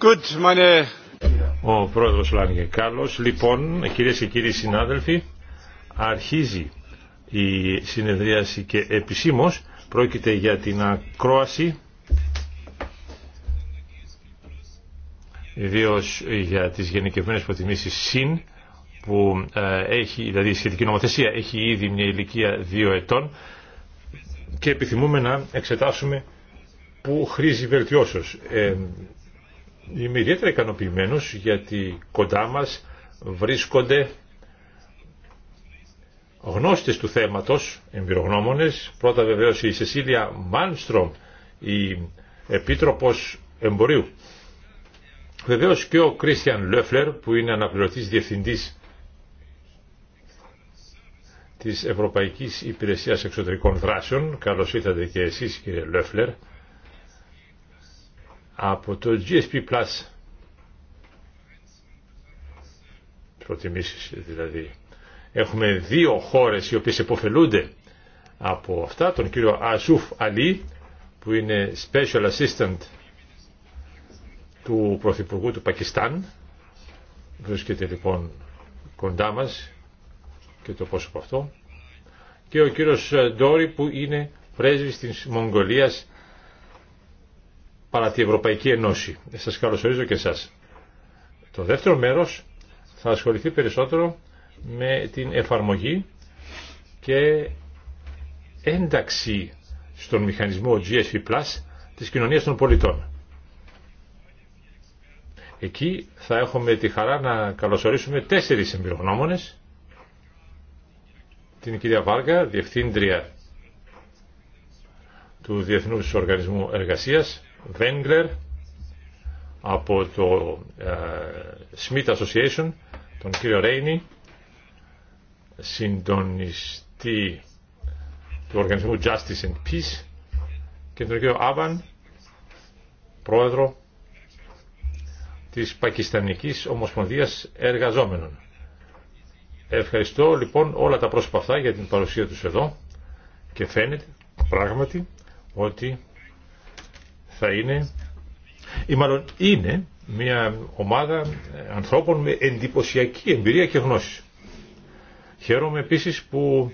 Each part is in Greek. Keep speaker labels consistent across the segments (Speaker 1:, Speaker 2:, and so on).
Speaker 1: Good, meine... Ο πρόεδρος Λάνγκε. κάρλος. Λοιπόν, κυρίε και κύριοι συνάδελφοι, αρχίζει η συνεδρίαση και επισήμω, πρόκειται για την ακρόαση ιδίω για τις γενικευμένες προτιμήσεις ΣΥΝ που ε, έχει, δηλαδή η σχετική νομοθεσία έχει ήδη μια ηλικία δύο ετών και επιθυμούμε να εξετάσουμε που χρήζει βελτιώσεως. Ε, Είμαι ιδιαίτερα ικανοποιημένο γιατί κοντά μας βρίσκονται γνώστες του θέματος, εμπειρογνώμονες. Πρώτα βεβαίως η Σεσίλια Μάνστρομ, η Επίτροπος Εμπορίου. Βεβαίως και ο Κρίστιαν Λέφλερ που είναι αναπληρωτής διευθυντής της Ευρωπαϊκής Υπηρεσίας Εξωτερικών Δράσεων. Καλώς ήρθατε και εσείς κύριε Λέφλερ από το GSP Plus προτιμήσεις δηλαδή έχουμε δύο χώρες οι οποίες επωφελούνται από αυτά τον κύριο Ασούφ Αλή που είναι Special Assistant του Πρωθυπουργού του Πακιστάν βρίσκεται λοιπόν κοντά μας και το πρόσωπο αυτό και ο κύριος Ντόρι που είναι πρέσβης της Μογγολίας παρά τη Ευρωπαϊκή Ενώση. Σας καλωσορίζω και εσάς. Το δεύτερο μέρος θα ασχοληθεί περισσότερο με την εφαρμογή και ένταξη στον μηχανισμό GSP Plus της κοινωνίας των πολιτών. Εκεί θα έχουμε τη χαρά να καλωσορίσουμε τέσσερις εμπειρογνώμονες. Την κυρία Βάργα, Διευθύντρια του Διεθνούς Οργανισμού Εργασίας, Βέγγλερ από το ε, Smith Association, τον κύριο Ρέινι, συντονιστή του οργανισμού Justice and Peace και τον κύριο Άβαν, πρόεδρο της Πακιστανικής Ομοσπονδίας Εργαζόμενων. Ευχαριστώ λοιπόν όλα τα πρόσωπα αυτά για την παρουσία τους εδώ και φαίνεται πράγματι ότι θα είναι ή μάλλον είναι μια ομάδα ε, ανθρώπων με εντυπωσιακή εμπειρία και γνώση. Χαίρομαι επίσης που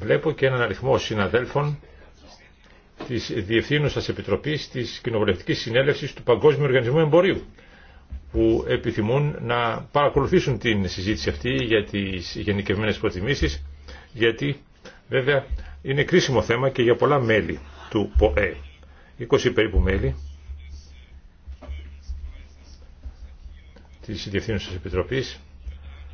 Speaker 1: βλέπω και έναν αριθμό συναδέλφων της Διευθύνουσας Επιτροπής της Κοινοβουλευτικής Συνέλευσης του Παγκόσμιου Οργανισμού Εμπορίου που επιθυμούν να παρακολουθήσουν την συζήτηση αυτή για τις γενικευμένες προτιμήσεις γιατί βέβαια είναι κρίσιμο θέμα και για πολλά μέλη του ΠΟΕ. 20 περίπου μέλη της Διευθύνουσας Επιτροπής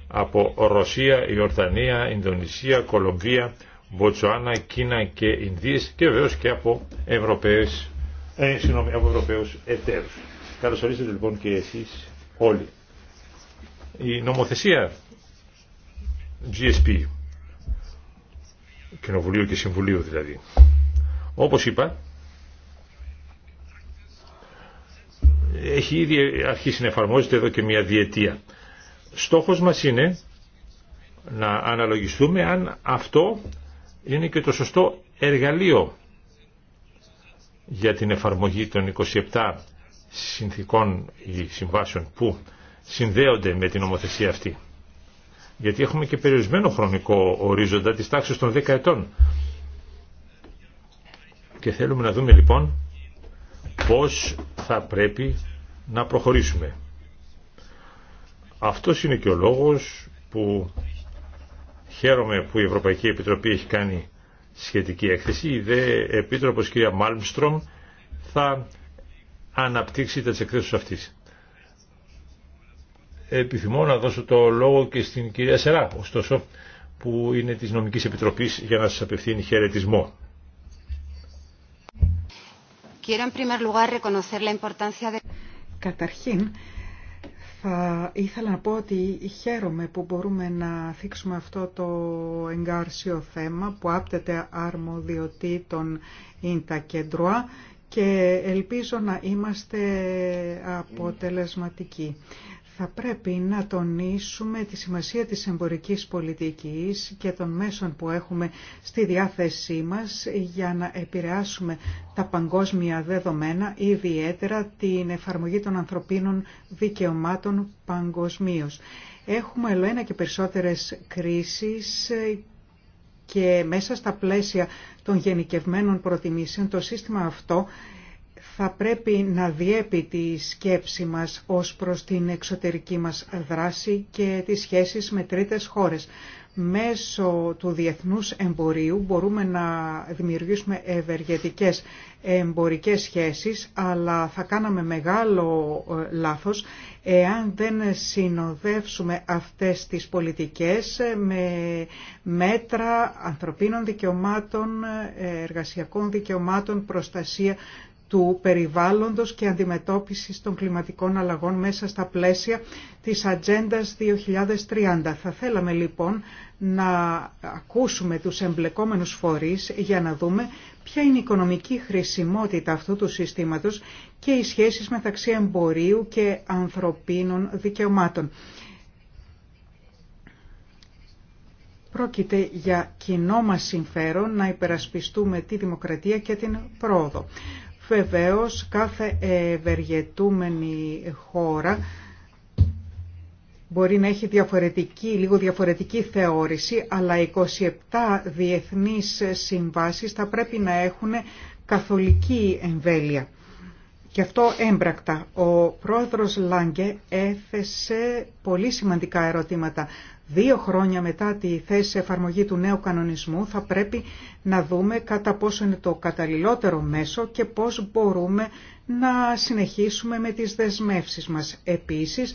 Speaker 1: από Ρωσία, Ιορτανία, Ινδονησία, Κολομβία, Μποτσουάνα, Κίνα και Ινδίες και βεβαίω και από Ευρωπαίους, ε, συγνώμη, από Ευρωπαίους εταίρους. Καλώς ορίσατε λοιπόν και εσείς όλοι. Η νομοθεσία GSP, Κοινοβουλίου και Συμβουλίου δηλαδή, όπως είπα, έχει ήδη αρχίσει να εφαρμόζεται εδώ και μια διετία. Στόχος μας είναι να αναλογιστούμε αν αυτό είναι και το σωστό εργαλείο για την εφαρμογή των 27 συνθήκων ή συμβάσεων που συνδέονται με την ομοθεσία αυτή. Γιατί έχουμε και περιορισμένο χρονικό ορίζοντα της τάξης των 10 ετών. Και θέλουμε να δούμε λοιπόν πώς θα πρέπει να προχωρήσουμε. Αυτός είναι και ο λόγος που χαίρομαι που η Ευρωπαϊκή Επιτροπή έχει κάνει σχετική έκθεση. Η δε Επίτροπος κυρία Μάλμστρομ θα αναπτύξει τα εκθέσεις αυτής. Επιθυμώ να δώσω το λόγο και στην κυρία Σερά, ωστόσο, που είναι της Νομικής Επιτροπής για να σας απευθύνει χαιρετισμό.
Speaker 2: Καταρχήν, θα ήθελα να πω ότι χαίρομαι που μπορούμε να θίξουμε αυτό το εγκάρσιο θέμα που άπτεται αρμοδιοτήτων Ιντα Κέντροα και ελπίζω να είμαστε αποτελεσματικοί θα πρέπει να τονίσουμε τη σημασία της εμπορικής πολιτικής και των μέσων που έχουμε στη διάθεσή μας για να επηρεάσουμε τα παγκόσμια δεδομένα, ιδιαίτερα την εφαρμογή των ανθρωπίνων δικαιωμάτων παγκοσμίω. Έχουμε ελοένα και περισσότερες κρίσεις και μέσα στα πλαίσια των γενικευμένων προτιμήσεων το σύστημα αυτό θα πρέπει να διέπει τη σκέψη μας ως προς την εξωτερική μας δράση και τις σχέσεις με τρίτες χώρες. Μέσω του διεθνούς εμπορίου μπορούμε να δημιουργήσουμε ευεργετικές εμπορικές σχέσεις, αλλά θα κάναμε μεγάλο ε, λάθος εάν δεν συνοδεύσουμε αυτές τις πολιτικές ε, με μέτρα ανθρωπίνων δικαιωμάτων, ε, εργασιακών δικαιωμάτων, προστασία του περιβάλλοντος και αντιμετώπισης των κλιματικών αλλαγών μέσα στα πλαίσια της Ατζέντα 2030. Θα θέλαμε λοιπόν να ακούσουμε τους εμπλεκόμενους φορείς για να δούμε ποια είναι η οικονομική χρησιμότητα αυτού του συστήματος και οι σχέσεις μεταξύ εμπορίου και ανθρωπίνων δικαιωμάτων. Πρόκειται για κοινό μας συμφέρον να υπερασπιστούμε τη δημοκρατία και την πρόοδο. Βεβαίως κάθε ευεργετούμενη χώρα μπορεί να έχει διαφορετική, λίγο διαφορετική θεώρηση, αλλά 27 διεθνείς συμβάσεις θα πρέπει να έχουν καθολική εμβέλεια. και αυτό έμπρακτα ο πρόεδρος Λάγκε έθεσε πολύ σημαντικά ερωτήματα δύο χρόνια μετά τη θέση εφαρμογή του νέου κανονισμού θα πρέπει να δούμε κατά πόσο είναι το καταλληλότερο μέσο και πώς μπορούμε να συνεχίσουμε με τις δεσμεύσεις μας. Επίσης,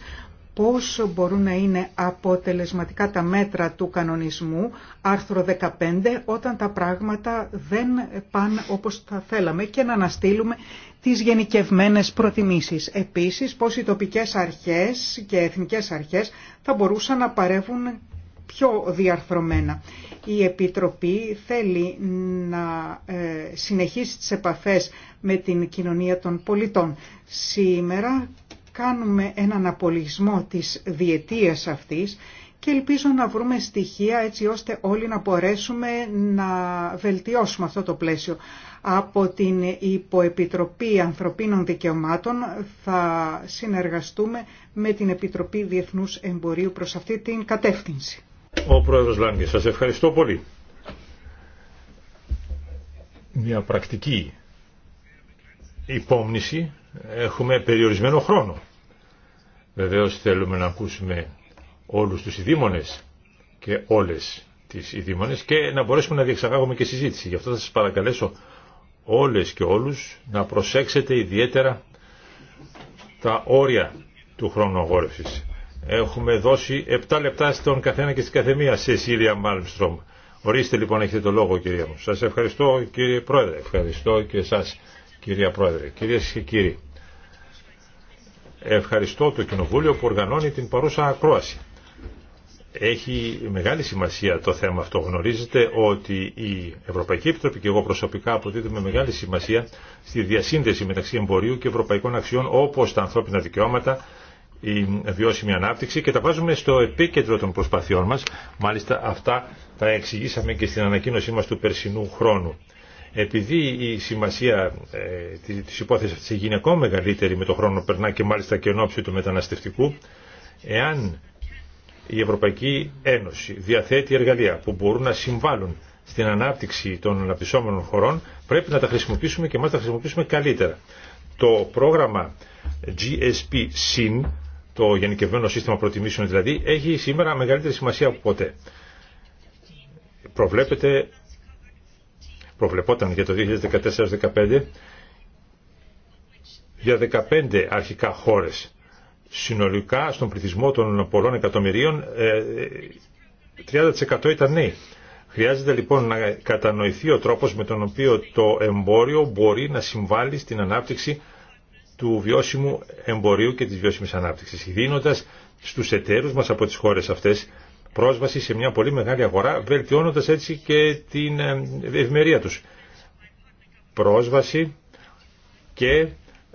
Speaker 2: πώς μπορούν να είναι αποτελεσματικά τα μέτρα του κανονισμού, άρθρο 15, όταν τα πράγματα δεν πάνε όπως θα θέλαμε και να αναστείλουμε τις γενικευμένες προτιμήσεις. Επίσης, πώς οι τοπικές αρχές και εθνικές αρχές θα μπορούσαν να παρεύουν πιο διαρθρωμένα. Η Επιτροπή θέλει να ε, συνεχίσει τις επαφές με την κοινωνία των πολιτών. Σήμερα κάνουμε έναν απολυσμό της διετίας αυτής και ελπίζω να βρούμε στοιχεία έτσι ώστε όλοι να μπορέσουμε να βελτιώσουμε αυτό το πλαίσιο. Από την Υποεπιτροπή Ανθρωπίνων Δικαιωμάτων θα συνεργαστούμε με την Επιτροπή Διεθνούς Εμπορίου προς αυτή την κατεύθυνση.
Speaker 1: Ο Πρόεδρος Λάγκη, σας ευχαριστώ πολύ. Μια πρακτική υπόμνηση έχουμε περιορισμένο χρόνο. Βεβαίως θέλουμε να ακούσουμε όλους τους ειδήμονες και όλες τις ειδήμονες και να μπορέσουμε να διεξαγάγουμε και συζήτηση. Γι' αυτό θα σας παρακαλέσω όλες και όλους να προσέξετε ιδιαίτερα τα όρια του χρόνου αγόρευσης. Έχουμε δώσει 7 λεπτά στον καθένα και στην καθεμία σε Σίλια Μάλμστρομ. Ορίστε λοιπόν έχετε το λόγο κυρία μου. Σας ευχαριστώ κύριε Πρόεδρε. Ευχαριστώ και εσάς κυρία Πρόεδρε. Κυρίες και κύριοι ευχαριστώ το Κοινοβούλιο που οργανώνει την παρούσα ακρόαση. Έχει μεγάλη σημασία το θέμα αυτό. Γνωρίζετε ότι η Ευρωπαϊκή Επιτροπή και εγώ προσωπικά αποδίδουμε μεγάλη σημασία στη διασύνδεση μεταξύ εμπορίου και ευρωπαϊκών αξιών όπως τα ανθρώπινα δικαιώματα, η βιώσιμη ανάπτυξη και τα βάζουμε στο επίκεντρο των προσπαθειών μας. Μάλιστα αυτά τα εξηγήσαμε και στην ανακοίνωσή μας του περσινού χρόνου. Επειδή η σημασία ε, της υπόθεσης αυτής γίνει ακόμα μεγαλύτερη με το χρόνο που περνά και μάλιστα και εν του μεταναστευτικού, εάν η Ευρωπαϊκή Ένωση διαθέτει εργαλεία που μπορούν να συμβάλλουν στην ανάπτυξη των αναπτυσσόμενων χωρών, πρέπει να τα χρησιμοποιήσουμε και μας τα χρησιμοποιήσουμε καλύτερα. Το πρόγραμμα SIN, το Γενικευμένο Σύστημα Προτιμήσεων δηλαδή, έχει σήμερα μεγαλύτερη σημασία από ποτέ. Προβλέπεται προβλεπόταν για το 2014-2015 για 15 αρχικά χώρες. Συνολικά στον πληθυσμό των πολλών εκατομμυρίων 30% ε, ήταν νέοι. Χρειάζεται λοιπόν να κατανοηθεί ο τρόπος με τον οποίο το εμπόριο μπορεί να συμβάλλει στην ανάπτυξη του βιώσιμου εμπορίου και της βιώσιμης ανάπτυξης, δίνοντας στους εταίρους μας από τις χώρες αυτές πρόσβαση σε μια πολύ μεγάλη αγορά, βελτιώνοντας έτσι και την ε, ευημερία τους. Πρόσβαση και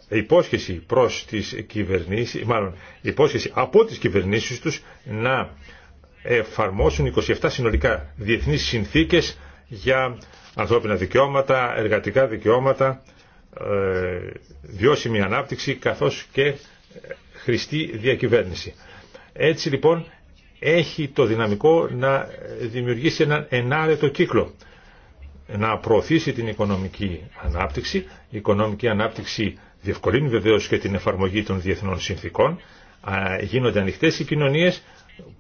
Speaker 1: υπόσχεση προς τις κυβερνήσεις, μάλλον υπόσχεση από τις κυβερνήσεις τους να εφαρμόσουν 27 συνολικά διεθνείς συνθήκες για ανθρώπινα δικαιώματα, εργατικά δικαιώματα, ε, βιώσιμη ανάπτυξη καθώς και ε, χρηστή διακυβέρνηση. Έτσι λοιπόν έχει το δυναμικό να δημιουργήσει έναν ενάρετο κύκλο να προωθήσει την οικονομική ανάπτυξη. Η οικονομική ανάπτυξη διευκολύνει βεβαίω και την εφαρμογή των διεθνών συνθήκων. Γίνονται ανοιχτέ οι κοινωνίε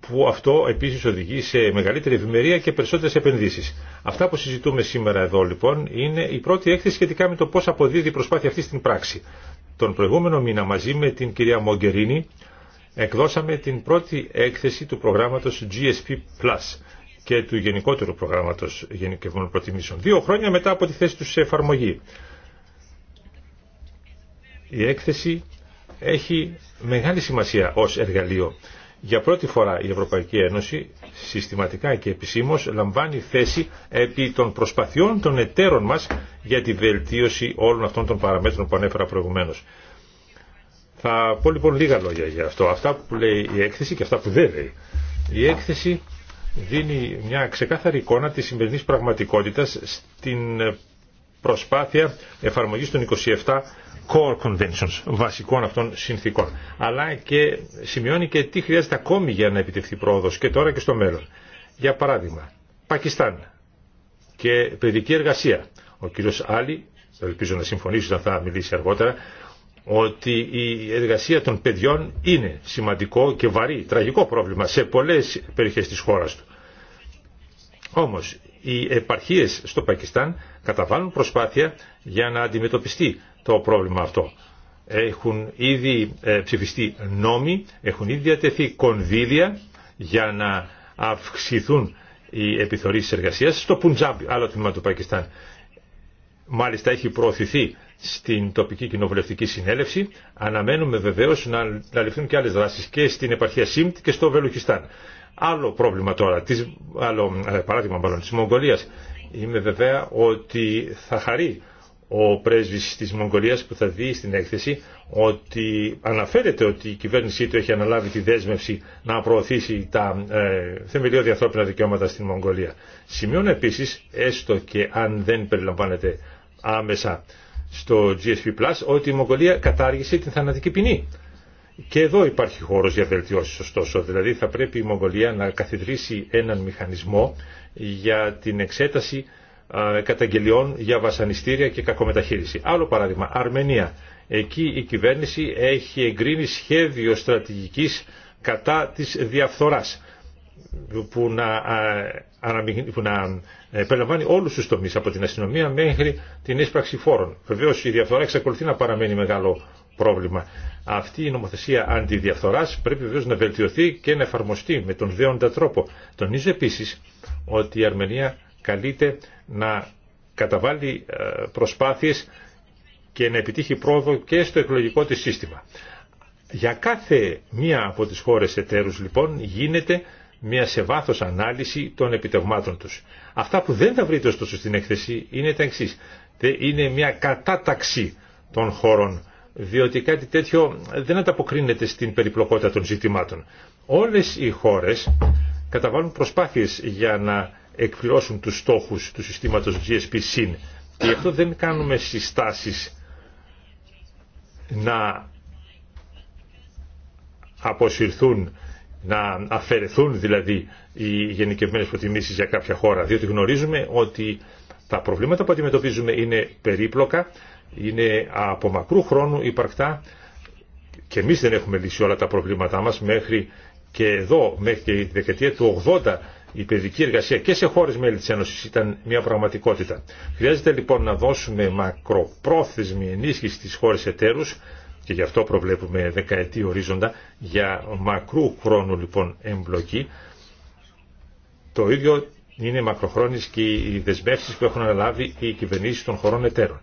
Speaker 1: που αυτό επίση οδηγεί σε μεγαλύτερη ευημερία και περισσότερε επενδύσει. Αυτά που συζητούμε σήμερα εδώ λοιπόν είναι η πρώτη έκθεση σχετικά με το πώ αποδίδει η προσπάθεια αυτή στην πράξη. Τον προηγούμενο μήνα μαζί με την κυρία Μογκερίνη εκδώσαμε την πρώτη έκθεση του προγράμματος GSP Plus και του γενικότερου προγράμματος γενικευμένων προτιμήσεων. Δύο χρόνια μετά από τη θέση του σε εφαρμογή. Η έκθεση έχει μεγάλη σημασία ως εργαλείο. Για πρώτη φορά η Ευρωπαϊκή Ένωση συστηματικά και επισήμως λαμβάνει θέση επί των προσπαθειών των εταίρων μας για τη βελτίωση όλων αυτών των παραμέτρων που ανέφερα προηγουμένως. Θα πω λοιπόν λίγα λόγια για αυτό. Αυτά που λέει η έκθεση και αυτά που δεν λέει. Η έκθεση δίνει μια ξεκάθαρη εικόνα της σημερινής πραγματικότητας στην προσπάθεια εφαρμογής των 27 core conventions, βασικών αυτών συνθήκων. Αλλά και σημειώνει και τι χρειάζεται ακόμη για να επιτευχθεί πρόοδος και τώρα και στο μέλλον. Για παράδειγμα, Πακιστάν και παιδική εργασία. Ο κύριος Άλλη, ελπίζω να συμφωνήσει όταν θα μιλήσει αργότερα, ότι η εργασία των παιδιών είναι σημαντικό και βαρύ, τραγικό πρόβλημα σε πολλές περιοχές της χώρας του. Όμως, οι επαρχίες στο Πακιστάν καταβάλουν προσπάθεια για να αντιμετωπιστεί το πρόβλημα αυτό. Έχουν ήδη ε, ψηφιστεί νόμοι, έχουν ήδη διατεθεί κονδύλια για να αυξηθούν οι επιθεωρήσεις εργασίας στο Πουντζάμπι, άλλο τμήμα του Πακιστάν μάλιστα έχει προωθηθεί στην τοπική κοινοβουλευτική συνέλευση. Αναμένουμε βεβαίως να, να ληφθούν και άλλες δράσεις και στην επαρχία ΣΥΜΤ και στο Βελουχιστάν. Άλλο πρόβλημα τώρα, άλλο ε, παράδειγμα μάλλον της Μογγολίας. Είμαι βεβαία ότι θα χαρεί ο πρέσβης της Μογγολίας που θα δει στην έκθεση ότι αναφέρεται ότι η κυβέρνησή του έχει αναλάβει τη δέσμευση να προωθήσει τα ε, θεμελιώδη ανθρώπινα δικαιώματα στην Μογγολία. Σημειώνω επίση έστω και αν δεν περιλαμβάνεται άμεσα στο GSP Plus ότι η Μογγολία κατάργησε την θανατική ποινή. Και εδώ υπάρχει χώρος για βελτιώσει, ωστόσο. Δηλαδή θα πρέπει η Μογγολία να καθιδρύσει έναν μηχανισμό για την εξέταση καταγγελιών για βασανιστήρια και κακομεταχείριση. Άλλο παράδειγμα, Αρμενία. Εκεί η κυβέρνηση έχει εγκρίνει σχέδιο στρατηγική κατά τη διαφθοράς που να, που να ε, περιλαμβάνει όλους τους τομείς από την αστυνομία μέχρι την έσπραξη φόρων. Βεβαίως η διαφθορά εξακολουθεί να παραμένει μεγάλο πρόβλημα. Αυτή η νομοθεσία αντιδιαφθοράς πρέπει βεβαίως να βελτιωθεί και να εφαρμοστεί με τον δέοντα τρόπο. Τονίζω επίσης ότι η Αρμενία καλείται να καταβάλει ε, προσπάθειες και να επιτύχει πρόοδο και στο εκλογικό της σύστημα. Για κάθε μία από τις χώρες εταίρους λοιπόν γίνεται μια σε βάθος ανάλυση των επιτευγμάτων τους. Αυτά που δεν θα βρείτε ωστόσο στην έκθεση είναι τα εξή. Είναι μια κατάταξη των χώρων, διότι κάτι τέτοιο δεν ανταποκρίνεται στην περιπλοκότητα των ζητημάτων. Όλες οι χώρες καταβάλουν προσπάθειες για να εκπληρώσουν τους στόχους του συστήματος GSP-SYN και γι' αυτό δεν κάνουμε συστάσεις να αποσυρθούν να αφαιρεθούν δηλαδή οι γενικευμένες προτιμήσεις για κάποια χώρα, διότι γνωρίζουμε ότι τα προβλήματα που αντιμετωπίζουμε είναι περίπλοκα, είναι από μακρού χρόνου υπαρκτά και εμείς δεν έχουμε λύσει όλα τα προβλήματά μας μέχρι και εδώ, μέχρι και η δεκαετία του 80 η παιδική εργασία και σε χώρες μέλη της Ένωσης ήταν μια πραγματικότητα. Χρειάζεται λοιπόν να δώσουμε μακροπρόθεσμη ενίσχυση στις χώρες εταίρους και γι' αυτό προβλέπουμε δεκαετή ορίζοντα για μακρού χρόνου λοιπόν εμπλοκή. Το ίδιο είναι μακροχρόνιες και οι δεσμεύσεις που έχουν αναλάβει οι κυβερνήσεις των χωρών εταίρων.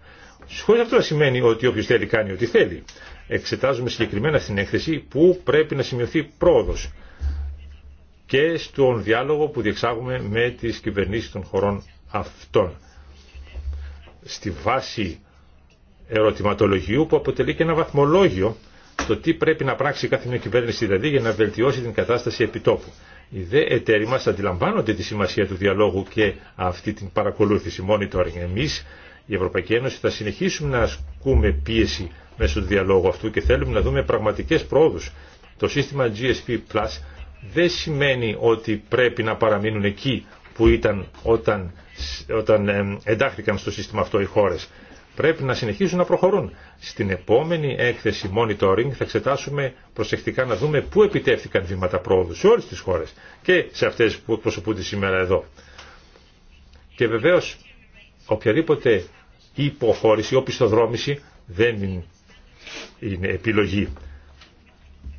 Speaker 1: Χωρίς αυτό να σημαίνει ότι όποιος θέλει κάνει ό,τι θέλει. Εξετάζουμε συγκεκριμένα στην έκθεση που πρέπει να σημειωθεί πρόοδος και στον διάλογο που διεξάγουμε με τις κυβερνήσεις των χωρών αυτών. Στη βάση ερωτηματολογίου που αποτελεί και ένα βαθμολόγιο στο τι πρέπει να πράξει κάθε μια κυβέρνηση δηλαδή για να βελτιώσει την κατάσταση επιτόπου. Οι δε εταίροι μας αντιλαμβάνονται τη σημασία του διαλόγου και αυτή την παρακολούθηση monitoring. εμεί, η Ευρωπαϊκή Ένωση, θα συνεχίσουμε να ασκούμε πίεση μέσω του διαλόγου αυτού και θέλουμε να δούμε πραγματικέ προόδου. Το σύστημα GSP Plus δεν σημαίνει ότι πρέπει να παραμείνουν εκεί που ήταν όταν, όταν εντάχθηκαν στο σύστημα αυτό οι χώρες πρέπει να συνεχίσουν να προχωρούν. Στην επόμενη έκθεση monitoring θα εξετάσουμε προσεκτικά να δούμε πού επιτεύχθηκαν βήματα πρόοδου σε όλες τις χώρες και σε αυτές που εκπροσωπούνται σήμερα εδώ. Και βεβαίως οποιαδήποτε υποχώρηση, οπισθοδρόμηση δεν είναι επιλογή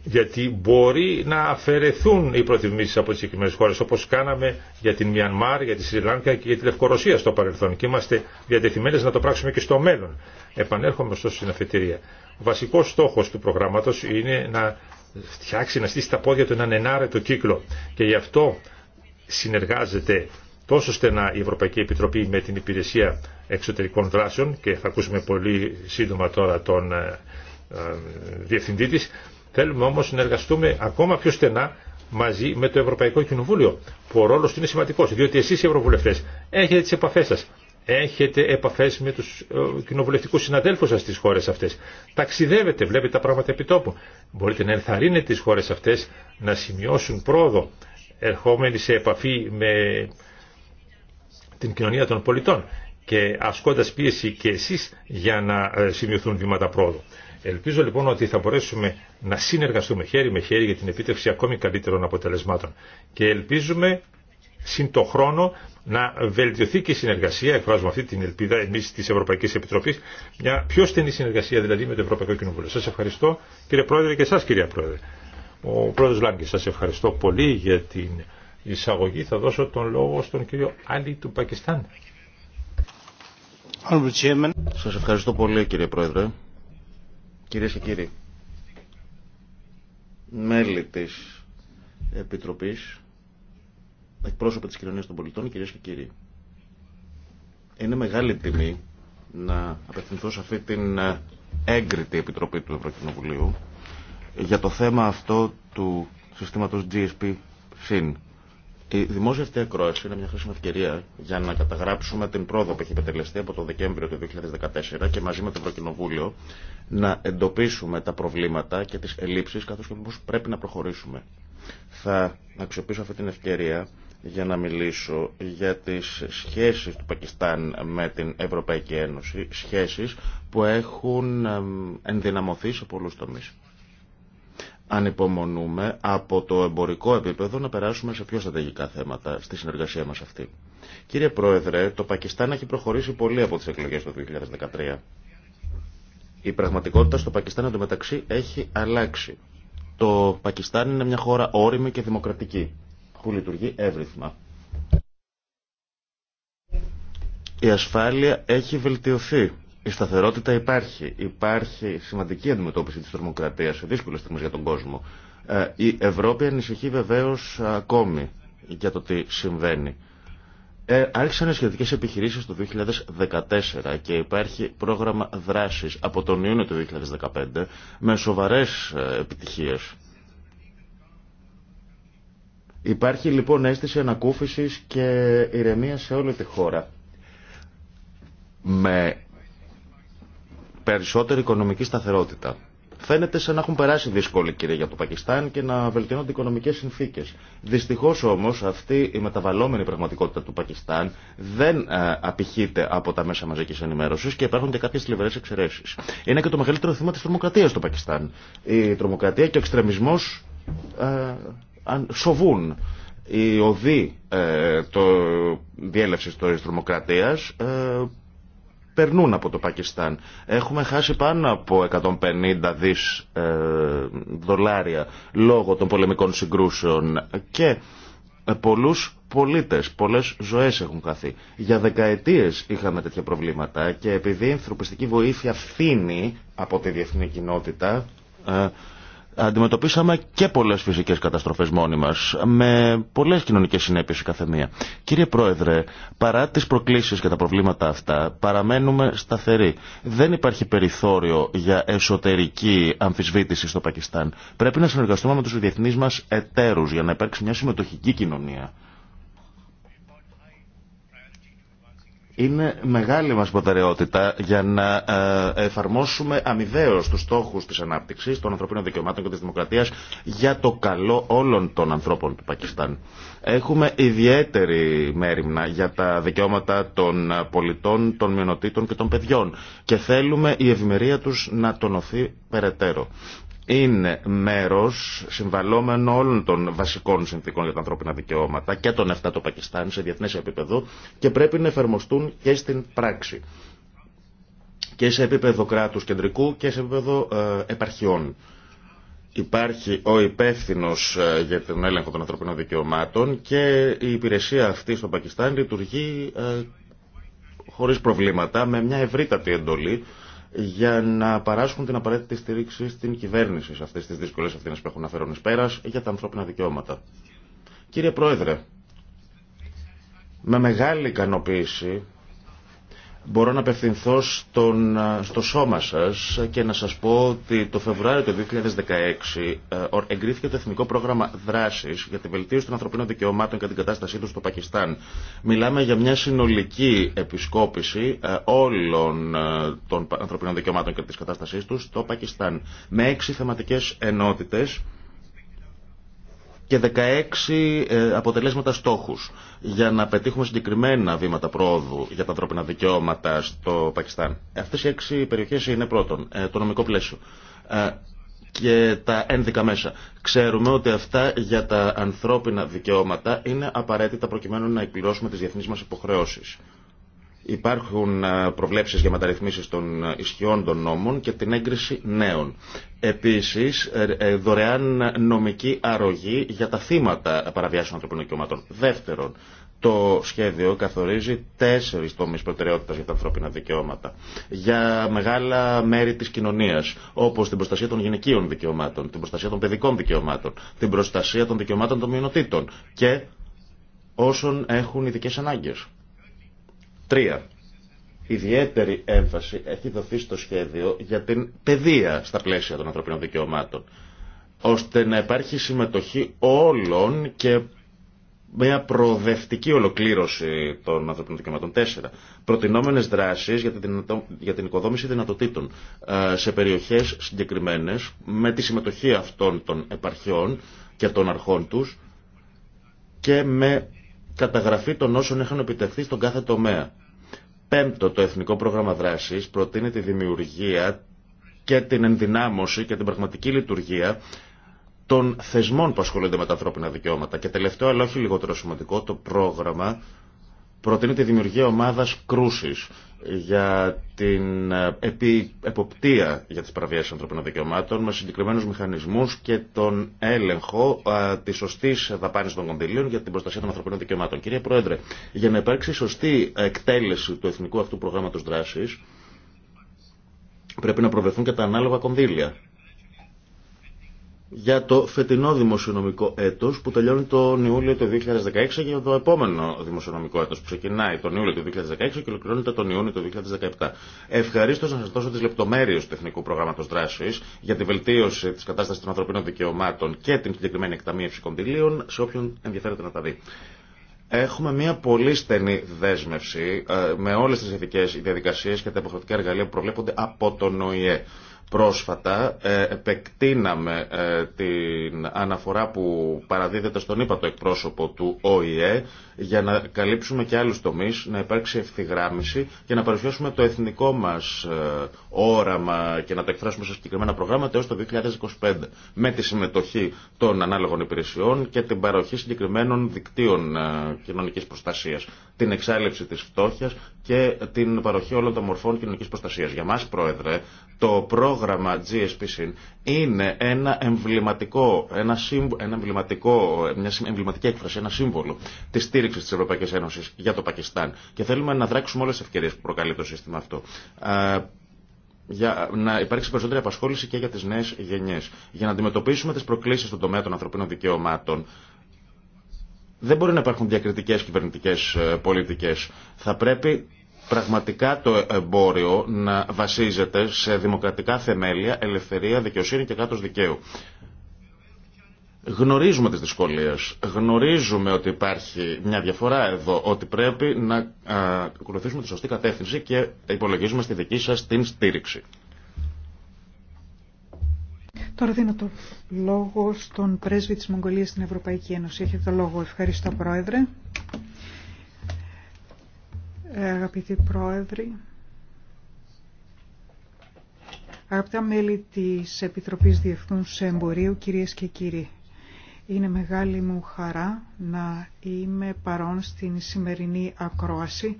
Speaker 1: γιατί μπορεί να αφαιρεθούν οι προτιμήσεις από τις συγκεκριμένες χώρες όπως κάναμε για την Μιανμάρ, για τη Σιριλάνκα και για τη Λευκορωσία στο παρελθόν και είμαστε διατεθειμένες να το πράξουμε και στο μέλλον. Επανέρχομαι ωστόσο στην αφετηρία. Ο βασικός στόχος του προγράμματος είναι να φτιάξει, να στήσει τα πόδια του έναν ενάρετο κύκλο και γι' αυτό συνεργάζεται τόσο στενά η Ευρωπαϊκή Επιτροπή με την Υπηρεσία Εξωτερικών Δράσεων και θα ακούσουμε πολύ σύντομα τώρα τον ε, ε, διευθυντή της Θέλουμε όμως να εργαστούμε ακόμα πιο στενά μαζί με το Ευρωπαϊκό Κοινοβούλιο, που ο ρόλος του είναι σημαντικός, διότι εσείς οι Ευρωβουλευτές έχετε τις επαφές σας, έχετε επαφές με τους ε, κοινοβουλευτικούς συναδέλφους σας στις χώρες αυτές, ταξιδεύετε, βλέπετε τα πράγματα επί τόπου, μπορείτε να ενθαρρύνετε τις χώρες αυτές να σημειώσουν πρόοδο, ερχόμενοι σε επαφή με την κοινωνία των πολιτών και ασκώντας πίεση και εσείς για να ε, σημειωθούν βήματα πρόοδου. Ελπίζω λοιπόν ότι θα μπορέσουμε να συνεργαστούμε χέρι με χέρι για την επίτευξη ακόμη καλύτερων αποτελεσμάτων. Και ελπίζουμε συν το χρόνο να βελτιωθεί και η συνεργασία, εκφράζουμε αυτή την ελπίδα εμείς της Ευρωπαϊκής Επιτροπής, μια πιο στενή συνεργασία δηλαδή με το Ευρωπαϊκό Κοινοβούλιο. Σας ευχαριστώ κύριε Πρόεδρε και εσάς κυρία Πρόεδρε. Ο Πρόεδρος Λάγκη, σας ευχαριστώ πολύ για την εισαγωγή. Θα δώσω τον λόγο στον κύριο Άλλη του Πακιστάν.
Speaker 3: Σας ευχαριστώ πολύ κύριε Πρόεδρε. Κυρίες και κύριοι, μέλη της Επιτροπής, εκπρόσωποι της Κοινωνίας των Πολιτών, κυρίες και κύριοι, είναι μεγάλη τιμή να απευθυνθώ σε αυτή την έγκριτη Επιτροπή του Ευρωκοινοβουλίου για το θέμα αυτό του συστήματος GSP-SYN η δημόσια αυτή ακρόαση είναι μια χρήσιμη ευκαιρία για να καταγράψουμε την πρόοδο που έχει επιτελεστεί από το Δεκέμβριο του 2014 και μαζί με το Ευρωκοινοβούλιο να εντοπίσουμε τα προβλήματα και τις ελλείψεις καθώς και πώς πρέπει να προχωρήσουμε. Θα αξιοποιήσω αυτή την ευκαιρία για να μιλήσω για τις σχέσεις του Πακιστάν με την Ευρωπαϊκή Ένωση, σχέσεις που έχουν ενδυναμωθεί σε πολλούς τομείς ανυπομονούμε από το εμπορικό επίπεδο να περάσουμε σε πιο στρατηγικά θέματα στη συνεργασία μας αυτή. Κύριε Πρόεδρε, το Πακιστάν έχει προχωρήσει πολύ από τις εκλογές του 2013. Η πραγματικότητα στο Πακιστάν εντωμεταξύ έχει αλλάξει. Το Πακιστάν είναι μια χώρα όρημη και δημοκρατική, που λειτουργεί εύρυθμα. Η ασφάλεια έχει βελτιωθεί η σταθερότητα υπάρχει. Υπάρχει σημαντική αντιμετώπιση της τρομοκρατίας σε δύσκολες στιγμές για τον κόσμο. Ε, η Ευρώπη ανησυχεί βεβαίως ακόμη για το τι συμβαίνει. Ε, άρχισαν σχετικέ επιχειρήσεις το 2014 και υπάρχει πρόγραμμα δράσης από τον Ιούνιο του 2015 με σοβαρές ε, επιτυχίες. Υπάρχει λοιπόν αίσθηση ανακούφιση και ηρεμία σε όλη τη χώρα. Με περισσότερη οικονομική σταθερότητα. Φαίνεται σαν να έχουν περάσει δύσκολη κυρία για το Πακιστάν και να βελτιώνονται οι οικονομικέ συνθήκε. Δυστυχώ όμω αυτή η μεταβαλλόμενη πραγματικότητα του Πακιστάν δεν ε, απηχείται από τα μέσα μαζική ενημέρωση και υπάρχουν και κάποιε θλιβερέ εξαιρέσει. Είναι και το μεγαλύτερο θύμα τη τρομοκρατία του Πακιστάν. Η τρομοκρατία και ο εξτρεμισμό ε, σοβούν. Η οδή ε, το τρομοκρατία. της τρομοκρατίας ε, περνούν από το Πακιστάν. Έχουμε χάσει πάνω από 150 δις ε, δολάρια λόγω των πολεμικών συγκρούσεων και ε, πολλούς πολίτες, πολλές ζωές έχουν χαθεί. Για δεκαετίες είχαμε τέτοια προβλήματα και επειδή η ανθρωπιστική βοήθεια φθήνει από τη διεθνή κοινότητα ε, αντιμετωπίσαμε και πολλές φυσικές καταστροφές μόνοι μας, με πολλές κοινωνικές συνέπειες η καθεμία. Κύριε Πρόεδρε, παρά τις προκλήσεις και τα προβλήματα αυτά, παραμένουμε σταθεροί. Δεν υπάρχει περιθώριο για εσωτερική αμφισβήτηση στο Πακιστάν. Πρέπει να συνεργαστούμε με τους διεθνεί μα εταίρους για να υπάρξει μια συμμετοχική κοινωνία Είναι μεγάλη μας προτεραιότητα για να ε, εφαρμόσουμε αμοιβαίως τους στόχους της ανάπτυξης, των ανθρωπίνων δικαιωμάτων και της δημοκρατίας για το καλό όλων των ανθρώπων του Πακιστάν. Έχουμε ιδιαίτερη μέρημνα για τα δικαιώματα των πολιτών, των μειονοτήτων και των παιδιών και θέλουμε η ευημερία τους να τονωθεί περαιτέρω είναι μέρος συμβαλόμενο όλων των βασικών συνθήκων για τα ανθρώπινα δικαιώματα και των 7 του Πακιστάν σε διεθνές επίπεδο και πρέπει να εφαρμοστούν και στην πράξη και σε επίπεδο κράτους κεντρικού και σε επίπεδο ε, επαρχιών. Υπάρχει ο υπεύθυνο ε, για τον έλεγχο των ανθρωπίνων δικαιωμάτων και η υπηρεσία αυτή στο Πακιστάν λειτουργεί ε, χωρίς προβλήματα με μια ευρύτατη εντολή για να παράσχουν την απαραίτητη στήριξη στην κυβέρνηση σε αυτές τις δύσκολες ευθύνες που έχουν να φέρουν πέρας για τα ανθρώπινα δικαιώματα. Κύριε Πρόεδρε, με μεγάλη ικανοποίηση μπορώ να απευθυνθώ στον, στο σώμα σας και να σας πω ότι το Φεβρουάριο του 2016 ε, εγκρίθηκε το Εθνικό Πρόγραμμα Δράσης για τη βελτίωση των ανθρωπίνων δικαιωμάτων και την κατάστασή του στο Πακιστάν. Μιλάμε για μια συνολική επισκόπηση ε, όλων ε, των ανθρωπίνων δικαιωμάτων και της κατάστασής τους στο Πακιστάν με έξι θεματικές ενότητες και 16 ε, αποτελέσματα στόχους για να πετύχουμε συγκεκριμένα βήματα πρόοδου για τα ανθρώπινα δικαιώματα στο Πακιστάν. Αυτές οι έξι περιοχές είναι πρώτον, ε, το νομικό πλαίσιο ε, και τα ένδικα μέσα. Ξέρουμε ότι αυτά για τα ανθρώπινα δικαιώματα είναι απαραίτητα προκειμένου να εκπληρώσουμε τις διεθνεί μα υποχρεώσει. Υπάρχουν ε, προβλέψεις για μεταρρυθμίσεις των ε, ισχυών των νόμων και την έγκριση νέων. Επίσης, ε, δωρεάν νομική αρρωγή για τα θύματα παραβιάσεων ανθρωπίνων δικαιωμάτων. Δεύτερον, το σχέδιο καθορίζει τέσσερι τομεί προτεραιότητα για τα ανθρώπινα δικαιώματα. Για μεγάλα μέρη τη κοινωνία, όπω την προστασία των γυναικείων δικαιωμάτων, την προστασία των παιδικών δικαιωμάτων, την προστασία των δικαιωμάτων των μειονοτήτων και όσων έχουν ειδικέ ανάγκες. Τρία. Ιδιαίτερη έμφαση έχει δοθεί στο σχέδιο για την παιδεία στα πλαίσια των ανθρωπίνων δικαιωμάτων, ώστε να υπάρχει συμμετοχή όλων και μια προοδευτική ολοκλήρωση των ανθρωπίνων δικαιωμάτων. Τέσσερα. Προτινόμενε δράσει για την οικοδόμηση δυνατοτήτων ε, σε περιοχέ συγκεκριμένε με τη συμμετοχή αυτών των επαρχιών και των αρχών του και με καταγραφή των όσων έχουν επιτευχθεί στον κάθε τομέα. Πέμπτο, το Εθνικό Πρόγραμμα Δράσης προτείνει τη δημιουργία και την ενδυνάμωση και την πραγματική λειτουργία των θεσμών που ασχολούνται με τα ανθρώπινα δικαιώματα. Και τελευταίο, αλλά όχι λιγότερο σημαντικό, το πρόγραμμα Προτείνει τη δημιουργία ομάδας κρούσης για την ε, επί, εποπτεία για τις παραβιάσεις ανθρωπίνων δικαιωμάτων με συγκεκριμένους μηχανισμούς και τον έλεγχο α, ε, της σωστής δαπάνης των κονδυλίων για την προστασία των ανθρωπίνων δικαιωμάτων. Κύριε Πρόεδρε, για να υπάρξει σωστή εκτέλεση του εθνικού αυτού προγράμματος δράσης πρέπει να προβεθούν και τα ανάλογα κονδύλια για το φετινό δημοσιονομικό έτος που τελειώνει τον Ιούλιο του 2016 και για το επόμενο δημοσιονομικό έτος που ξεκινάει τον Ιούλιο του 2016 και ολοκληρώνεται τον Ιούνιο του 2017. Ευχαρίστω να σα δώσω τι λεπτομέρειε του τεχνικού Προγράμματος δράση για τη βελτίωση τη κατάσταση των ανθρωπίνων δικαιωμάτων και την συγκεκριμένη εκταμείευση κοντιλίων σε όποιον ενδιαφέρεται να τα δει. Έχουμε μια πολύ στενή δέσμευση ε, με όλε τι ειδικέ διαδικασίε και τα υποχρεωτικά εργαλεία που προβλέπονται από τον ΟΗΕ. Πρόσφατα ε, επεκτείναμε ε, την αναφορά που παραδίδεται στον ύπατο εκπρόσωπο του ΟΗΕ για να καλύψουμε και άλλους τομείς, να υπάρξει ευθυγράμμιση και να παρουσιάσουμε το εθνικό μας ε, όραμα και να το εκφράσουμε σε συγκεκριμένα προγράμματα έως το 2025 με τη συμμετοχή των ανάλογων υπηρεσιών και την παροχή συγκεκριμένων δικτύων κοινωνικής προστασίας, την εξάλληψη της φτώχειας και την παροχή όλων των μορφών κοινωνική προστασία. Για μα, Πρόεδρε, το πρόγραμμα GSPC είναι ένα εμβληματικό, ένα ένα εμβληματικό, μια εμβληματική έκφραση, ένα σύμβολο τη στήριξη τη Ευρωπαϊκή Ένωση για το Πακιστάν. Και θέλουμε να δράξουμε όλε τι ευκαιρίε που προκαλεί το σύστημα αυτό για να υπάρξει περισσότερη απασχόληση και για τι νέε γενιέ. Για να αντιμετωπίσουμε τι προκλήσει στον τομέα των ανθρωπίνων δικαιωμάτων, δεν μπορεί να υπάρχουν διακριτικές κυβερνητικές ε, πολιτικές. Θα πρέπει πραγματικά το εμπόριο να βασίζεται σε δημοκρατικά θεμέλια, ελευθερία, δικαιοσύνη και κάτω δικαίου. Γνωρίζουμε τις δυσκολίες, γνωρίζουμε ότι υπάρχει μια διαφορά εδώ, ότι πρέπει να ακολουθήσουμε τη σωστή κατεύθυνση και υπολογίζουμε στη δική σας την στήριξη.
Speaker 2: Τώρα δίνω το λόγο στον πρέσβη της Μογγολίας στην Ευρωπαϊκή Ένωση. Έχετε το λόγο. Ευχαριστώ Πρόεδρε. Αγαπητοί Πρόεδροι, αγαπητά μέλη της Επιτροπής Διευθύνου Εμπορίου, κυρίες και κύριοι, είναι μεγάλη μου χαρά να είμαι παρόν στην σημερινή ακρόαση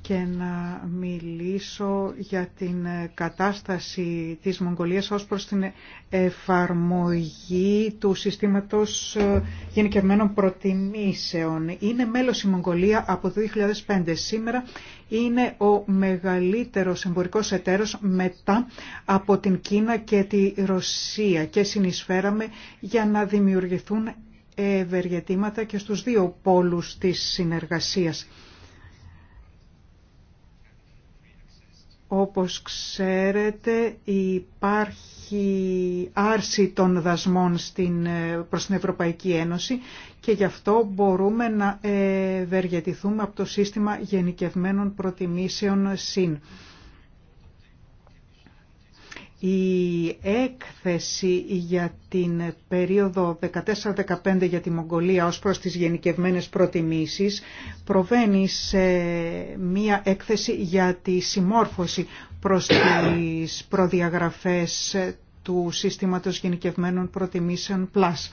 Speaker 2: και να μιλήσω για την κατάσταση της Μογγολίας ως προς την εφαρμογή του συστήματος ε, γενικευμένων προτιμήσεων. Είναι μέλος η Μογγολία από το 2005. Σήμερα είναι ο μεγαλύτερος εμπορικός εταίρος μετά από την Κίνα και τη Ρωσία και συνεισφέραμε για να δημιουργηθούν ευεργετήματα και στους δύο πόλους της συνεργασίας. Όπως ξέρετε υπάρχει άρση των δασμών στην, ε, προς την Ευρωπαϊκή Ένωση και γι' αυτό μπορούμε να ευεργετηθούμε από το σύστημα γενικευμένων προτιμήσεων ΣΥΝ. Η έκθεση για την περίοδο 14-15 για τη Μογγολία ως προς τις γενικευμένες προτιμήσεις προβαίνει σε μία έκθεση για τη συμμόρφωση προς τις προδιαγραφές του Σύστηματος Γενικευμένων Προτιμήσεων Plus.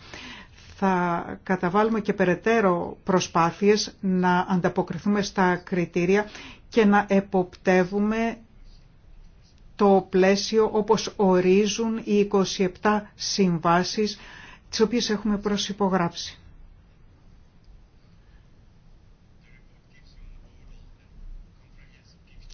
Speaker 2: Θα καταβάλουμε και περαιτέρω προσπάθειες να ανταποκριθούμε στα κριτήρια και να εποπτεύουμε το πλαίσιο όπως ορίζουν οι 27 συμβάσεις τις οποίες έχουμε προσυπογράψει.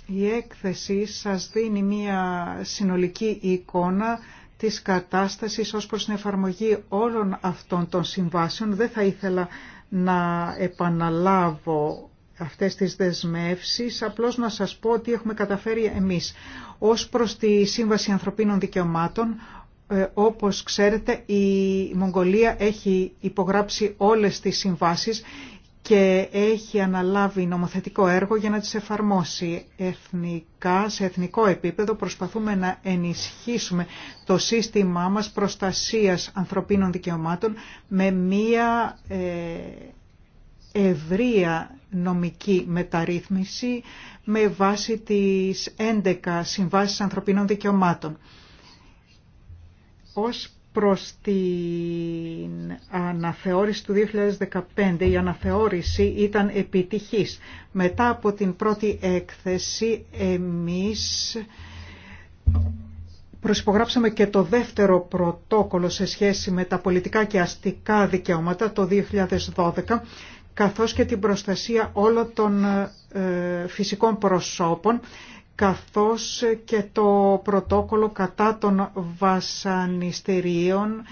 Speaker 2: Η έκθεση σας δίνει μία συνολική εικόνα της κατάστασης ως προς την εφαρμογή όλων αυτών των συμβάσεων. Δεν θα ήθελα να επαναλάβω αυτές τις δεσμεύσεις, απλώς να σας πω ότι έχουμε καταφέρει εμείς. Ως προς τη Σύμβαση Ανθρωπίνων Δικαιωμάτων, ε, όπως ξέρετε η Μογγολία έχει υπογράψει όλες τις συμβάσεις και έχει αναλάβει νομοθετικό έργο για να τις εφαρμόσει εθνικά, σε εθνικό επίπεδο. Προσπαθούμε να ενισχύσουμε το σύστημά μας προστασίας ανθρωπίνων δικαιωμάτων με μία ε, ευρεία νομική μεταρρύθμιση με βάση τις 11 συμβάσεις ανθρωπίνων δικαιωμάτων. Ως προς την αναθεώρηση του 2015, η αναθεώρηση ήταν επιτυχής. Μετά από την πρώτη έκθεση εμείς Προσυπογράψαμε και το δεύτερο πρωτόκολλο σε σχέση με τα πολιτικά και αστικά δικαιώματα το 2012 καθώς και την προστασία όλων των ε, φυσικών προσώπων, καθώς και το πρωτόκολλο κατά των βασανιστήριων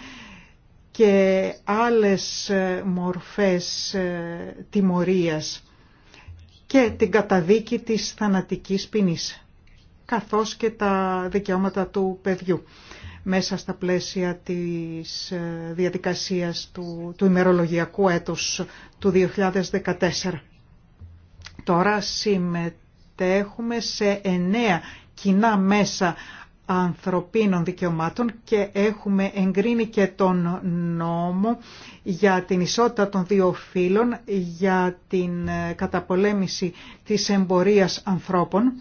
Speaker 2: και άλλες ε, μορφές ε, τιμωρίας και την καταδίκη της θανατικής ποινής, καθώς και τα δικαιώματα του παιδιού μέσα στα πλαίσια της ε, διαδικασίας του, του ημερολογιακού έτους του 2014. Τώρα συμμετέχουμε σε εννέα κοινά μέσα ανθρωπίνων δικαιωμάτων και έχουμε εγκρίνει και τον νόμο για την ισότητα των δύο φύλων, για την ε, καταπολέμηση της εμπορίας ανθρώπων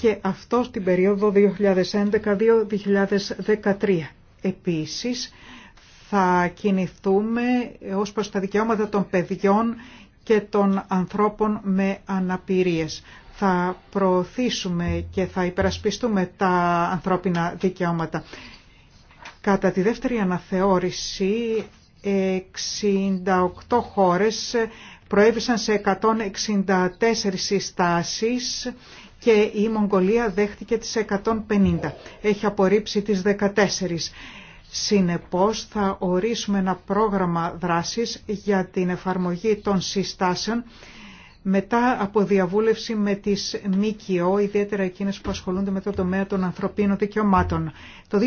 Speaker 2: και αυτό στην περίοδο 2011-2013. Επίσης, θα κινηθούμε ως προς τα δικαιώματα των παιδιών και των ανθρώπων με αναπηρίες. Θα προωθήσουμε και θα υπερασπιστούμε τα ανθρώπινα δικαιώματα. Κατά τη δεύτερη αναθεώρηση, 68 χώρες προέβησαν σε 164 συστάσεις και η Μογγολία δέχτηκε τις 150. Έχει απορρίψει τις 14. Συνεπώς θα ορίσουμε ένα πρόγραμμα δράσης για την εφαρμογή των συστάσεων μετά από διαβούλευση με τις ΜΚΟ, ιδιαίτερα εκείνες που ασχολούνται με το τομέα των ανθρωπίνων δικαιωμάτων. Το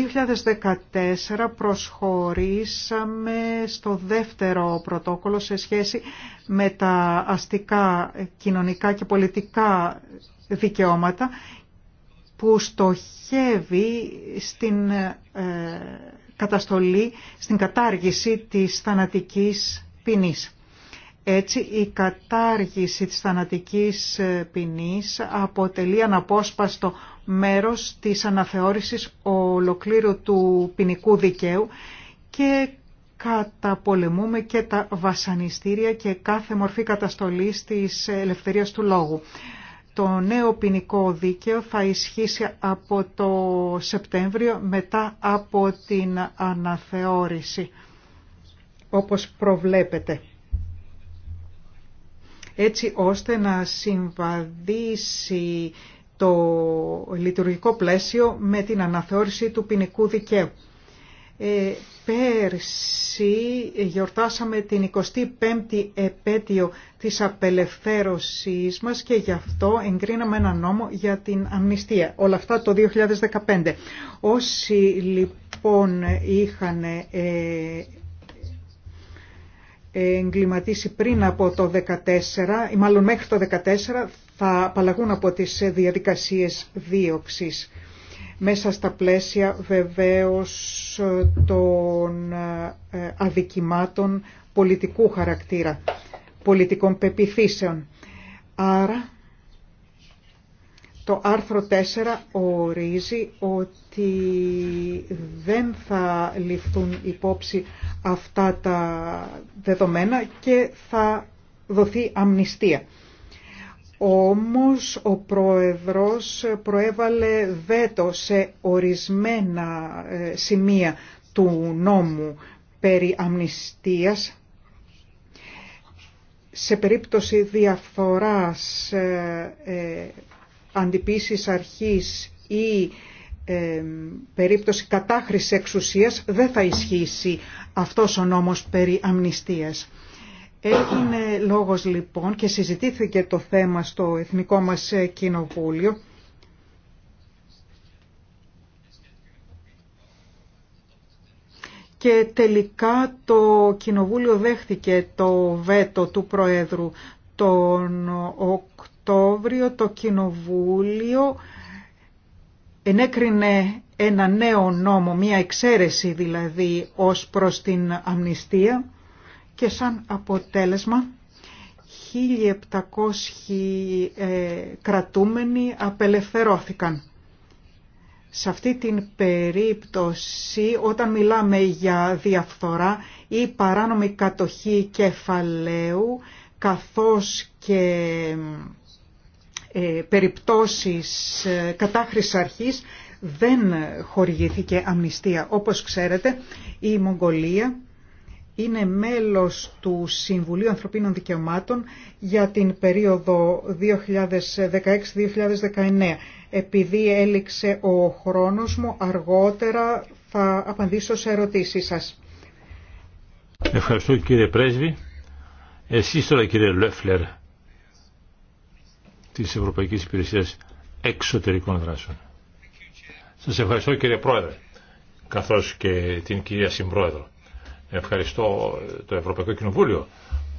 Speaker 2: 2014 προσχωρήσαμε στο δεύτερο πρωτόκολλο σε σχέση με τα αστικά, κοινωνικά και πολιτικά δικαιώματα που στοχεύει στην ε, καταστολή, στην κατάργηση της θανατικής ποινής. Έτσι, η κατάργηση της θανατικής ε, ποινής αποτελεί αναπόσπαστο μέρος της αναθεώρησης ολοκλήρου του ποινικού δικαίου και καταπολεμούμε και τα βασανιστήρια και κάθε μορφή καταστολής της ελευθερίας του λόγου. Το νέο ποινικό δίκαιο θα ισχύσει από το Σεπτέμβριο μετά από την αναθεώρηση, όπως προβλέπετε. Έτσι ώστε να συμβαδίσει το λειτουργικό πλαίσιο με την αναθεώρηση του ποινικού δικαίου. Ε, πέρσι γιορτάσαμε την 25η επέτειο της απελευθέρωσής μας και γι' αυτό εγκρίναμε ένα νόμο για την αμνηστία. Όλα αυτά το 2015. Όσοι λοιπόν είχαν ε, εγκληματίσει πριν από το 2014 ή μάλλον μέχρι το 2014 θα απαλλαγούν από τις διαδικασίες δίωξης μέσα στα πλαίσια βεβαίως των ε, αδικημάτων πολιτικού χαρακτήρα, πολιτικών πεπιθήσεων. Άρα το άρθρο 4 ορίζει ότι δεν θα ληφθούν υπόψη αυτά τα δεδομένα και θα δοθεί αμνηστία. Όμως ο Πρόεδρος προέβαλε βέτο σε ορισμένα ε, σημεία του νόμου περί αμνηστίας σε περίπτωση διαφθοράς ε, ε, αντιπίσης αρχής ή ε, περίπτωση κατάχρηση εξουσίας δεν θα ισχύσει αυτός ο νόμος περί αμνηστίας. Έγινε λόγος λοιπόν και συζητήθηκε το θέμα στο Εθνικό μας Κοινοβούλιο και τελικά το Κοινοβούλιο δέχτηκε το βέτο του Προέδρου τον Οκτώβριο το Κοινοβούλιο ενέκρινε ένα νέο νόμο, μία εξαίρεση δηλαδή ως προς την αμνηστία και σαν αποτέλεσμα 1.700 ε, κρατούμενοι απελευθερώθηκαν. Σε αυτή την περίπτωση όταν μιλάμε για διαφθορά ή παράνομη κατοχή κεφαλαίου καθώς και ε, περιπτώσεις ε, κατάχρησης αρχής δεν χορηγήθηκε αμνηστία. Όπως ξέρετε η Μογγολία είναι μέλος του Συμβουλίου Ανθρωπίνων Δικαιωμάτων για την περίοδο 2016-2019. Επειδή έληξε ο χρόνος μου, αργότερα θα απαντήσω σε ερωτήσεις σας.
Speaker 1: Ευχαριστώ κύριε Πρέσβη. Εσείς τώρα κύριε Λέφλερ της Ευρωπαϊκής Υπηρεσίας Εξωτερικών Δράσεων. Σας ευχαριστώ κύριε Πρόεδρε, καθώς και την κυρία Συμπρόεδρο. Ευχαριστώ το Ευρωπαϊκό Κοινοβούλιο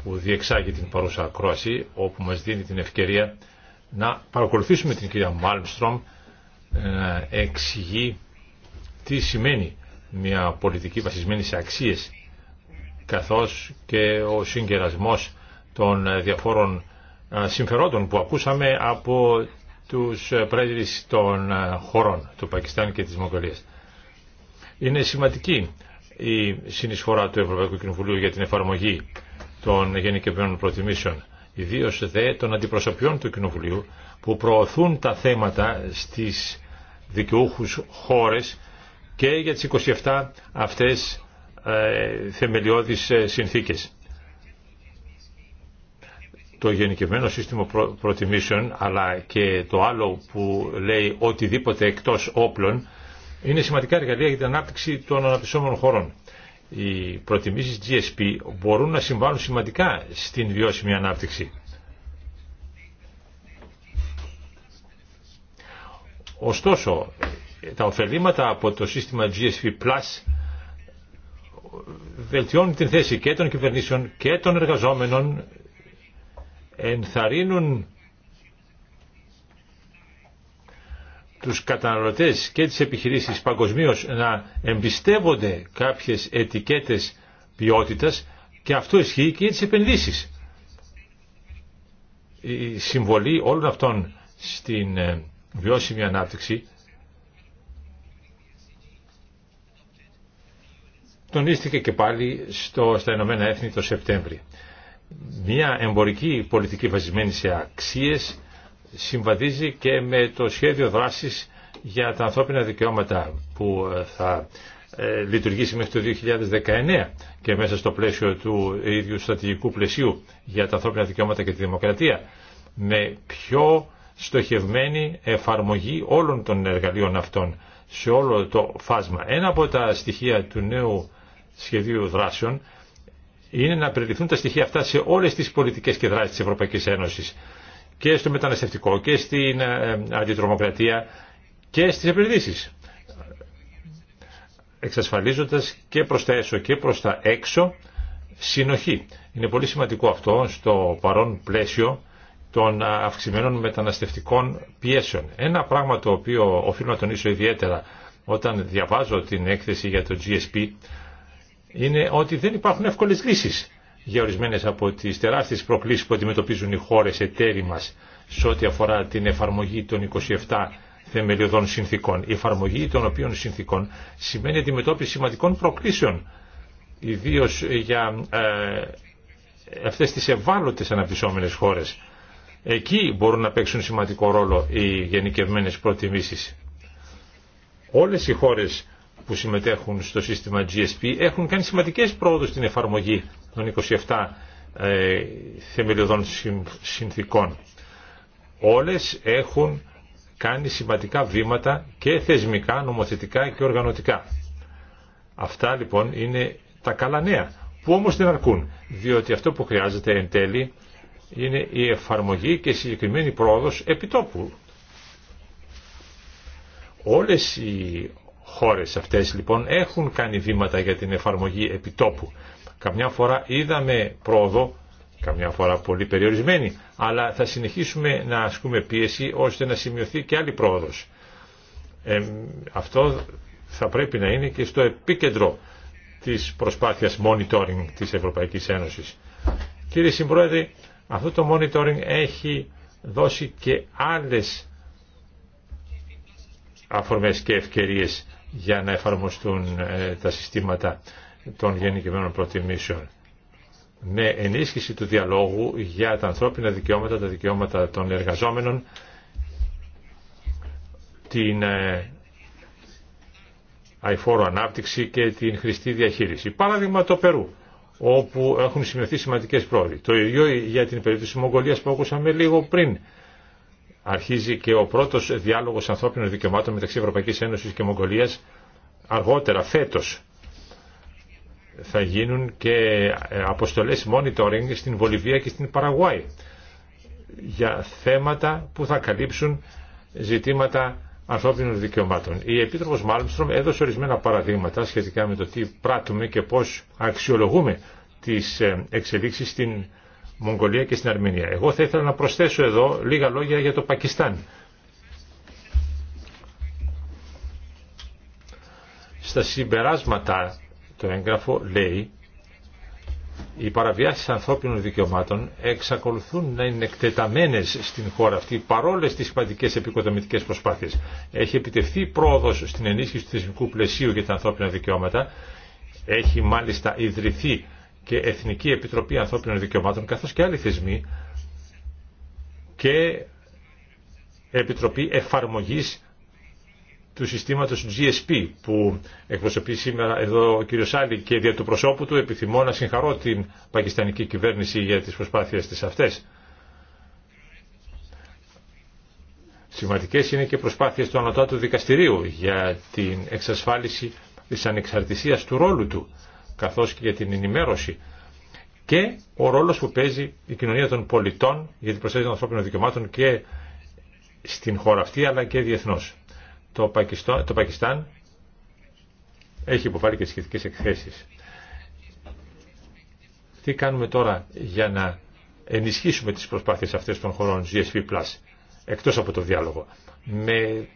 Speaker 1: που διεξάγει την παρούσα ακρόαση όπου μας δίνει την ευκαιρία να παρακολουθήσουμε την κυρία Μάλμστρομ ε, να εξηγεί τι σημαίνει μια πολιτική βασισμένη σε αξίες καθώς και ο συγκερασμός των διαφόρων ε, συμφερόντων που ακούσαμε από τους πρέσβεις των ε, χωρών του Πακιστάν και της Μογγολίας. Είναι σημαντική η συνεισφορά του Ευρωπαϊκού Κοινοβουλίου για την εφαρμογή των γενικευμένων προτιμήσεων, ιδίω δε των αντιπροσωπιών του Κοινοβουλίου που προωθούν τα θέματα στις δικαιούχους χώρες και για τις 27 αυτές ε, θεμελιώδεις ε, συνθήκες. Το γενικευμένο σύστημα προτιμήσεων αλλά και το άλλο που λέει οτιδήποτε εκτός όπλων είναι σημαντικά εργαλεία για την ανάπτυξη των αναπτυσσόμενων χωρών. Οι προτιμήσεις GSP μπορούν να συμβάλλουν σημαντικά στην βιώσιμη ανάπτυξη. Ωστόσο, τα ωφελήματα από το σύστημα GSP Plus βελτιώνουν την θέση και των κυβερνήσεων και των εργαζόμενων, ενθαρρύνουν τους καταναλωτές και τις επιχειρήσεις παγκοσμίω να εμπιστεύονται κάποιες ετικέτες ποιότητας και αυτό ισχύει και για τις επενδύσεις. Η συμβολή όλων αυτών στην ε, βιώσιμη ανάπτυξη τονίστηκε και πάλι στο, στα Ηνωμένα Έθνη το Σεπτέμβριο. Μια εμπορική πολιτική βασισμένη σε αξίες συμβαδίζει και με το σχέδιο δράσης για τα ανθρώπινα δικαιώματα που ε, θα ε, λειτουργήσει μέχρι το 2019 και μέσα στο πλαίσιο του ίδιου στρατηγικού πλαισίου για τα ανθρώπινα δικαιώματα και τη δημοκρατία με πιο στοχευμένη εφαρμογή όλων των εργαλείων αυτών σε όλο το φάσμα. Ένα από τα στοιχεία του νέου σχεδίου δράσεων είναι να περιληφθούν τα στοιχεία αυτά σε όλες τις πολιτικές και δράσεις της Ευρωπαϊκής Ένωσης και στο μεταναστευτικό και στην ε, ε, αντιτρομοκρατία και στις επενδύσεις. Εξασφαλίζοντας και προς τα έσω και προς τα έξω συνοχή. Είναι πολύ σημαντικό αυτό στο παρόν πλαίσιο των ε, αυξημένων μεταναστευτικών πιέσεων. Ένα πράγμα το οποίο οφείλω να τονίσω ιδιαίτερα όταν διαβάζω την έκθεση για το GSP είναι ότι δεν υπάρχουν εύκολες λύσεις για ορισμένες από τις τεράστιες προκλήσεις που αντιμετωπίζουν οι χώρες εταίροι μας σε ό,τι αφορά την εφαρμογή των 27 θεμελιωδών συνθήκων. Η εφαρμογή των οποίων συνθήκων σημαίνει αντιμετώπιση σημαντικών προκλήσεων, ιδίως για ε, αυτές τις ευάλωτες αναπτυσσόμενες χώρες. Εκεί μπορούν να παίξουν σημαντικό ρόλο οι γενικευμένες προτιμήσεις. Όλες οι χώρες που συμμετέχουν στο σύστημα GSP έχουν κάνει σημαντικές πρόοδους στην εφαρμογή των 27 ε, θεμελιωδών συνθήκων. Όλες έχουν κάνει σημαντικά βήματα και θεσμικά, νομοθετικά και οργανωτικά. Αυτά λοιπόν είναι τα καλά νέα, που όμως δεν αρκούν, διότι αυτό που χρειάζεται εν τέλει είναι η εφαρμογή και η συγκεκριμένη πρόοδος επιτόπου. Όλες οι χώρες αυτές λοιπόν έχουν κάνει βήματα για την εφαρμογή επιτόπου. Καμιά φορά είδαμε πρόοδο, καμιά φορά πολύ περιορισμένη, αλλά θα συνεχίσουμε να ασκούμε πίεση ώστε να σημειωθεί και άλλη πρόοδος. Ε, αυτό θα πρέπει να είναι και στο επίκεντρο της προσπάθειας monitoring της Ευρωπαϊκής Ένωσης. Κύριε Συμπρόεδρε, αυτό το monitoring έχει δώσει και άλλες αφορμές και ευκαιρίες για να εφαρμοστούν ε, τα συστήματα των γενικευμένων προτιμήσεων με ναι, ενίσχυση του διαλόγου για τα ανθρώπινα δικαιώματα, τα δικαιώματα των εργαζόμενων, την ε, αηφόρο ανάπτυξη και την χρηστή διαχείριση. Παράδειγμα το Περού, όπου έχουν σημειωθεί σημαντικές πρόοδοι. Το ίδιο για την περίπτωση της Μογγολίας που ακούσαμε λίγο πριν. Αρχίζει και ο πρώτος διάλογος ανθρώπινων δικαιωμάτων μεταξύ Ευρωπαϊκής Ένωσης και Μογγολίας αργότερα, φέτο θα γίνουν και ε, αποστολές monitoring στην Βολιβία και στην Παραγουάη για θέματα που θα καλύψουν ζητήματα ανθρώπινων δικαιωμάτων. Η Επίτροπος Μάλμστρομ έδωσε ορισμένα παραδείγματα σχετικά με το τι πράττουμε και πώς αξιολογούμε τις ε, εξελίξεις στην Μογγολία και στην Αρμενία. Εγώ θα ήθελα να προσθέσω εδώ λίγα λόγια για το Πακιστάν. Στα συμπεράσματα το έγγραφο λέει οι παραβιάσεις ανθρώπινων δικαιωμάτων εξακολουθούν να είναι εκτεταμένες στην χώρα αυτή παρόλες τις σημαντικές επικοδομητικές προσπάθειες. Έχει επιτευχθεί πρόοδος στην ενίσχυση του θεσμικού πλαισίου για τα ανθρώπινα δικαιώματα. Έχει μάλιστα ιδρυθεί και Εθνική Επιτροπή Ανθρώπινων Δικαιωμάτων καθώς και άλλοι θεσμοί και Επιτροπή Εφαρμογής του συστήματος GSP που εκπροσωπεί σήμερα εδώ ο κύριος Άλλη και δια του προσώπου του επιθυμώ να συγχαρώ την πακιστανική κυβέρνηση για τις προσπάθειες της αυτές. Σημαντικές είναι και προσπάθειες του Ανωτάτου Δικαστηρίου για την εξασφάλιση της ανεξαρτησίας του ρόλου του καθώς και για την ενημέρωση και ο ρόλος που παίζει η κοινωνία των πολιτών για την προσέγγιση των ανθρώπινων δικαιωμάτων και στην χώρα αυτή αλλά και διεθνώς. Το, Πακιστάν έχει υποβάλει και σχετικές εκθέσεις. Τι κάνουμε τώρα για να ενισχύσουμε τις προσπάθειες αυτές των χωρών GSP+, εκτός από το διάλογο. Με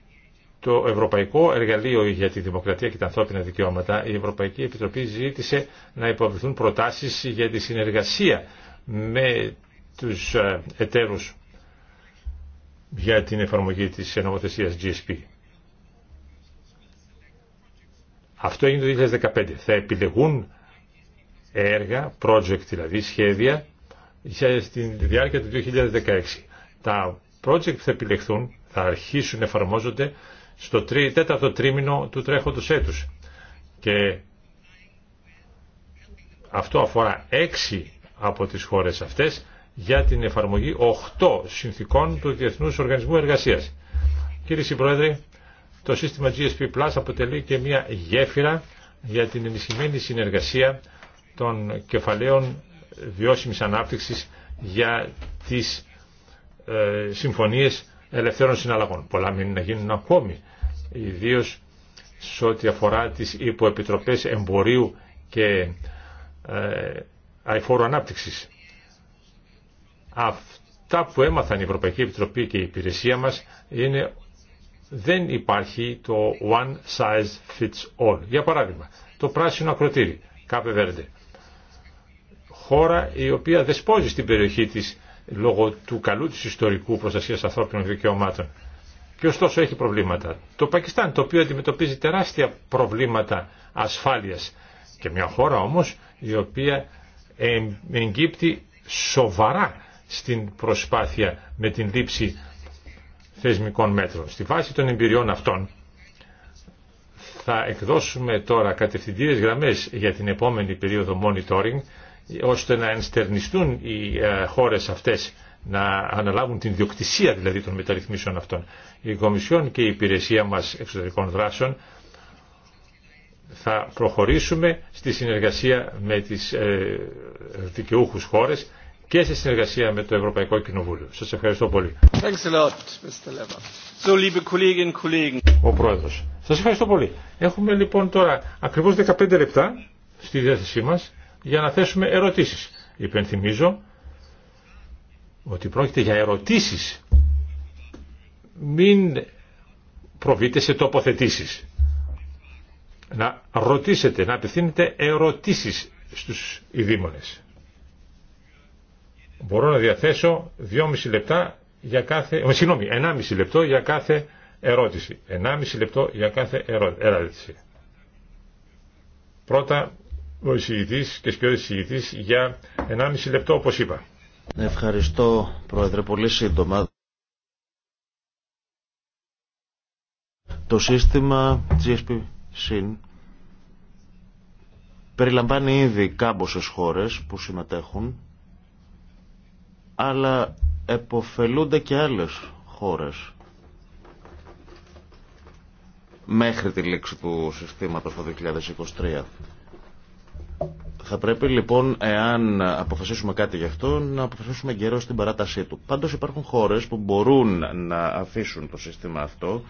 Speaker 1: το Ευρωπαϊκό Εργαλείο για τη Δημοκρατία και τα Ανθρώπινα Δικαιώματα, η Ευρωπαϊκή Επιτροπή ζήτησε να υποβληθούν προτάσεις για τη συνεργασία με τους ε, εταίρους για την εφαρμογή της νομοθεσίας GSP. Αυτό έγινε το 2015. Θα επιλεγούν έργα, project δηλαδή, σχέδια, στην διάρκεια του 2016. Τα project που θα επιλεχθούν θα αρχίσουν να εφαρμόζονται στο τέταρτο τρίμηνο του τρέχοντος έτους. Και αυτό αφορά έξι από τις χώρες αυτές για την εφαρμογή 8 συνθήκων του Διεθνούς Οργανισμού Εργασίας. Κύριε Συμπρόεδρε, το σύστημα GSP Plus αποτελεί και μια γέφυρα για την ενισχυμένη συνεργασία των κεφαλαίων βιώσιμης ανάπτυξης για τις ε, συμφωνίες ελευθέρων συναλλαγών. Πολλά μείνουν να γίνουν ακόμη, ιδίως σε ό,τι αφορά τις υποεπιτροπές εμπορίου και ε, αηφόρου ανάπτυξης. Αυτά που έμαθαν η Ευρωπαϊκή Επιτροπή και η υπηρεσία μας είναι δεν υπάρχει το one size fits all. Για παράδειγμα, το πράσινο ακροτήρι, κάπε βέρντε. Χώρα η οποία δεσπόζει στην περιοχή της λόγω του καλού της ιστορικού προστασίας ανθρώπινων δικαιωμάτων. Και ωστόσο έχει προβλήματα. Το Πακιστάν, το οποίο αντιμετωπίζει τεράστια προβλήματα ασφάλειας. Και μια χώρα όμως η οποία εγκύπτει σοβαρά στην προσπάθεια με την λήψη θεσμικών μέτρων. Στη βάση των εμπειριών αυτών θα εκδώσουμε τώρα κατευθυντήριες γραμμές για την επόμενη περίοδο monitoring ώστε να ενστερνιστούν οι ε, χώρες αυτές να αναλάβουν την διοκτησία δηλαδή των μεταρρυθμίσεων αυτών. Η Κομισιόν και η Υπηρεσία μας Εξωτερικών Δράσεων θα προχωρήσουμε στη συνεργασία με τις ε, δικαιούχους χώρες και σε συνεργασία με το Ευρωπαϊκό Κοινοβούλιο. Σας ευχαριστώ πολύ. Ο Πρόεδρος. Σας ευχαριστώ πολύ. Έχουμε λοιπόν τώρα ακριβώς 15 λεπτά στη διάθεσή μας για να θέσουμε ερωτήσεις. Υπενθυμίζω ότι πρόκειται για ερωτήσεις. Μην προβείτε σε τοποθετήσεις. Να ρωτήσετε, να απευθύνετε ερωτήσεις στους ειδήμονες μπορώ να διαθέσω 2,5 λεπτά για κάθε, ε, συγγνώμη, 1,5 λεπτό για κάθε ερώτηση. 1,5 λεπτό για κάθε ερώτηση. Πρώτα ο εισηγητής και σκιώδης εισηγητής για 1,5
Speaker 3: λεπτό όπως είπα. Ευχαριστώ Πρόεδρε, πολύ σύντομα. Το σύστημα GSP Sin περιλαμβάνει ήδη κάμποσες χώρες που συμμετέχουν αλλά εποφελούνται και άλλες χώρες μέχρι τη λήξη του συστήματος το 2023. Θα πρέπει λοιπόν, εάν αποφασίσουμε κάτι γι' αυτό, να αποφασίσουμε καιρό στην παράτασή του. Πάντως υπάρχουν χώρες που μπορούν να αφήσουν το σύστημα αυτό,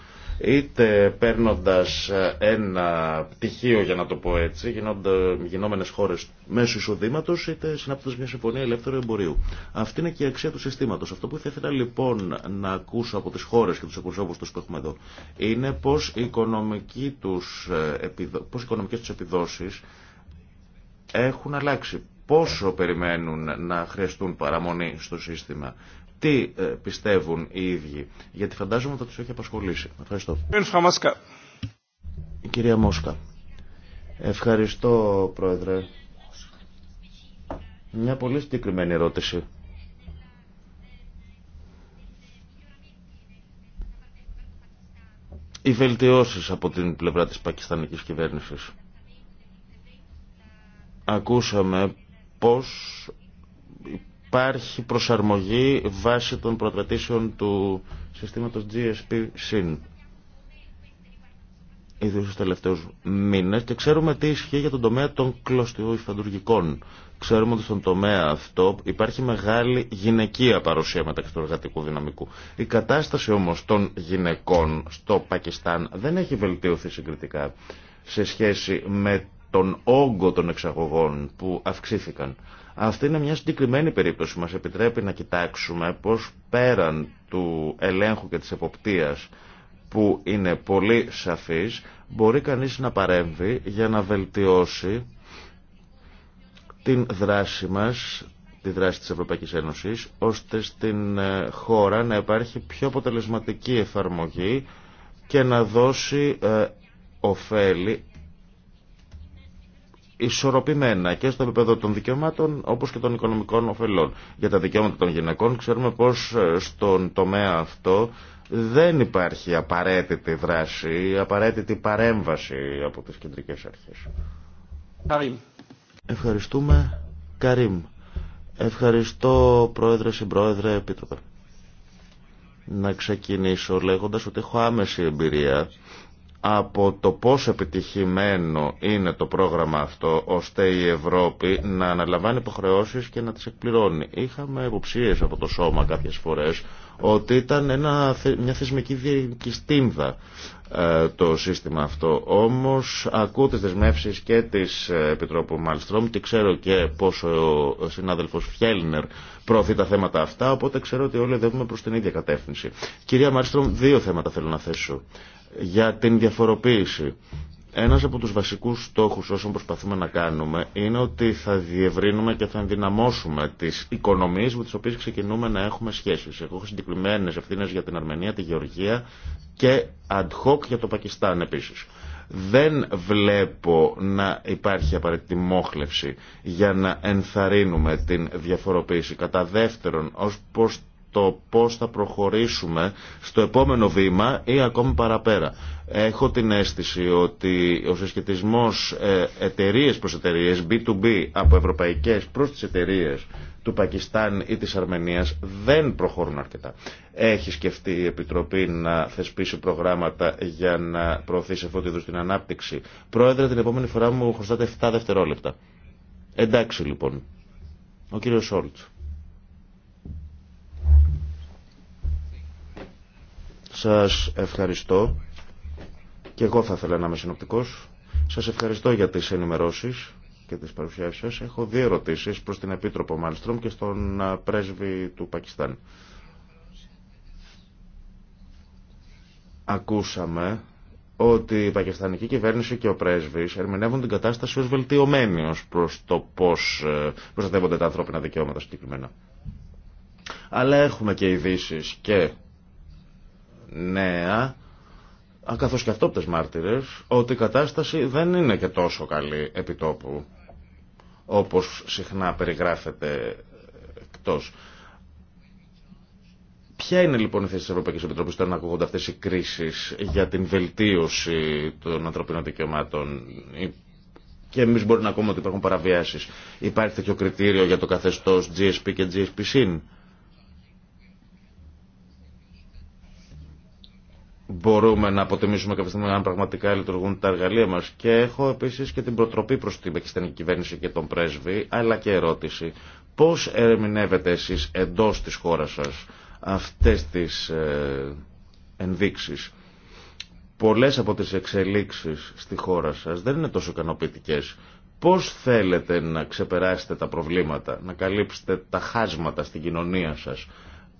Speaker 3: είτε παίρνοντας ε, ένα πτυχίο, για να το πω έτσι, γινόμενες χώρες μέσω εισοδήματος, είτε συνάπτοντας μια συμφωνία ελεύθερου εμπορίου. Αυτή είναι και η αξία του συστήματος. Αυτό που θα ήθελα λοιπόν να ακούσω από τις χώρες και τους εκπροσώπους τους που έχουμε εδώ, είναι πώς ε, οι οικονομικές τους επιδόσεις έχουν αλλάξει. Πόσο περιμένουν να χρειαστούν παραμονή στο σύστημα. Τι ε, πιστεύουν οι ίδιοι. Γιατί φαντάζομαι θα τους έχει απασχολήσει. Ευχαριστώ. Η κυρία Μόσκα. Ευχαριστώ πρόεδρε. Μια πολύ συγκεκριμένη ερώτηση. Οι βελτιώσεις από την πλευρά της πακιστανικής κυβέρνησης. Ακούσαμε πως υπάρχει προσαρμογή βάσει των προκρατήσεων του συστήματος GSP-SYN ιδίως στους τελευταίους μήνες και ξέρουμε τι ισχύει για τον τομέα των κλωστιοϊφαντουργικών. Ξέρουμε ότι στον τομέα αυτό υπάρχει μεγάλη γυναικεία παρουσία μεταξύ του εργατικού δυναμικού. Η κατάσταση όμως των γυναικών στο Πακιστάν δεν έχει βελτιωθεί συγκριτικά σε σχέση με τον όγκο των εξαγωγών που αυξήθηκαν. Αυτή είναι μια συγκεκριμένη περίπτωση. Μας επιτρέπει να κοιτάξουμε πώς πέραν του ελέγχου και της εποπτείας που είναι πολύ σαφής, μπορεί κανείς να παρέμβει για να βελτιώσει την δράση μας, τη δράση της Ευρωπαϊκής Ένωσης, ώστε στην ε, χώρα να υπάρχει πιο αποτελεσματική εφαρμογή και να δώσει ε, ωφέλη ισορροπημένα και στο επίπεδο των δικαιωμάτων όπως και των οικονομικών ωφελών. Για τα δικαιώματα των γυναικών ξέρουμε πως ε, στον τομέα αυτό δεν υπάρχει απαραίτητη δράση, απαραίτητη παρέμβαση από τις κεντρικές αρχές. Καρίμ. Ευχαριστούμε. Καρίμ. Ευχαριστώ Πρόεδρε, Συμπρόεδρε, Επίτροπε. Να ξεκινήσω λέγοντας ότι έχω άμεση εμπειρία από το πόσο επιτυχημένο είναι το πρόγραμμα αυτό ώστε η Ευρώπη να αναλαμβάνει υποχρεώσεις και να τις εκπληρώνει. Είχαμε υποψίες από το σώμα κάποιες φορές ότι ήταν ένα, μια θεσμική ε, το σύστημα αυτό. Όμως ακούω τις δεσμεύσεις και της ε, Επιτρόπου Μαλστρόμ και ξέρω και πόσο ο συνάδελφος Φιέλνερ προωθεί τα θέματα αυτά, οπότε ξέρω ότι όλοι δεύουμε προς την ίδια κατεύθυνση. Κυρία Μαλστρόμ, δύο θέματα θέλω να θέσω για την διαφοροποίηση. Ένας από τους βασικούς στόχους όσων προσπαθούμε να κάνουμε είναι ότι θα διευρύνουμε και θα ενδυναμώσουμε τις οικονομίες με τις οποίες ξεκινούμε να έχουμε σχέσεις. Έχω συγκεκριμένες ευθύνε για την Αρμενία, τη Γεωργία και ad hoc για το Πακιστάν επίσης. Δεν βλέπω να υπάρχει απαραίτητη μόχλευση για να ενθαρρύνουμε την διαφοροποίηση. Κατά δεύτερον, ως προς το πώς θα προχωρήσουμε στο επόμενο βήμα ή ακόμη παραπέρα. Έχω την αίσθηση ότι ο συσχετισμός ε, εταιρείε προς εταιρείε, B2B από ευρωπαϊκές προς τις εταιρείε του Πακιστάν ή της Αρμενίας δεν προχωρούν αρκετά. Έχει σκεφτεί η Επιτροπή να θεσπίσει προγράμματα για να προωθήσει αυτού την ανάπτυξη. Πρόεδρε, την επόμενη φορά μου χρωστάτε 7 δευτερόλεπτα. Εντάξει λοιπόν. Ο κύριος Σόλτ. Σας ευχαριστώ. Και εγώ θα ήθελα να είμαι συνοπτικός. Σας ευχαριστώ για τις ενημερώσεις και τις παρουσιάσεις Έχω δύο ερωτήσεις προς την Επίτροπο Μάλστρομ και στον πρέσβη του Πακιστάν. Ακούσαμε ότι η πακιστανική κυβέρνηση και ο πρέσβης ερμηνεύουν την κατάσταση ως βελτιωμένη ως προς το πώς ε, προστατεύονται τα ανθρώπινα δικαιώματα συγκεκριμένα. Αλλά έχουμε και ειδήσει και νέα, καθώ και αυτόπτες μάρτυρες, ότι η κατάσταση δεν είναι και τόσο καλή τόπου όπως συχνά περιγράφεται εκτό. Ποια είναι λοιπόν η θέση τη Ευρωπαϊκή Επιτροπή τώρα να ακούγονται αυτέ οι κρίσει για την βελτίωση των ανθρωπίνων δικαιωμάτων, και εμεί μπορεί να ακούμε ότι υπάρχουν παραβιάσει. Υπάρχει τέτοιο κριτήριο για το καθεστώ GSP και gsp μπορούμε να αποτιμήσουμε κάποια στιγμή αν πραγματικά λειτουργούν τα εργαλεία μας. Και έχω επίσης και την προτροπή προς την Πακιστανική κυβέρνηση και τον πρέσβη, αλλά και ερώτηση. Πώς ερμηνεύετε εσείς εντός της χώρας σας αυτές τις ε, ενδείξεις. Πολλές από τι εξελίξεις στη χώρα σας δεν είναι τόσο ικανοποιητικέ. Πώς θέλετε να ξεπεράσετε τα προβλήματα, να καλύψετε τα χάσματα στην κοινωνία σας.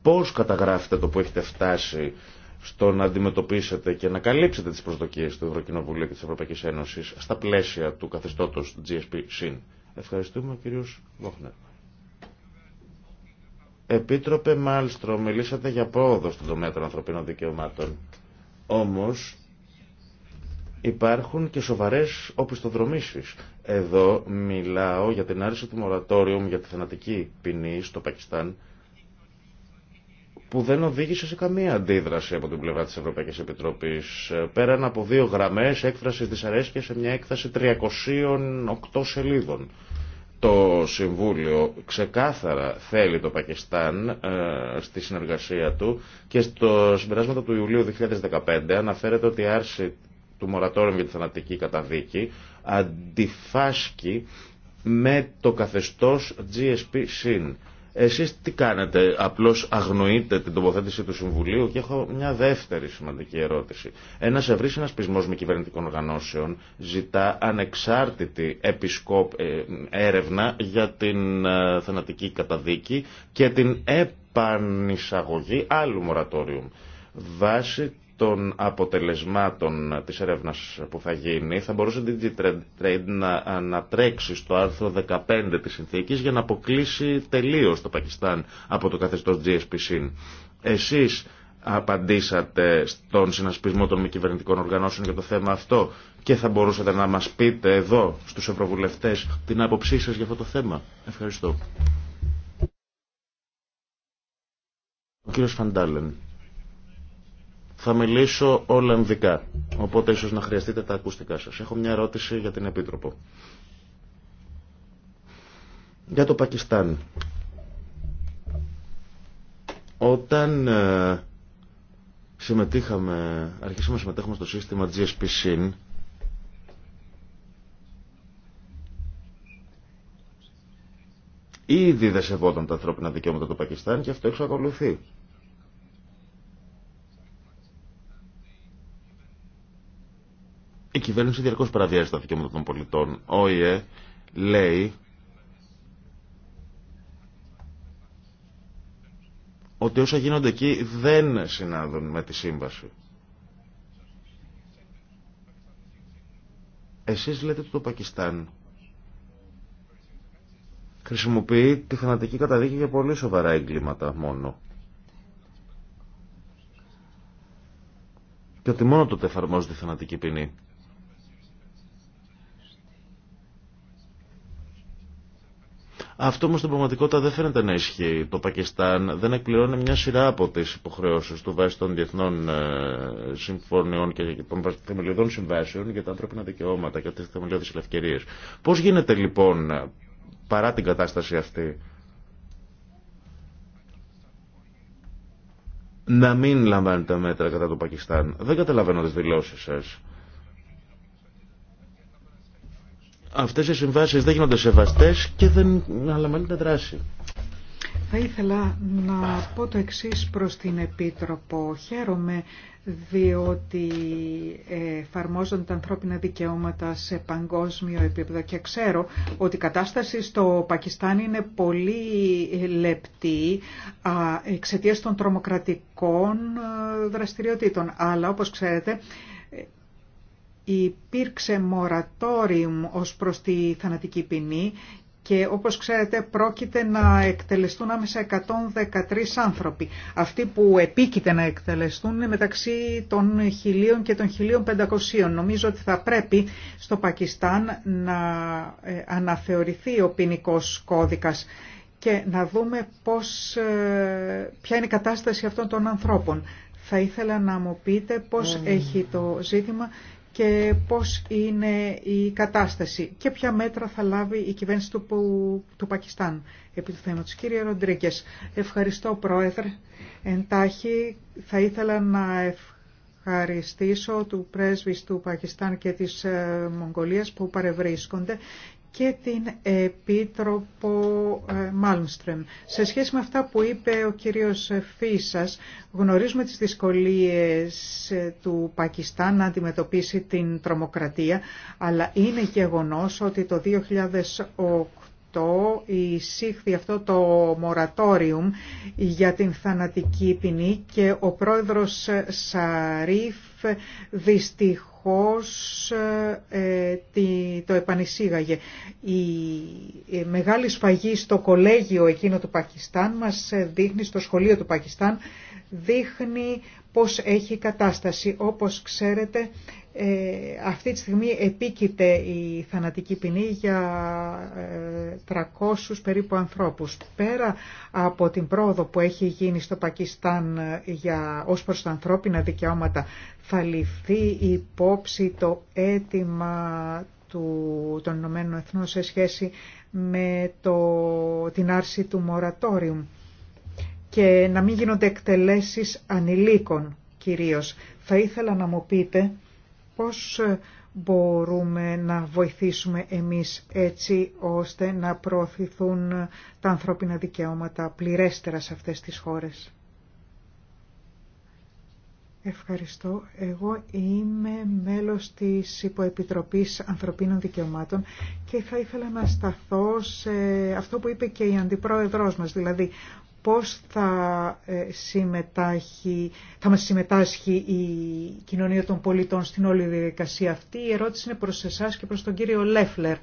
Speaker 3: Πώς καταγράφετε το που έχετε φτάσει στο να αντιμετωπίσετε και να καλύψετε τις προσδοκίες του Ευρωκοινοβουλίου και της Ευρωπαϊκής Ένωσης στα πλαίσια του καθεστώτος συν Ευχαριστούμε, κύριος Βόχνερ. Επίτροπε Μάλστρο, μιλήσατε για πρόοδο στον τομέα των ανθρωπίνων δικαιωμάτων. Όμως, υπάρχουν και σοβαρές οπισθοδρομήσεις. Εδώ μιλάω για την άρση του μορατόριου για τη θανατική ποινή στο Πακιστάν, που δεν οδήγησε σε καμία αντίδραση από την πλευρά της Ευρωπαϊκής Επιτροπής. Ε, πέραν από δύο γραμμές έκφρασης δυσαρέσκειας σε μια έκθεση 308 σελίδων. Το Συμβούλιο ξεκάθαρα θέλει το Πακιστάν ε, στη συνεργασία του και στο συμπεράσματα του Ιουλίου 2015 αναφέρεται ότι η άρση του μορατόριου για τη θανατική καταδίκη αντιφάσκει με το καθεστώς GSP-SYN εσείς τι κάνετε, απλώς αγνοείτε την τοποθέτηση του Συμβουλίου και έχω μια δεύτερη σημαντική ερώτηση. Ένας ευρύς συνασπισμό με κυβερνητικών οργανώσεων ζητά ανεξάρτητη επισκόπ, ε, έρευνα για την ε, θανατική καταδίκη και την επανεισαγωγή άλλου μορατόριου βάσει των αποτελεσμάτων της έρευνας που θα γίνει θα μπορούσε η DigiTrade να τρέξει στο άρθρο 15 της συνθήκης για να αποκλείσει τελείως το Πακιστάν από το καθεστώς GSPC. Εσείς απαντήσατε στον συνασπισμό των μη κυβερνητικών οργανώσεων για το θέμα αυτό και θα μπορούσατε να μας πείτε εδώ στους ευρωβουλευτές την άποψή σας για αυτό το θέμα. Ευχαριστώ. Ο κύριος Φαντάλεν. Θα μιλήσω Ολλανδικά, οπότε ίσως να χρειαστείτε τα ακουστικά σας. Έχω μια ερώτηση για την Επίτροπο. Για το Πακιστάν. Όταν ε, συμμετείχαμε, αρχίσαμε να συμμετέχουμε στο σύστημα GSP SYN, ήδη δεν σεβόταν τα ανθρώπινα δικαιώματα του Πακιστάν και αυτό εξακολουθεί. Η κυβέρνηση διαρκώ παραβιάζει τα δικαιώματα των πολιτών. Ο ΙΕ λέει ότι όσα γίνονται εκεί δεν συνάδουν με τη σύμβαση. Εσείς λέτε ότι το Πακιστάν χρησιμοποιεί τη θανατική καταδίκη για πολύ σοβαρά εγκλήματα μόνο. Και ότι μόνο τότε εφαρμόζεται η θανατική ποινή. Αυτό όμω στην πραγματικότητα δεν φαίνεται να ισχύει. Το Πακιστάν δεν εκπληρώνει μια σειρά από τι υποχρεώσει του βάσει των διεθνών ε, συμφωνιών και των θεμελιωδών συμβάσεων για τα ανθρώπινα δικαιώματα και τι θεμελιώδει ελευκαιρίε. Πώ γίνεται λοιπόν παρά την κατάσταση αυτή να μην λαμβάνετε μέτρα κατά το Πακιστάν. Δεν καταλαβαίνω τι δηλώσει σα. αυτές οι συμβάσεις δεν γίνονται σεβαστές και δεν αναλαμβάνεται δράση.
Speaker 2: Θα ήθελα να πω το εξής προς την Επίτροπο. Χαίρομαι διότι εφαρμόζονται τα ανθρώπινα δικαιώματα σε παγκόσμιο επίπεδο και ξέρω ότι η κατάσταση στο Πακιστάν είναι πολύ λεπτή εξαιτίας των τρομοκρατικών ε, δραστηριοτήτων. Αλλά όπως ξέρετε υπήρξε μορατόριου ως προς τη θανατική ποινή και όπως ξέρετε πρόκειται να εκτελεστούν άμεσα 113 άνθρωποι. Αυτοί που επίκειται να εκτελεστούν είναι μεταξύ των 1.000 και των 1.500. Νομίζω ότι θα πρέπει στο Πακιστάν να ε, αναθεωρηθεί ο ποινικό κώδικας και να δούμε πώς, ε, ποια είναι η κατάσταση αυτών των ανθρώπων. Θα ήθελα να μου πείτε πώς ε. έχει το ζήτημα και πώς είναι η κατάσταση και ποια μέτρα θα λάβει η κυβέρνηση του, του Πακιστάν επί του θέματος. Κύριε Ροντρίγκε, ευχαριστώ Πρόεδρε. Εντάχει θα ήθελα να ευχαριστήσω του πρέσβης του Πακιστάν και της ε, Μογγολίας που παρευρίσκονται και την Επίτροπο ε, Μάλμστρεμ. Σε σχέση με αυτά που είπε ο κύριος Φίσας, γνωρίζουμε τις δυσκολίες ε, του Πακιστάν να αντιμετωπίσει την τρομοκρατία, αλλά είναι γεγονός ότι το 2008 εισήχθη αυτό το μορατόριουμ για την θανατική ποινή και ο πρόεδρος Σαρίφ δυστυχώς ε, τη, το επανεισήγαγε. Η μεγάλη σφαγή στο κολέγιο εκείνο του Πακιστάν μας ε, δείχνει, στο σχολείο του Πακιστάν, δείχνει πώς έχει κατάσταση. Όπως ξέρετε ε, αυτή τη στιγμή επίκειται η θανατική ποινή για 300 ε, περίπου ανθρώπους. Πέρα από την πρόοδο που έχει γίνει στο Πακιστάν ε, για, ως προς τα ανθρώπινα δικαιώματα, θα ληφθεί υπόψη το αίτημα του, των Ηνωμένων Εθνών σε σχέση με το, την άρση του μορατόριου και να μην γίνονται εκτελέσεις ανηλίκων κυρίως. Θα ήθελα να μου πείτε πώς ε, μπορούμε να βοηθήσουμε εμείς έτσι ώστε να προωθηθούν ε, τα ανθρώπινα δικαιώματα πληρέστερα σε αυτές τις χώρες. Ευχαριστώ. Εγώ είμαι μέλος της Υποεπιτροπής Ανθρωπίνων Δικαιωμάτων και θα ήθελα να σταθώ σε αυτό που είπε και η Αντιπρόεδρός μας, δηλαδή πώς θα, ε, συμμετάχει, θα μας συμμετάσχει η κοινωνία των πολιτών στην όλη διαδικασία αυτή. Η ερώτηση είναι προς εσάς και προς τον κύριο Λέφλερ.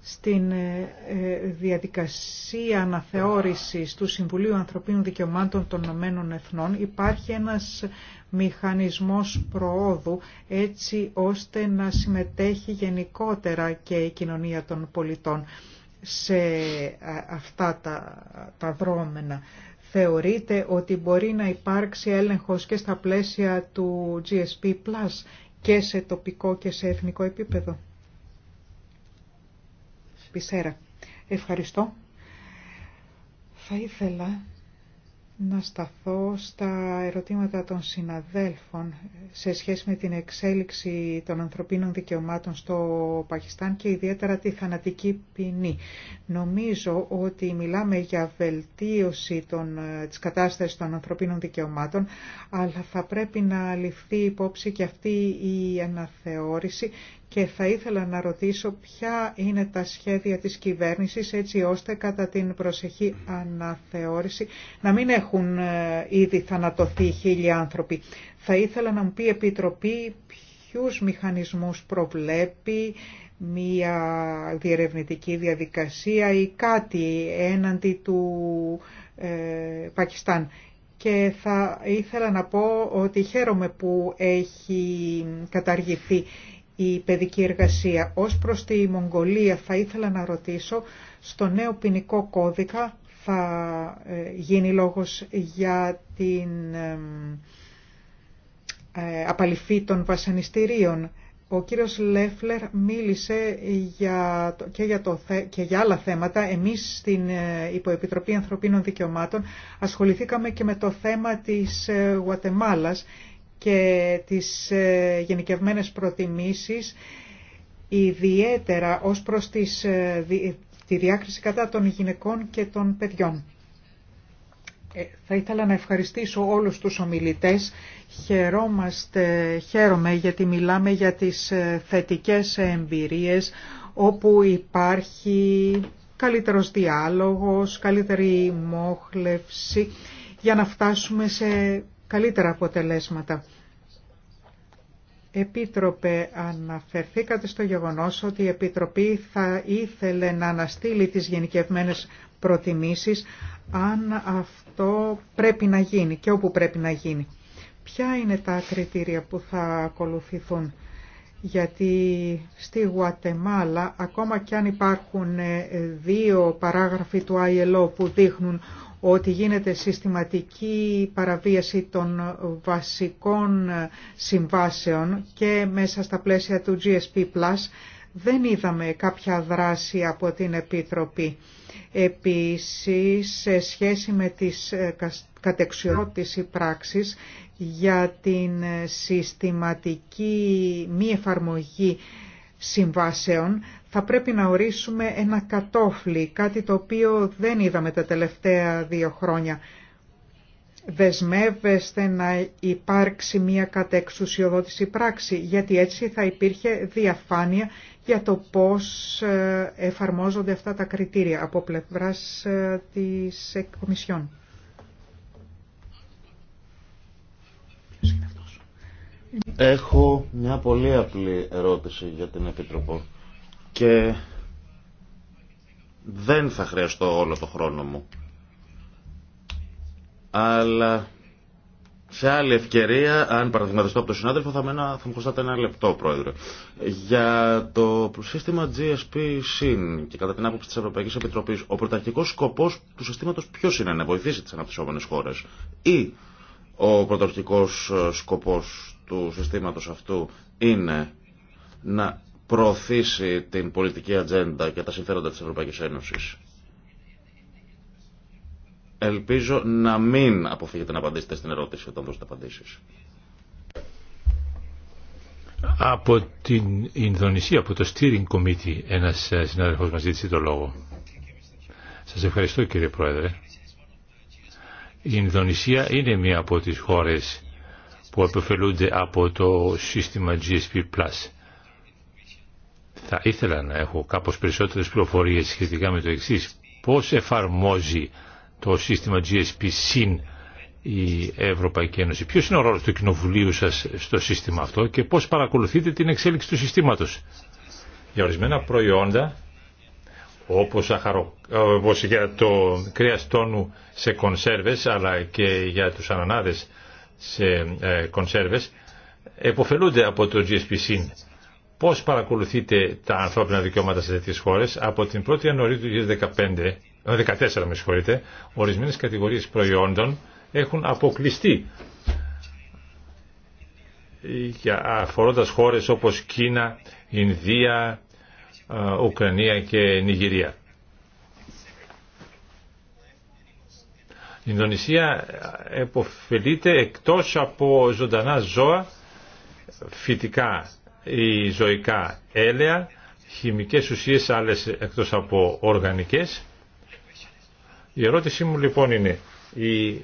Speaker 2: Στην ε, ε, διαδικασία αναθεώρησης του Συμβουλίου Ανθρωπίνων Δικαιωμάτων των Ηνωμένων Εθνών υπάρχει ένας μηχανισμός προόδου έτσι ώστε να συμμετέχει γενικότερα και η κοινωνία των πολιτών σε αυτά τα, τα δρόμενα. Θεωρείτε ότι μπορεί να υπάρξει έλεγχος και στα πλαίσια του GSP Plus και σε τοπικό και σε εθνικό επίπεδο. Πισέρα. Ευχαριστώ. Θα ήθελα να σταθώ στα ερωτήματα των συναδέλφων σε σχέση με την εξέλιξη των ανθρωπίνων δικαιωμάτων στο Πακιστάν και ιδιαίτερα τη θανατική ποινή. Νομίζω ότι μιλάμε για βελτίωση των, της κατάστασης των ανθρωπίνων δικαιωμάτων, αλλά θα πρέπει να ληφθεί υπόψη και αυτή η αναθεώρηση και θα ήθελα να ρωτήσω ποια είναι τα σχέδια της κυβέρνησης έτσι ώστε κατά την προσεχή αναθεώρηση να μην έχουν ε, ήδη θανατωθεί χίλιοι άνθρωποι. Θα ήθελα να μου πει η Επιτροπή ποιους μηχανισμούς προβλέπει μια διερευνητική διαδικασία ή κάτι έναντι του ε, Πακιστάν. Και θα ήθελα να πω ότι χαίρομαι που έχει καταργηθεί η παιδική εργασία. Ως προς τη Μογγολία θα ήθελα να ρωτήσω, στο νέο ποινικό κώδικα θα ε, γίνει λόγος για την ε, απαλυφή των βασανιστήριων. Ο κύριος Λέφλερ μίλησε για, και, για το, και άλλα θέματα. Εμείς στην ε, Υποεπιτροπή Ανθρωπίνων Δικαιωμάτων ασχοληθήκαμε και με το θέμα της Γουατεμάλας και τις ε, γενικευμένες προτιμήσεις ιδιαίτερα ως προς τις, ε, τη διάκριση κατά των γυναικών και των παιδιών. Ε, θα ήθελα να ευχαριστήσω όλους τους ομιλητές. Χαιρόμαστε, χαίρομαι γιατί μιλάμε για τις θετικές εμπειρίες όπου υπάρχει καλύτερος διάλογος, καλύτερη μόχλευση για να φτάσουμε σε καλύτερα αποτελέσματα. Επίτροπε, αναφερθήκατε στο γεγονός ότι η Επιτροπή θα ήθελε να αναστείλει τις γενικευμένες προτιμήσεις αν αυτό πρέπει να γίνει και όπου πρέπει να γίνει. Ποια είναι τα κριτήρια που θα ακολουθηθούν γιατί στη Γουατεμάλα ακόμα κι αν υπάρχουν ε, δύο παράγραφοι του ILO που δείχνουν ότι γίνεται συστηματική παραβίαση των βασικών συμβάσεων και μέσα στα πλαίσια του GSP+, δεν είδαμε κάποια δράση από την Επίτροπη. Επίσης, σε σχέση με τις ε, κατεξιότηση πράξης για την συστηματική μη εφαρμογή συμβάσεων, θα πρέπει να ορίσουμε ένα κατόφλι, κάτι το οποίο δεν είδαμε τα τελευταία δύο χρόνια. Δεσμεύεστε να υπάρξει μια κατεξουσιοδότηση πράξη, γιατί έτσι θα υπήρχε διαφάνεια για το πώς ε, εφαρμόζονται αυτά τα κριτήρια από πλευράς ε, της Κομισιόν.
Speaker 3: Έχω μια πολύ απλή ερώτηση για την Επιτροπό και δεν θα χρειαστώ όλο το χρόνο μου. Αλλά σε άλλη ευκαιρία, αν παραδειγματιστώ από τον συνάδελφο, θα, μένα, θα μου χρωστάτε ένα λεπτό, Πρόεδρε. Για το σύστημα GSP GSP-SYN και κατά την άποψη τη Ευρωπαϊκή Επιτροπή, ο πρωταρχικό σκοπό του συστήματο ποιο είναι, να βοηθήσει τι αναπτυσσόμενε χώρε, ή ο πρωταρχικό σκοπό του συστήματο αυτού είναι να προωθήσει την πολιτική ατζέντα και τα συμφέροντα της Ευρωπαϊκής Ένωσης. Ελπίζω να μην αποφύγετε να απαντήσετε στην ερώτηση όταν δώσετε απαντήσεις.
Speaker 1: Από την Ινδονησία, από το Steering Committee, ένας ε, συνάδελφος μας ζήτησε το λόγο. Σας ευχαριστώ κύριε Πρόεδρε. Η Ινδονησία είναι μία από τις χώρες που επωφελούνται από το σύστημα GSP+. Θα ήθελα να έχω κάπως περισσότερες πληροφορίες σχετικά με το εξής. Πώς εφαρμόζει το σύστημα GSP συν η Ευρωπαϊκή Ένωση. Ποιος είναι ο ρόλος του Κοινοβουλίου σας στο σύστημα αυτό και πώς παρακολουθείτε την εξέλιξη του συστήματος. Για ορισμένα προϊόντα, όπως, αχαρο, όπως για το κρέας τόνου σε κονσέρβες, αλλά και για τους ανανάδες σε ε, κονσέρβες, εποφελούνται από το GSP-SYN πώς παρακολουθείτε τα ανθρώπινα δικαιώματα σε τέτοιες χώρες. Από την 1η Ιανουαρίου του 2015, 2014 ε, με συγχωρείτε, ορισμένες κατηγορίες προϊόντων έχουν αποκλειστεί αφορώντας χώρες όπως Κίνα, Ινδία, ε, Ουκρανία και Νιγηρία. Η Ινδονησία ε, εποφελείται εκτός από ζωντανά ζώα φυτικά η ζωικά έλαια, χημικές ουσίες άλλες εκτός από οργανικές. Η ερώτησή μου λοιπόν είναι η...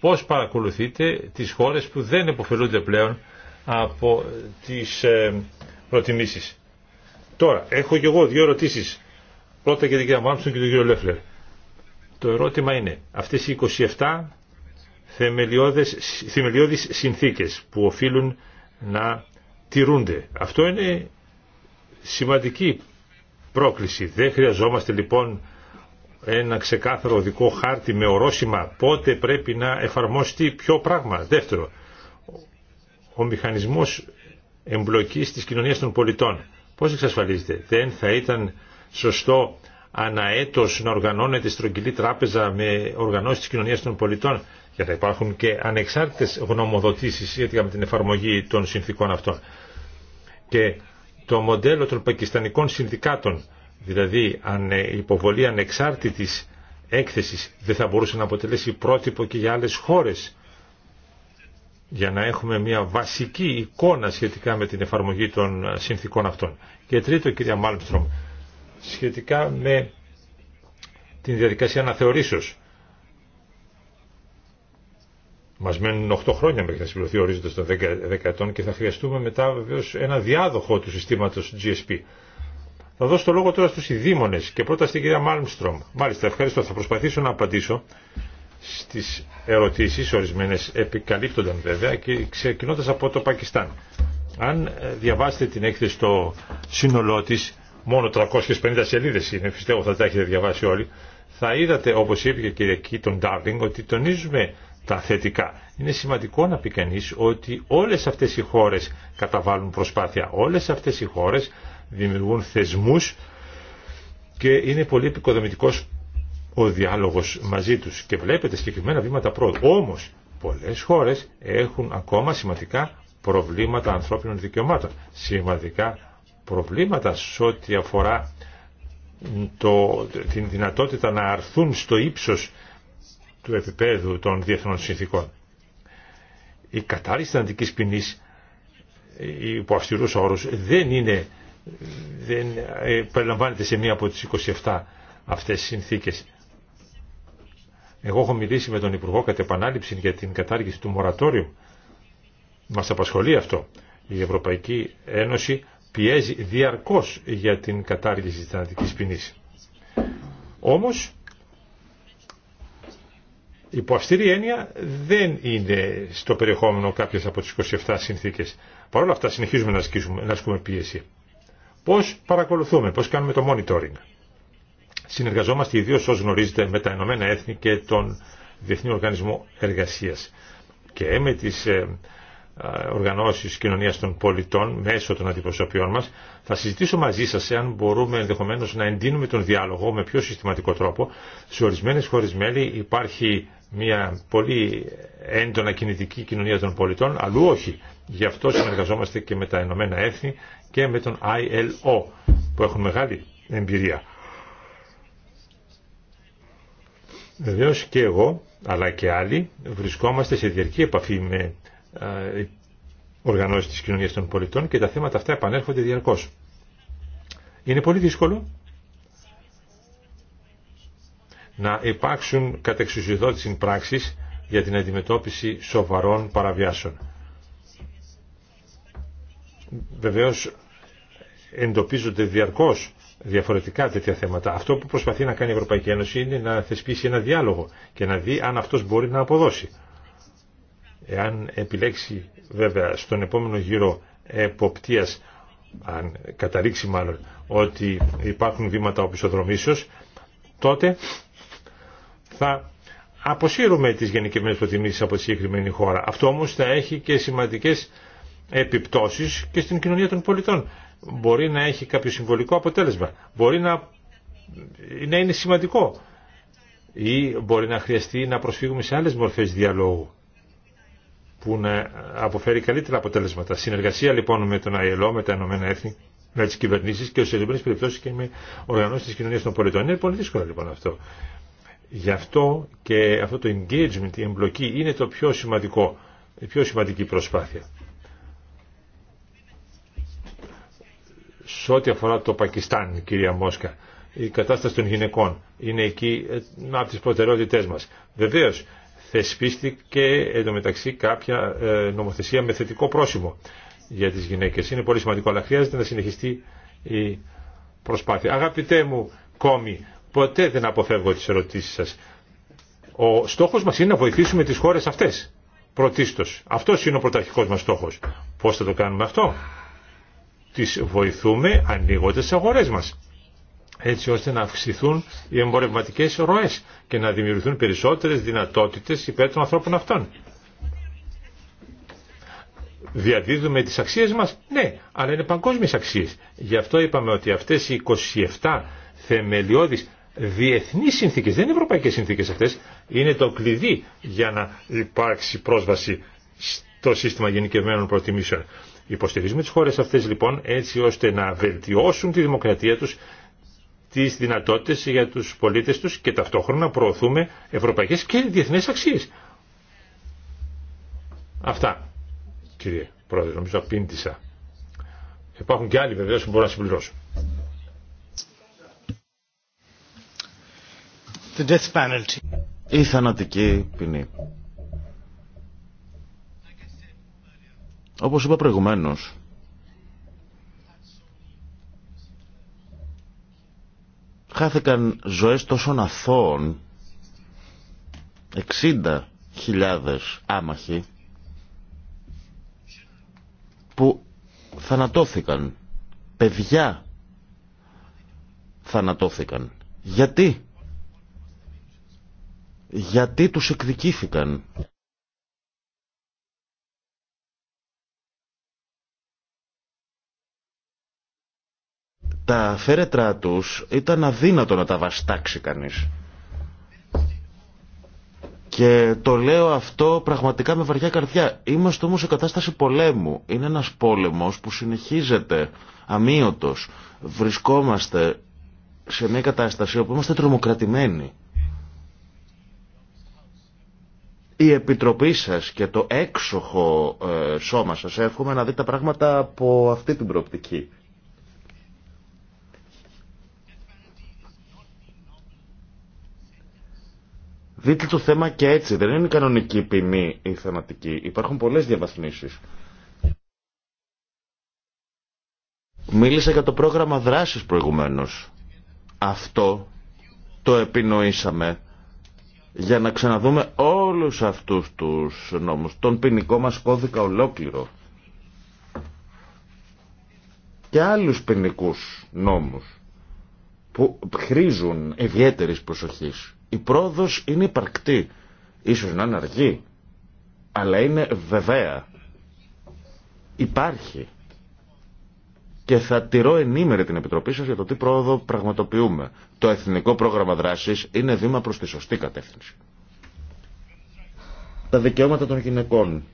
Speaker 1: πώς παρακολουθείτε τις χώρες που δεν επωφελούνται πλέον από τις ε, προτιμήσεις. Τώρα, έχω και εγώ δύο ερωτήσεις. Πρώτα και την κυρία Μάμψον και τον κύριο Λέφλερ. Το ερώτημα είναι, αυτές οι 27 θεμελιώδεις συνθήκες που οφείλουν να τηρούνται. Αυτό είναι σημαντική πρόκληση. Δεν χρειαζόμαστε λοιπόν ένα ξεκάθαρο δικό χάρτη με ορόσημα πότε πρέπει να εφαρμοστεί ποιο πράγμα. Δεύτερο, ο μηχανισμός εμπλοκής της κοινωνίας των πολιτών. Πώς εξασφαλίζεται. Δεν θα ήταν σωστό αναέτος να οργανώνεται στρογγυλή τράπεζα με οργανώσεις της κοινωνίας των πολιτών για να υπάρχουν και ανεξάρτητες γνωμοδοτήσεις σχετικά με την εφαρμογή των συνθήκων αυτών. Και το μοντέλο των πακιστανικών συνδικάτων, δηλαδή αν ε, υποβολή ανεξάρτητης έκθεσης, δεν θα μπορούσε να αποτελέσει πρότυπο και για άλλες χώρες για να έχουμε μια βασική εικόνα σχετικά με την εφαρμογή των ε, συνθήκων αυτών. Και τρίτο, κυρία Μάλμστρομ, σχετικά με την διαδικασία αναθεωρήσεως. Μας μένουν 8 χρόνια μέχρι να συμπληρωθεί ο ορίζοντας των 10 ετών και θα χρειαστούμε μετά βεβαίως ένα διάδοχο του συστήματος GSP. Θα δώσω το λόγο τώρα στους ειδήμονες και πρώτα στην κυρία Μάλμστρομ. Μάλιστα, ευχαριστώ. Θα προσπαθήσω να απαντήσω στις ερωτήσεις, ορισμένες επικαλύπτονταν βέβαια και ξεκινώντας από το Πακιστάν. Αν ε, διαβάσετε την έκθεση στο σύνολό της, μόνο 350 σελίδες είναι, πιστεύω θα τα έχετε διαβάσει όλοι, θα είδατε, όπως είπε και η κυρία Κίτον Ντάρλινγκ, ότι τονίζουμε τα Είναι σημαντικό να πει κανείς ότι όλες αυτές οι χώρες καταβάλουν προσπάθεια. Όλες αυτές οι χώρες δημιουργούν θεσμούς και είναι πολύ επικοδομητικός ο διάλογος μαζί τους και βλέπετε συγκεκριμένα βήματα πρόοδου. Όμως πολλές χώρες έχουν ακόμα σημαντικά προβλήματα ανθρώπινων δικαιωμάτων. Σημαντικά προβλήματα σε ό,τι αφορά το, την δυνατότητα να αρθούν στο ύψος του επίπεδου των διεθνών συνθήκων. Η κατάρριση της ποινής ε, υπό αυστηρούς όρους δεν είναι δεν ε, περιλαμβάνεται σε μία από τις 27 αυτές συνθήκες. Εγώ έχω μιλήσει με τον Υπουργό κατ' επανάληψη για την κατάργηση του μορατόριου. Μας απασχολεί αυτό. Η Ευρωπαϊκή Ένωση πιέζει διαρκώς για την κατάργηση της θανατική ποινής. Όμως Υπό αυστηρή έννοια δεν είναι στο περιεχόμενο κάποιες από τις 27 συνθήκες. Παρ' όλα αυτά συνεχίζουμε να, ασκήσουμε, να ασκούμε πίεση. Πώς παρακολουθούμε, πώς κάνουμε το monitoring. Συνεργαζόμαστε ιδίω όσοι γνωρίζετε με τα Ηνωμένα Έθνη και τον Διεθνή Οργανισμό Εργασίας και με τις ε, ε, οργανώσεις κοινωνίας των πολιτών μέσω των αντιπροσωπιών μας. Θα συζητήσω μαζί σας εάν μπορούμε ενδεχομένως να εντείνουμε τον διάλογο με πιο συστηματικό τρόπο. Σε ορισμένες χώρες μέλη υπάρχει μια πολύ έντονα κινητική κοινωνία των πολιτών, αλλού όχι. Γι' αυτό συνεργαζόμαστε και με τα Ηνωμένα Έθνη και με τον ILO που έχουν μεγάλη εμπειρία. Βεβαίω και εγώ, αλλά και άλλοι, βρισκόμαστε σε διαρκή επαφή με οργανώσεις της κοινωνίας των πολιτών και τα θέματα αυτά επανέρχονται διαρκώς. Είναι πολύ δύσκολο να υπάρξουν κατεξουσιοδότηση πράξεις για την αντιμετώπιση σοβαρών παραβιάσεων. Βεβαίως εντοπίζονται διαρκώς διαφορετικά τέτοια θέματα. Αυτό που προσπαθεί να κάνει η Ευρωπαϊκή Ένωση είναι να θεσπίσει ένα διάλογο και να δει αν αυτός μπορεί να αποδώσει. Εάν επιλέξει βέβαια στον επόμενο γύρο εποπτείας, αν καταρρίξει μάλλον, ότι υπάρχουν βήματα οπισθοδρομήσεως, τότε θα αποσύρουμε τις γενικευμένες προτιμήσεις από τη συγκεκριμένη χώρα. Αυτό όμως θα έχει και σημαντικές επιπτώσεις και στην κοινωνία των πολιτών. Μπορεί να έχει κάποιο συμβολικό αποτέλεσμα. Μπορεί να, είναι σημαντικό. Ή μπορεί να χρειαστεί να προσφύγουμε σε άλλες μορφές διαλόγου που να αποφέρει καλύτερα αποτέλεσματα. Συνεργασία λοιπόν με τον ΑΕΛΟ, με τα Ηνωμένα ΕΕ, Έθνη, με τι κυβερνήσει και σε ελληνικές περιπτώσει και με οργανώσει τη κοινωνία των πολιτών. Είναι πολύ δύσκολο λοιπόν αυτό. Γι' αυτό και αυτό το engagement, η εμπλοκή είναι το πιο σημαντικό, η πιο σημαντική προσπάθεια. Σε ό,τι αφορά το Πακιστάν, κυρία Μόσκα, η κατάσταση των γυναικών είναι εκεί ε, από τις προτεραιότητές μας. Βεβαίως, θεσπίστηκε εντωμεταξύ κάποια ε, νομοθεσία με θετικό πρόσημο για τις γυναίκες. Είναι πολύ σημαντικό, αλλά χρειάζεται να συνεχιστεί η προσπάθεια. Αγαπητέ μου, Κόμι, Ποτέ δεν αποφεύγω τις ερωτήσεις σας. Ο στόχος μας είναι να βοηθήσουμε τις χώρες αυτές. Πρωτίστως. Αυτός είναι ο πρωταρχικός μας στόχος. Πώς θα το κάνουμε αυτό. Τις βοηθούμε ανοίγοντας τις αγορές μας. Έτσι ώστε να αυξηθούν οι εμπορευματικές ροές και να δημιουργηθούν περισσότερες δυνατότητες υπέρ των ανθρώπων αυτών. Διαδίδουμε τις αξίες μας, ναι, αλλά είναι παγκόσμιες αξίες. Γι' αυτό είπαμε ότι αυτές οι 27 θεμελιώδεις διεθνείς συνθήκες, δεν είναι ευρωπαϊκές συνθήκες αυτές, είναι το κλειδί για να υπάρξει πρόσβαση στο σύστημα γενικευμένων προτιμήσεων. Υποστηρίζουμε τις χώρες αυτές λοιπόν έτσι ώστε να βελτιώσουν τη δημοκρατία τους, τις δυνατότητες για τους πολίτες τους και ταυτόχρονα προωθούμε ευρωπαϊκές και διεθνές αξίες. Αυτά, κύριε Πρόεδρε, νομίζω απήντησα. Υπάρχουν και άλλοι βεβαίως που μπορούν να συμπληρώσουν.
Speaker 3: Η θανατική ποινή. Όπως είπα προηγουμένως, χάθηκαν ζωές τόσων αθώων, 60.000 άμαχοι, που θανατώθηκαν, παιδιά θανατώθηκαν. Γιατί γιατί τους εκδικήθηκαν. Τα φέρετρά τους ήταν αδύνατο να τα βαστάξει κανείς. Και το λέω αυτό πραγματικά με βαριά καρδιά. Είμαστε όμως σε κατάσταση πολέμου. Είναι ένας πόλεμος που συνεχίζεται αμύωτος. Βρισκόμαστε σε μια κατάσταση όπου είμαστε τρομοκρατημένοι. η Επιτροπή σας και το έξοχο ε, σώμα σας εύχομαι να δείτε τα πράγματα από αυτή την προοπτική. Δείτε το θέμα και έτσι. Δεν είναι κανονική ποινή ή θεματική. Υπάρχουν πολλές διαβαθμίσεις. Μίλησα για το πρόγραμμα δράσης προηγουμένως. Αυτό το επινοήσαμε για να ξαναδούμε όλους αυτούς τους νόμους, τον ποινικό μας κώδικα ολόκληρο και άλλους ποινικού νόμους που χρήζουν ιδιαίτερη προσοχή. Η πρόοδος είναι υπαρκτή, ίσως να είναι αργή, αλλά είναι βεβαία. Υπάρχει και θα τηρώ ενήμερη την Επιτροπή σα για το τι πρόοδο πραγματοποιούμε. Το Εθνικό Πρόγραμμα Δράσης είναι βήμα προς τη σωστή κατεύθυνση. Τα δικαιώματα των γυναικών.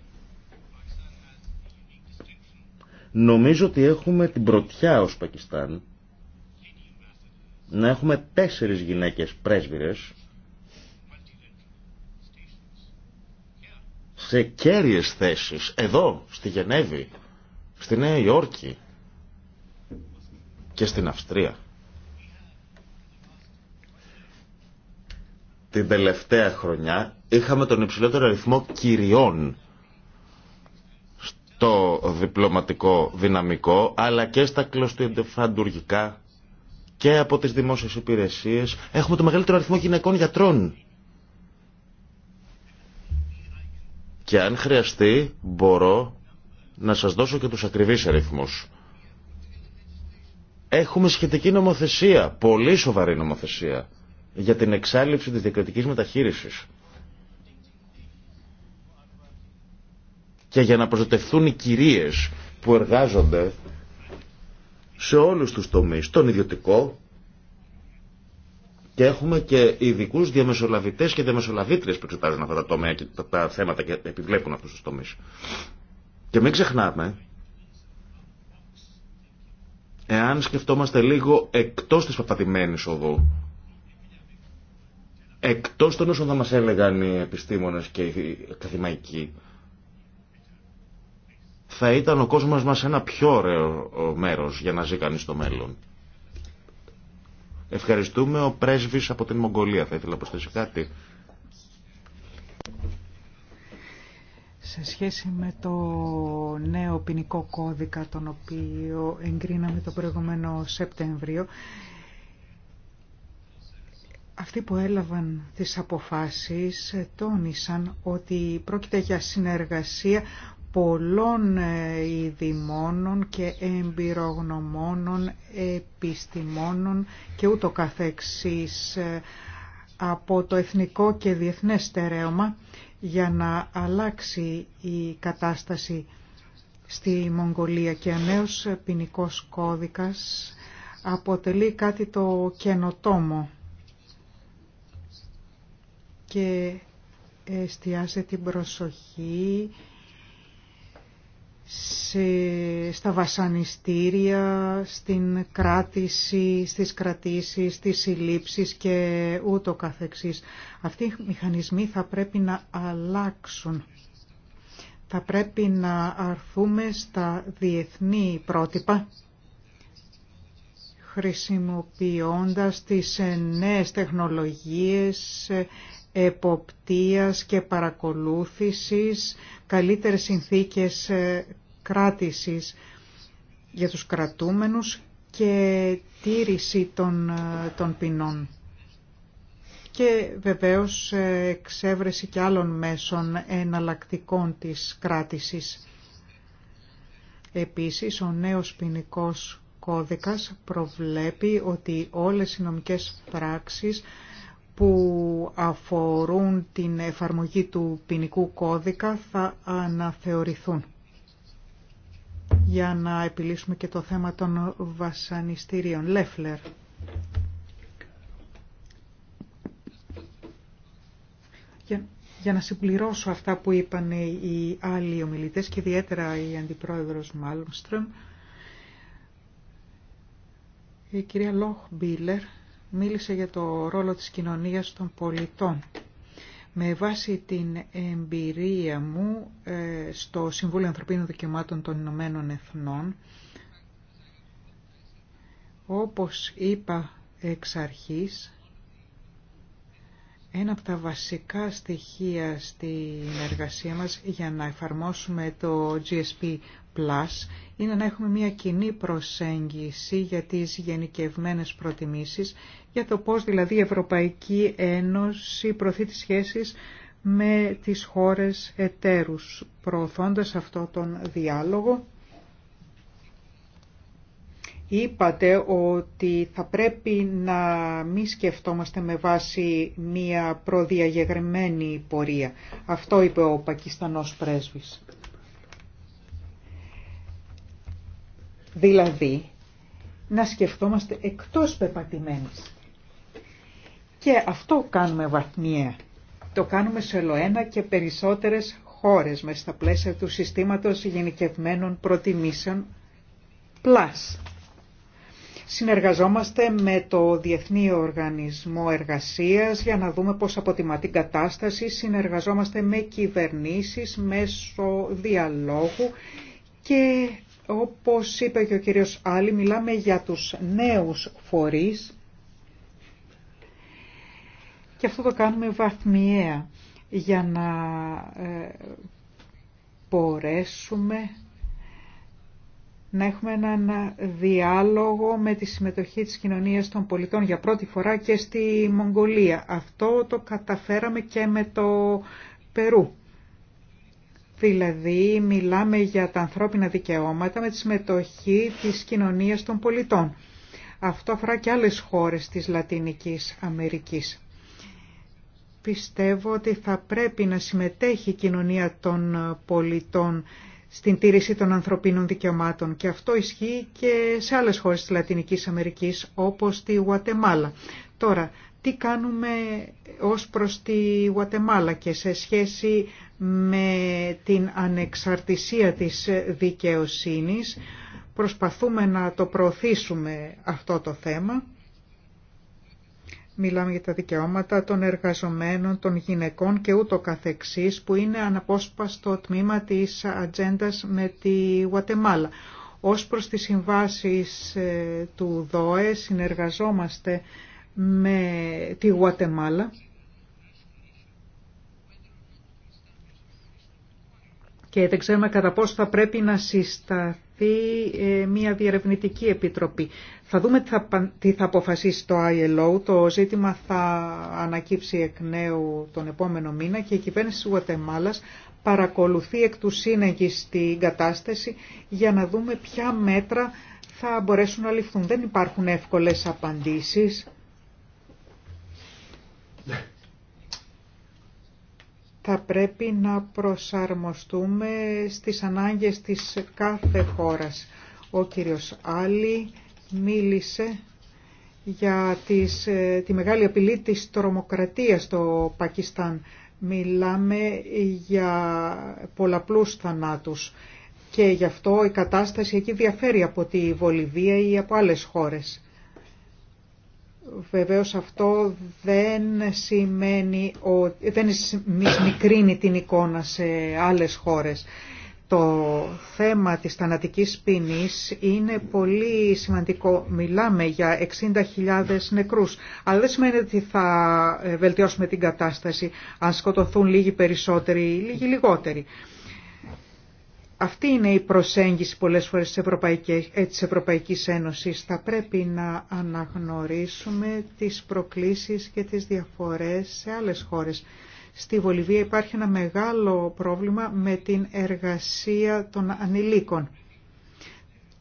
Speaker 3: Νομίζω ότι έχουμε την πρωτιά ως Πακιστάν να έχουμε τέσσερις γυναίκες πρέσβυρες σε κέρυες θέσεις, εδώ, στη Γενέβη, στη Νέα Υόρκη, και στην Αυστρία. Την τελευταία χρονιά είχαμε τον υψηλότερο αριθμό κυριών στο διπλωματικό δυναμικό αλλά και στα κλωστιντεφαντουργικά και από τις δημόσιες υπηρεσίες έχουμε το μεγαλύτερο αριθμό γυναικών γιατρών. Και αν χρειαστεί μπορώ να σας δώσω και τους ακριβείς αριθμούς. Έχουμε σχετική νομοθεσία, πολύ σοβαρή νομοθεσία, για την εξάλληψη της διακριτικής μεταχείρισης. Και για να προστατευτούν οι κυρίες που εργάζονται σε όλους τους τομείς, τον ιδιωτικό, και έχουμε και ειδικού διαμεσολαβητές και διαμεσολαβήτριες που εξετάζουν αυτά τα τομέα και τα, θέματα και επιβλέπουν αυτούς τους τομείς. Και μην ξεχνάμε Εάν σκεφτόμαστε λίγο εκτός της παπατημένης οδού, εκτός των όσων θα μας έλεγαν οι επιστήμονες και οι καθημαϊκοί, θα ήταν ο κόσμος μας ένα πιο ωραίο μέρος για να ζει κανείς στο μέλλον. Ευχαριστούμε ο πρέσβης από την Μογγολία. Θα ήθελα να προσθέσει κάτι.
Speaker 2: σε σχέση με το νέο ποινικό κώδικα τον οποίο εγκρίναμε το προηγούμενο Σεπτέμβριο αυτοί που έλαβαν τις αποφάσεις τόνισαν ότι πρόκειται για συνεργασία πολλών ε, ειδημόνων και εμπειρογνωμόνων, επιστημόνων και ούτω καθεξής ε, από το εθνικό και διεθνές στερέωμα για να αλλάξει η κατάσταση στη Μογγολία και ο νέος ποινικό κώδικας αποτελεί κάτι το καινοτόμο και εστιάσε την προσοχή σε, στα βασανιστήρια, στην κράτηση, στις κρατήσεις, στις συλλήψεις και ούτω καθεξής. Αυτοί οι μηχανισμοί θα πρέπει να αλλάξουν. Θα πρέπει να αρθούμε στα διεθνή πρότυπα χρησιμοποιώντας τις νέες τεχνολογίες εποπτείας και παρακολούθησης, καλύτερες συνθήκες ε, κράτησης για τους κρατούμενους και τήρηση των, ε, των ποινών. Και βεβαίως ε, εξέβρεση και άλλων μέσων εναλλακτικών της κράτησης. Επίσης, ο νέος ποινικό κώδικας προβλέπει ότι όλες οι νομικές πράξεις που αφορούν την εφαρμογή του ποινικού κώδικα θα αναθεωρηθούν για να επιλύσουμε και το θέμα των βασανιστήριων. Λέφλερ. Για, να συμπληρώσω αυτά που είπαν οι άλλοι ομιλητές και ιδιαίτερα η Αντιπρόεδρος Μάλμστρομ, η κυρία Λόχ Μπίλερ μίλησε για το ρόλο της κοινωνίας των πολιτών. Με βάση την εμπειρία μου ε, στο Συμβούλιο Ανθρωπίνων Δικαιωμάτων των Ηνωμένων Εθνών, όπως είπα εξ αρχής, ένα από τα βασικά στοιχεία στην εργασία μας για να εφαρμόσουμε το GSP Plus είναι να έχουμε μια κοινή προσέγγιση για τις γενικευμένες προτιμήσεις, για το πώς δηλαδή η Ευρωπαϊκή Ένωση προωθεί τις σχέσεις με τις χώρες εταίρους, προωθώντας αυτό τον διάλογο Είπατε ότι θα πρέπει να μη σκεφτόμαστε με βάση μία προδιαγεγραμμένη πορεία. Αυτό είπε ο Πακιστανός πρέσβης. Δηλαδή, να σκεφτόμαστε εκτός πεπατημένης. Και αυτό κάνουμε βαθμία. Το κάνουμε σε ολοένα και περισσότερες χώρες μέσα στα πλαίσια του συστήματος γενικευμένων προτιμήσεων Plus. Συνεργαζόμαστε με το Διεθνή Οργανισμό Εργασίας για να δούμε πώς αποτιμά την κατάσταση. Συνεργαζόμαστε με κυβερνήσεις μέσω διαλόγου και όπως είπε και ο κύριος Άλλη, μιλάμε για τους νέους φορείς και αυτό το κάνουμε βαθμιαία για να ε, μπορέσουμε να έχουμε έναν διάλογο με τη συμμετοχή της κοινωνίας των πολιτών για πρώτη φορά και στη Μογγολία. Αυτό το καταφέραμε και με το Περού. Δηλαδή μιλάμε για τα ανθρώπινα δικαιώματα με τη συμμετοχή της κοινωνίας των πολιτών. Αυτό αφορά και άλλες χώρες της Λατινικής Αμερικής. Πιστεύω ότι θα πρέπει να συμμετέχει η κοινωνία των πολιτών στην τήρηση των ανθρωπίνων δικαιωμάτων και αυτό ισχύει και σε άλλες χώρες της Λατινικής Αμερικής όπως τη Γουατεμάλα. Τώρα, τι κάνουμε ως προς τη Γουατεμάλα και σε σχέση με την ανεξαρτησία της δικαιοσύνης προσπαθούμε να το προωθήσουμε αυτό το θέμα Μιλάμε για τα δικαιώματα των εργαζομένων, των γυναικών και ούτω καθεξής που είναι αναπόσπαστο τμήμα της ατζέντα με τη Γουατεμάλα. Ως προς τις συμβάσεις ε, του ΔΟΕ συνεργαζόμαστε με τη Γουατεμάλα και δεν ξέρουμε κατά πόσο θα πρέπει να συσταθεί ε, μια διερευνητική επιτροπή. Θα δούμε τι θα αποφασίσει το ILO. Το ζήτημα θα ανακύψει εκ νέου τον επόμενο μήνα και η κυβέρνηση της Γουατεμάλας παρακολουθεί εκ του σύνεγγυς την κατάσταση για να δούμε ποια μέτρα θα μπορέσουν να ληφθούν. Δεν υπάρχουν εύκολες απαντήσεις. Ναι θα πρέπει να προσαρμοστούμε στις ανάγκες της κάθε χώρας. Ο κύριος Άλλη μίλησε για τις, ε, τη μεγάλη απειλή της τρομοκρατίας στο Πακιστάν. Μιλάμε για πολλαπλούς θανάτους και γι' αυτό η κατάσταση εκεί διαφέρει από τη Βολιβία ή από άλλες χώρες. Βεβαίως αυτό δεν σημαίνει ότι δεν μικρύνει την εικόνα σε άλλες χώρες. Το θέμα της θανατικής ποινής είναι πολύ σημαντικό. Μιλάμε για 60.000 νεκρούς, αλλά δεν σημαίνει ότι θα ε, βελτιώσουμε την κατάσταση αν σκοτωθούν λίγοι περισσότεροι ή λίγοι λιγότεροι. Αυτή είναι η προσέγγιση πολλές φορές της, Ευρωπαϊκής, ε, της Ευρωπαϊκής Ένωσης. Θα πρέπει να αναγνωρίσουμε τις προκλήσεις και τις διαφορές σε άλλες χώρες. Στη Βολιβία υπάρχει ένα μεγάλο πρόβλημα με την εργασία των ανηλίκων.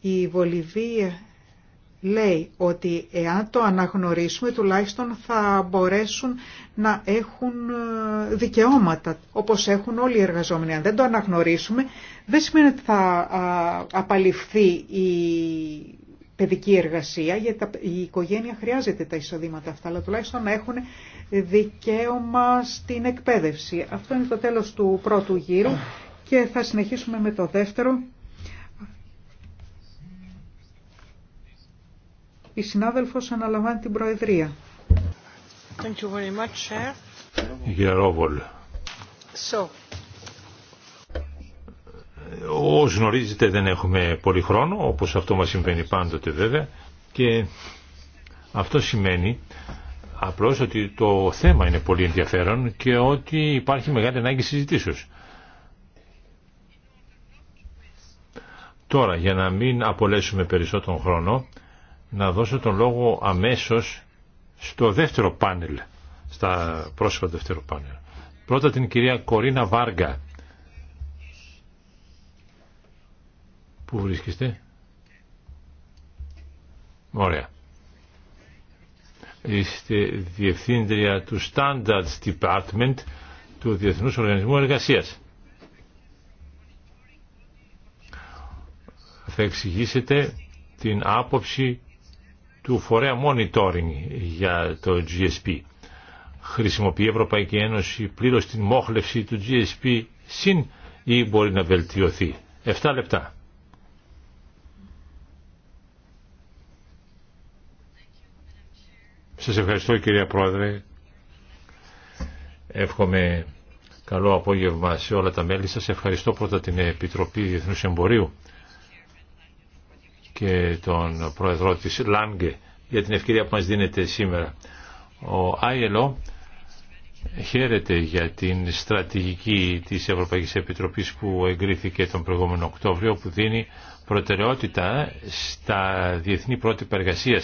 Speaker 2: Η Βολιβία λέει ότι εάν το αναγνωρίσουμε τουλάχιστον θα μπορέσουν να έχουν ε, δικαιώματα όπως έχουν όλοι οι εργαζόμενοι. Αν δεν το αναγνωρίσουμε δεν σημαίνει ότι θα απαλληφθεί η παιδική εργασία γιατί η οικογένεια χρειάζεται τα εισοδήματα αυτά αλλά τουλάχιστον να έχουν δικαίωμα στην εκπαίδευση. Αυτό είναι το τέλος του πρώτου γύρου και θα συνεχίσουμε με το δεύτερο Η συνάδελφος αναλαμβάνει την Προεδρία. Thank
Speaker 1: γνωρίζετε δεν έχουμε πολύ χρόνο, όπως αυτό μας συμβαίνει πάντοτε βέβαια, και αυτό σημαίνει απλώς ότι το θέμα είναι πολύ ενδιαφέρον και ότι υπάρχει μεγάλη ανάγκη συζητήσεως. Τώρα, για να μην απολέσουμε περισσότερο χρόνο, να δώσω τον λόγο αμέσως στο δεύτερο πάνελ, στα πρόσφατα δεύτερο πάνελ. Πρώτα την κυρία Κορίνα Βάργα. Πού βρίσκεστε? Ωραία. Είστε διευθύντρια του Standards Department του Διεθνούς Οργανισμού Εργασίας. Θα εξηγήσετε την άποψη του φορέα monitoring για το GSP. Χρησιμοποιεί η Ευρωπαϊκή Ένωση πλήρω την μόχλευση του GSP συν ή μπορεί να βελτιωθεί. 7 λεπτά. Σας ευχαριστώ κυρία Πρόεδρε. Εύχομαι καλό απόγευμα σε όλα τα μέλη σας. Ευχαριστώ πρώτα την Επιτροπή Διεθνούς Εμπορίου και τον Πρόεδρό της Λάγκε για την ευκαιρία που μας δίνεται σήμερα. Ο ILO χαίρεται για την στρατηγική της Ευρωπαϊκής Επιτροπής που εγκρίθηκε τον προηγούμενο Οκτώβριο που δίνει προτεραιότητα στα διεθνή πρότυπα εργασία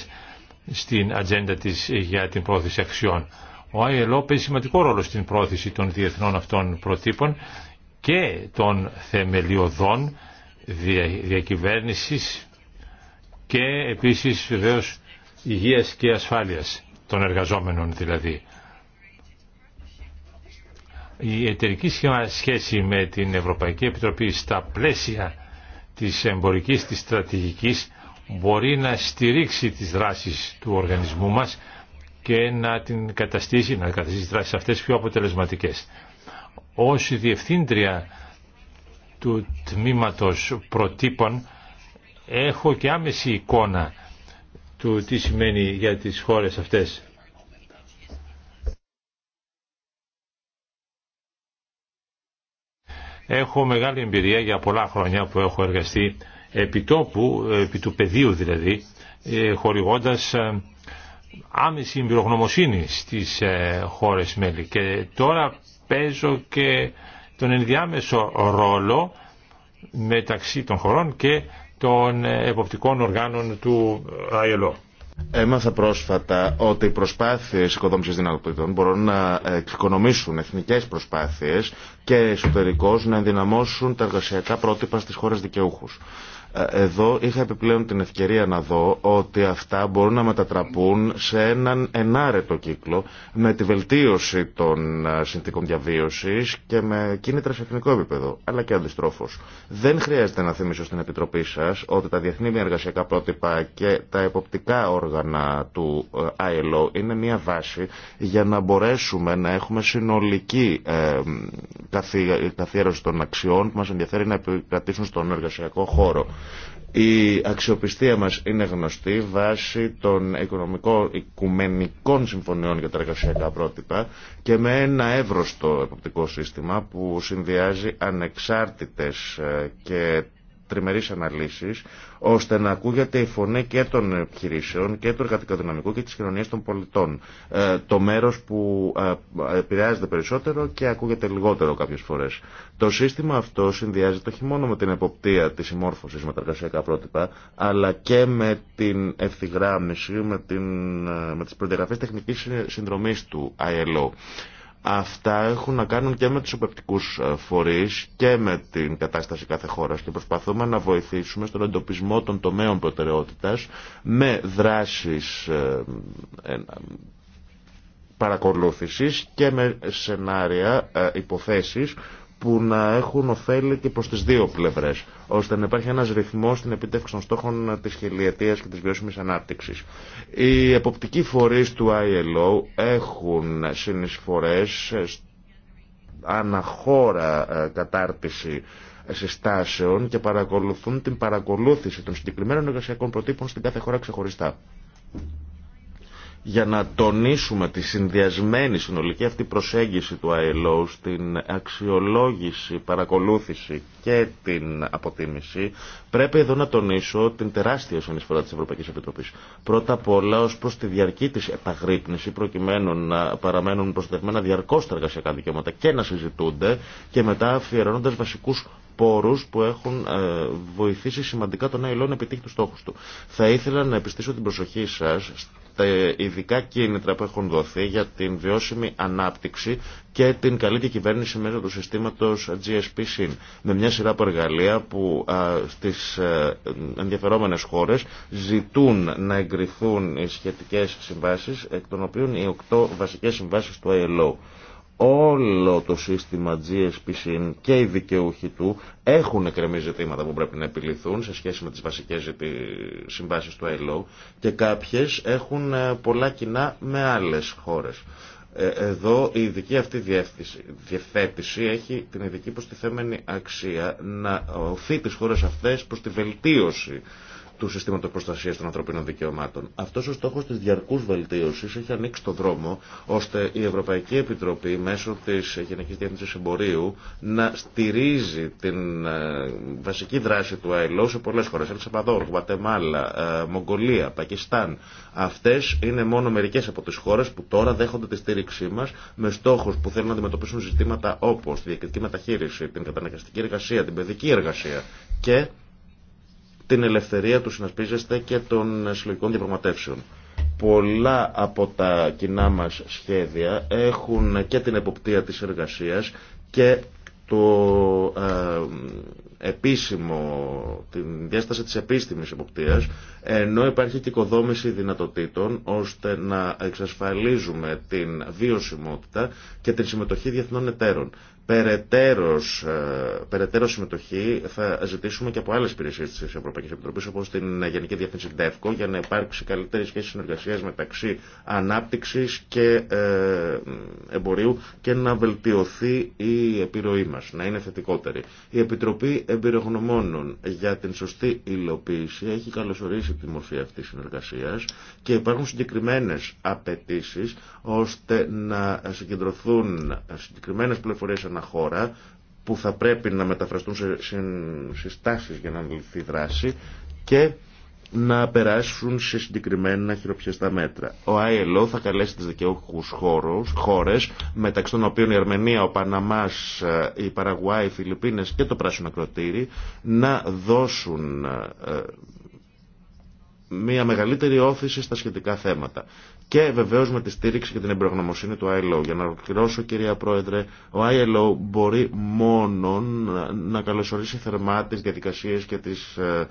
Speaker 1: στην ατζέντα της για την πρόθεση αξιών. Ο ILO παίζει σημαντικό ρόλο στην πρόθεση των διεθνών αυτών προτύπων και των θεμελιωδών διακυβέρνησης και επίσης βεβαίω υγείας και ασφάλειας των εργαζόμενων δηλαδή. Η εταιρική σχέση με την Ευρωπαϊκή Επιτροπή στα πλαίσια της εμπορικής της στρατηγικής μπορεί να στηρίξει τις δράσεις του οργανισμού μας και να την καταστήσει, να καταστήσει τις δράσεις αυτές πιο αποτελεσματικές. Ως διευθύντρια του τμήματος προτύπων έχω και άμεση εικόνα του τι σημαίνει για τις χώρες αυτές. Έχω μεγάλη εμπειρία για πολλά χρόνια που έχω εργαστεί επί τόπου, επί του πεδίου δηλαδή, ε, χορηγώντας ε, άμεση εμπειρογνωμοσύνη στις ε, χώρες μέλη. Και τώρα παίζω και τον ενδιάμεσο ρόλο μεταξύ των χωρών και των εποπτικών οργάνων του ILO.
Speaker 3: Έμαθα πρόσφατα ότι οι προσπάθειε οικοδόμηση δυνατοτήτων μπορούν να εξοικονομήσουν εθνικέ προσπάθειε και εσωτερικώ να ενδυναμώσουν τα εργασιακά πρότυπα στι χώρε δικαιούχου. Ε, εδώ είχα επιπλέον την ευκαιρία να δω ότι αυτά μπορούν να μετατραπούν σε έναν ενάρετο κύκλο με τη βελτίωση των ε, συνθήκων διαβίωσης και με κίνητρα σε εθνικό επίπεδο, αλλά και αντιστρόφως. Δεν χρειάζεται να θυμίσω στην Επιτροπή σας ότι τα διεθνή εργασιακά πρότυπα και τα εποπτικά όργανα του ε, ILO είναι μια βάση για να μπορέσουμε να έχουμε συνολική καθιέρωση των αξιών που μας ενδιαφέρει να επικρατήσουν στον εργασιακό χώρο. Η αξιοπιστία μας είναι γνωστή βάσει των οικονομικών οικουμενικών συμφωνιών για τα εργασιακά πρότυπα και με ένα εύρωστο εποπτικό σύστημα που συνδυάζει ανεξάρτητες ε, και τριμερείς αναλύσεις, ώστε να ακούγεται η φωνή και των επιχειρήσεων και του εργατικού και της κοινωνίας των πολιτών. Ε, το μέρος που ε, επηρεάζεται περισσότερο και ακούγεται λιγότερο κάποιες φορές. Το σύστημα αυτό συνδυάζεται όχι μόνο με την εποπτεία της συμμόρφωσης με τα εργασιακά πρότυπα, αλλά και με την ευθυγράμμιση, με, την, ε, με τις προδιαγραφές τεχνικής συνδρομής του ILO. Αυτά έχουν να κάνουν και με τους οπεπτικούς ε, φορείς και με την κατάσταση κάθε χώρας και προσπαθούμε να βοηθήσουμε στον εντοπισμό των τομέων προτεραιότητας με δράσεις ε, ε, παρακολούθησης και με σενάρια υποθέσεις που να έχουν ωφέλη και προ τι δύο πλευρέ, ώστε να υπάρχει ένα ρυθμό στην επίτευξη των στόχων τη χιλιετία και τη βιώσιμη ανάπτυξη. Οι εποπτικοί φορεί του ILO έχουν συνεισφορέ αναχώρα ε, κατάρτιση συστάσεων και παρακολουθούν την παρακολούθηση των συγκεκριμένων εργασιακών προτύπων στην κάθε χώρα ξεχωριστά για να τονίσουμε τη συνδυασμένη συνολική αυτή προσέγγιση του ILO στην αξιολόγηση, παρακολούθηση και την αποτίμηση, πρέπει εδώ να τονίσω την τεράστια συνεισφορά της Ευρωπαϊκής Επιτροπής. Πρώτα απ' όλα ως προς τη διαρκή της επαγρύπνηση προκειμένου να παραμένουν προστατευμένα διαρκώς τα εργασιακά δικαιώματα και να συζητούνται και μετά αφιερώνοντας βασικούς πόρους που έχουν ε, βοηθήσει σημαντικά τον ILO να επιτύχει τους στόχους του. Θα ήθελα να επιστήσω την προσοχή σας τα ειδικά κίνητρα που έχουν δοθεί για την βιώσιμη ανάπτυξη και την καλή διακυβέρνηση μέσω του συστήματος GSP SYN με μια σειρά από εργαλεία που στις ε, ενδιαφερόμενες χώρες ζητούν να εγκριθούν οι σχετικές συμβάσεις εκ των οποίων οι οκτώ βασικές συμβάσεις του ILO όλο το σύστημα GSP και οι δικαιούχοι του έχουν εκκρεμή ζητήματα που πρέπει να επιληθούν σε σχέση με τις βασικές συμβάσεις του ILO και κάποιες έχουν ε, πολλά κοινά με άλλες χώρες. Ε, εδώ η ειδική αυτή διευθέτηση έχει την ειδική προστιθέμενη αξία να οθεί τις χώρες αυτές προς τη βελτίωση του συστήματο προστασία των ανθρωπίνων δικαιωμάτων. Αυτό ο στόχο τη διαρκού βελτίωση έχει ανοίξει το δρόμο ώστε η Ευρωπαϊκή Επιτροπή μέσω τη Γενική Διεύθυνση Εμπορίου να στηρίζει την ε, βασική δράση του ΑΕΛΟ σε πολλέ χώρε. Ελσαπαδόρ, Γουατεμάλα, ε, Μογγολία, Πακιστάν. Αυτέ είναι μόνο μερικέ από τι χώρε που τώρα δέχονται τη στήριξή μα με στόχου που θέλουν να αντιμετωπίσουν ζητήματα όπω τη διακριτική μεταχείριση, την καταναγκαστική εργασία, την παιδική εργασία και την ελευθερία του συνασπίζεστε και των συλλογικών διαπραγματεύσεων. Πολλά από τα κοινά μας σχέδια έχουν και την εποπτεία της εργασίας και το ε, επίσημο, την διάσταση της επίσημη εποπτείας, ενώ υπάρχει και οικοδόμηση δυνατοτήτων ώστε να εξασφαλίζουμε την βιωσιμότητα και την συμμετοχή διεθνών εταίρων περαιτέρως, ε, περαιτέρω συμμετοχή θα ζητήσουμε και από άλλες υπηρεσίε της Ευρωπαϊκής Επιτροπής όπως την Γενική Διεύθυνση ΔΕΦΚΟ για να υπάρξει καλύτερη σχέση συνεργασίας μεταξύ ανάπτυξης και ε, εμπορίου και να βελτιωθεί η επιρροή μας, να είναι θετικότερη. Η Επιτροπή Εμπειρογνωμόνων για την σωστή υλοποίηση έχει καλωσορίσει τη μορφή αυτής της συνεργασίας και υπάρχουν συγκεκριμένες απαιτήσει ώστε να συγκεντρωθούν συγκεκριμένες πληροφορίες χώρα που θα πρέπει να μεταφραστούν σε συστάσεις για να αναλυθεί δράση και να περάσουν σε συγκεκριμένα χειροπιαστά μέτρα. Ο ILO θα καλέσει τις δικαιούχους χώρους, χώρες, μεταξύ των οποίων η Αρμενία, ο Παναμάς, η Παραγουάη, οι Φιλιππίνες και το Πράσινο Κροτήρι, να δώσουν ε, μια μεγαλύτερη όθηση στα σχετικά θέματα και βεβαίω με τη στήριξη και την εμπρογνωμοσύνη του ILO. Για να ολοκληρώσω κυρία Πρόεδρε, ο ILO μπορεί μόνο να καλωσορίσει θερμά τι διαδικασίε και τις ε,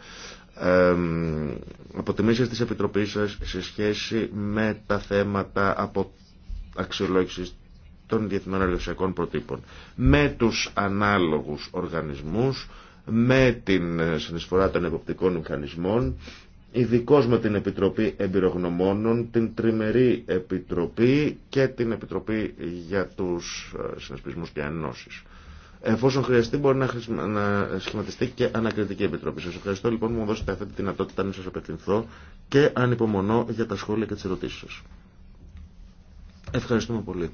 Speaker 3: αποτιμήσεις της Επιτροπής σας σε σχέση με τα θέματα από αξιολόγηση των διεθνών εργασιακών προτύπων με τους ανάλογους οργανισμούς με την ε, συνεισφορά των εποπτικών μηχανισμών ειδικώ με την Επιτροπή Εμπειρογνωμόνων, την Τριμερή Επιτροπή και την Επιτροπή για τους ε, Συνασπισμούς και Ανώσεις. Εφόσον χρειαστεί μπορεί να, σχηματιστεί και ανακριτική επιτροπή. Σας ευχαριστώ λοιπόν που μου δώσετε αυτή τη δυνατότητα να σας απευθυνθώ και ανυπομονώ για τα σχόλια και τις ερωτήσεις σας. Ευχαριστούμε πολύ.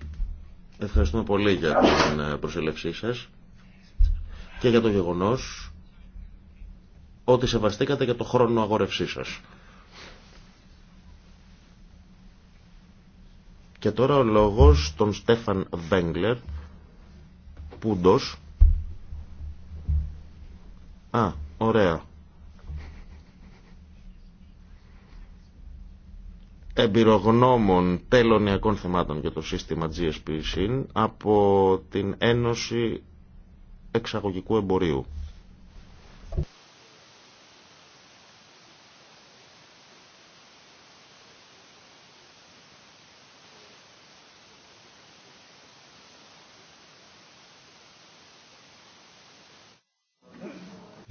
Speaker 3: Ευχαριστούμε πολύ για την ε, προσέλευσή σας και για το γεγονός ότι σεβαστήκατε για το χρόνο αγόρευσή σας. Και τώρα ο λόγος των Στέφαν Βέγγλερ, Πούντος. Α, ωραία. εμπειρογνώμων τελωνιακών θεμάτων για το σύστημα από την Ένωση Εξαγωγικού Εμπορίου.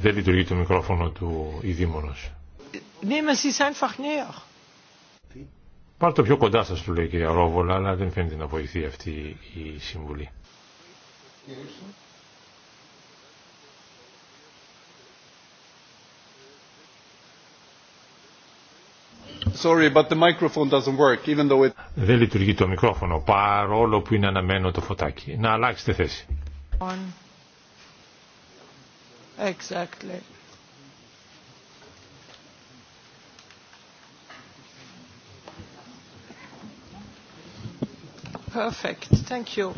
Speaker 1: Δεν λειτουργεί το μικρόφωνο του ειδήμονος. Ναι, Πάρ' το πιο κοντά σας, του λέει η κυρία Ρόβολα, αλλά δεν φαίνεται να βοηθεί αυτή η συμβουλή. Sorry, but the microphone doesn't work, even though it... Δεν λειτουργεί το μικρόφωνο, παρόλο που είναι αναμένο το φωτάκι. Να αλλάξετε θέση.
Speaker 3: Exactly.
Speaker 2: Perfect. Thank you.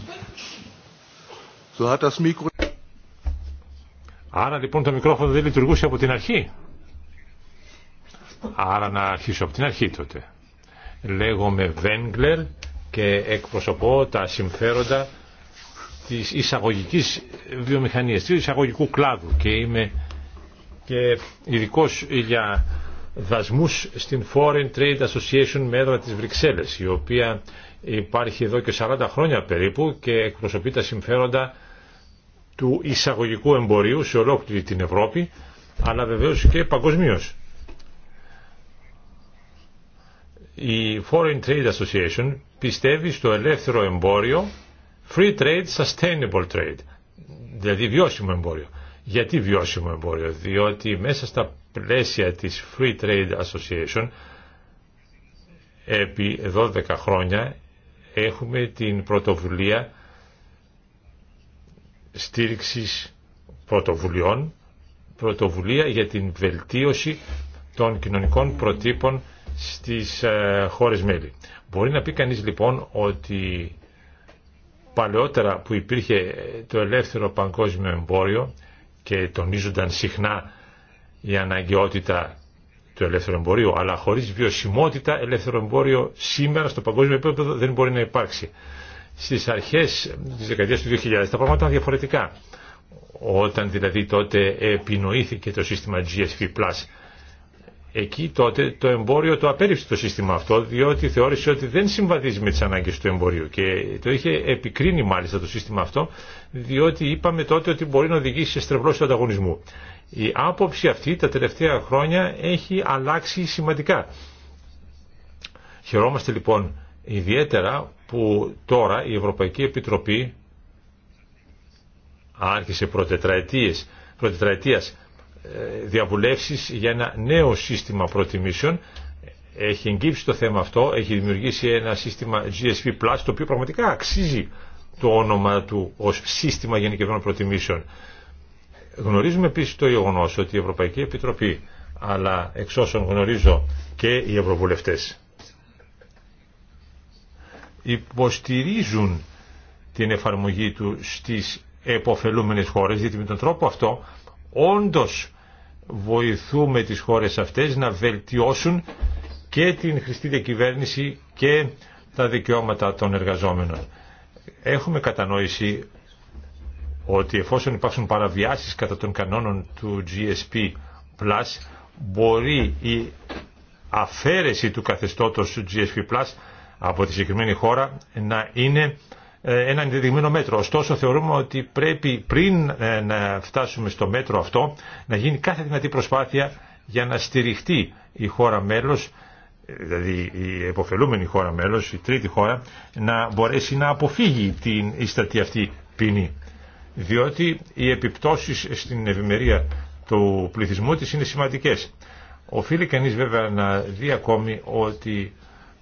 Speaker 1: So hat das Mikro... Άρα λοιπόν το μικρόφωνο δεν λειτουργούσε από την αρχή. Άρα να αρχίσω από την αρχή τότε. Λέγομαι Βέγγλερ και εκπροσωπώ τα συμφέροντα της εισαγωγικής βιομηχανίας, του εισαγωγικού κλάδου και είμαι και ειδικό για δασμούς στην Foreign Trade Association με έδρα της Βρυξέλλες, η οποία υπάρχει εδώ και 40 χρόνια περίπου και εκπροσωπεί τα συμφέροντα του εισαγωγικού εμπορίου σε ολόκληρη την Ευρώπη, αλλά βεβαίως και παγκοσμίω. Η Foreign Trade Association πιστεύει στο ελεύθερο εμπόριο Free trade, sustainable trade. Δηλαδή βιώσιμο εμπόριο. Γιατί βιώσιμο εμπόριο. Διότι μέσα στα πλαίσια της Free Trade Association επί 12 χρόνια έχουμε την πρωτοβουλία στήριξης πρωτοβουλειών, πρωτοβουλία για την βελτίωση των κοινωνικών προτύπων στις ε, χώρες μέλη. Μπορεί να πει κανείς λοιπόν ότι παλαιότερα που υπήρχε ε, το ελεύθερο παγκόσμιο εμπόριο και τονίζονταν συχνά η αναγκαιότητα του ελεύθερου εμπορίου, αλλά χωρίς βιωσιμότητα ελεύθερο εμπόριο σήμερα στο παγκόσμιο επίπεδο δεν μπορεί να υπάρξει. Στις αρχές της δεκαετίας του 2000 τα πράγματα ήταν διαφορετικά. Όταν δηλαδή τότε επινοήθηκε το σύστημα GSP+, Εκεί τότε το εμπόριο το απέριψε το σύστημα αυτό, διότι θεώρησε ότι δεν συμβαδίζει με τις ανάγκες του εμπορίου και το είχε επικρίνει μάλιστα το σύστημα αυτό, διότι είπαμε τότε ότι μπορεί να οδηγήσει σε στρεβλώσει του ανταγωνισμού. Η άποψη αυτή τα τελευταία χρόνια έχει αλλάξει σημαντικά. Χαιρόμαστε λοιπόν ιδιαίτερα που τώρα η Ευρωπαϊκή Επιτροπή άρχισε πρωτετραετίας διαβουλεύσεις για ένα νέο σύστημα προτιμήσεων. Έχει εγκύψει το θέμα αυτό, έχει δημιουργήσει ένα σύστημα GSP+, το οποίο πραγματικά αξίζει το όνομα του ως σύστημα γενικευμένων προτιμήσεων. Γνωρίζουμε επίσης το γεγονό ότι η Ευρωπαϊκή Επιτροπή, αλλά εξ όσων γνωρίζω και οι Ευρωβουλευτές, υποστηρίζουν την εφαρμογή του στις εποφελούμενες χώρες, γιατί με τον τρόπο αυτό όντως βοηθούμε τις χώρες αυτές να βελτιώσουν και την χρηστή διακυβέρνηση και τα δικαιώματα των εργαζόμενων. Έχουμε κατανόηση ότι εφόσον υπάρχουν παραβιάσεις κατά των κανόνων του GSP+, μπορεί η αφαίρεση του καθεστώτος του GSP+, από τη συγκεκριμένη χώρα να είναι ε, ένα ενδεδειγμένο μέτρο. Ωστόσο θεωρούμε ότι πρέπει πριν ε, να φτάσουμε στο μέτρο αυτό να γίνει κάθε δυνατή προσπάθεια για να στηριχτεί η χώρα μέλος, ε, δηλαδή η εποφελούμενη χώρα μέλος, η τρίτη χώρα, να μπορέσει να αποφύγει την ιστατή αυτή ποινή. Διότι οι επιπτώσεις στην ευημερία του πληθυσμού της είναι σημαντικές. Οφείλει κανείς βέβαια να δει ακόμη ότι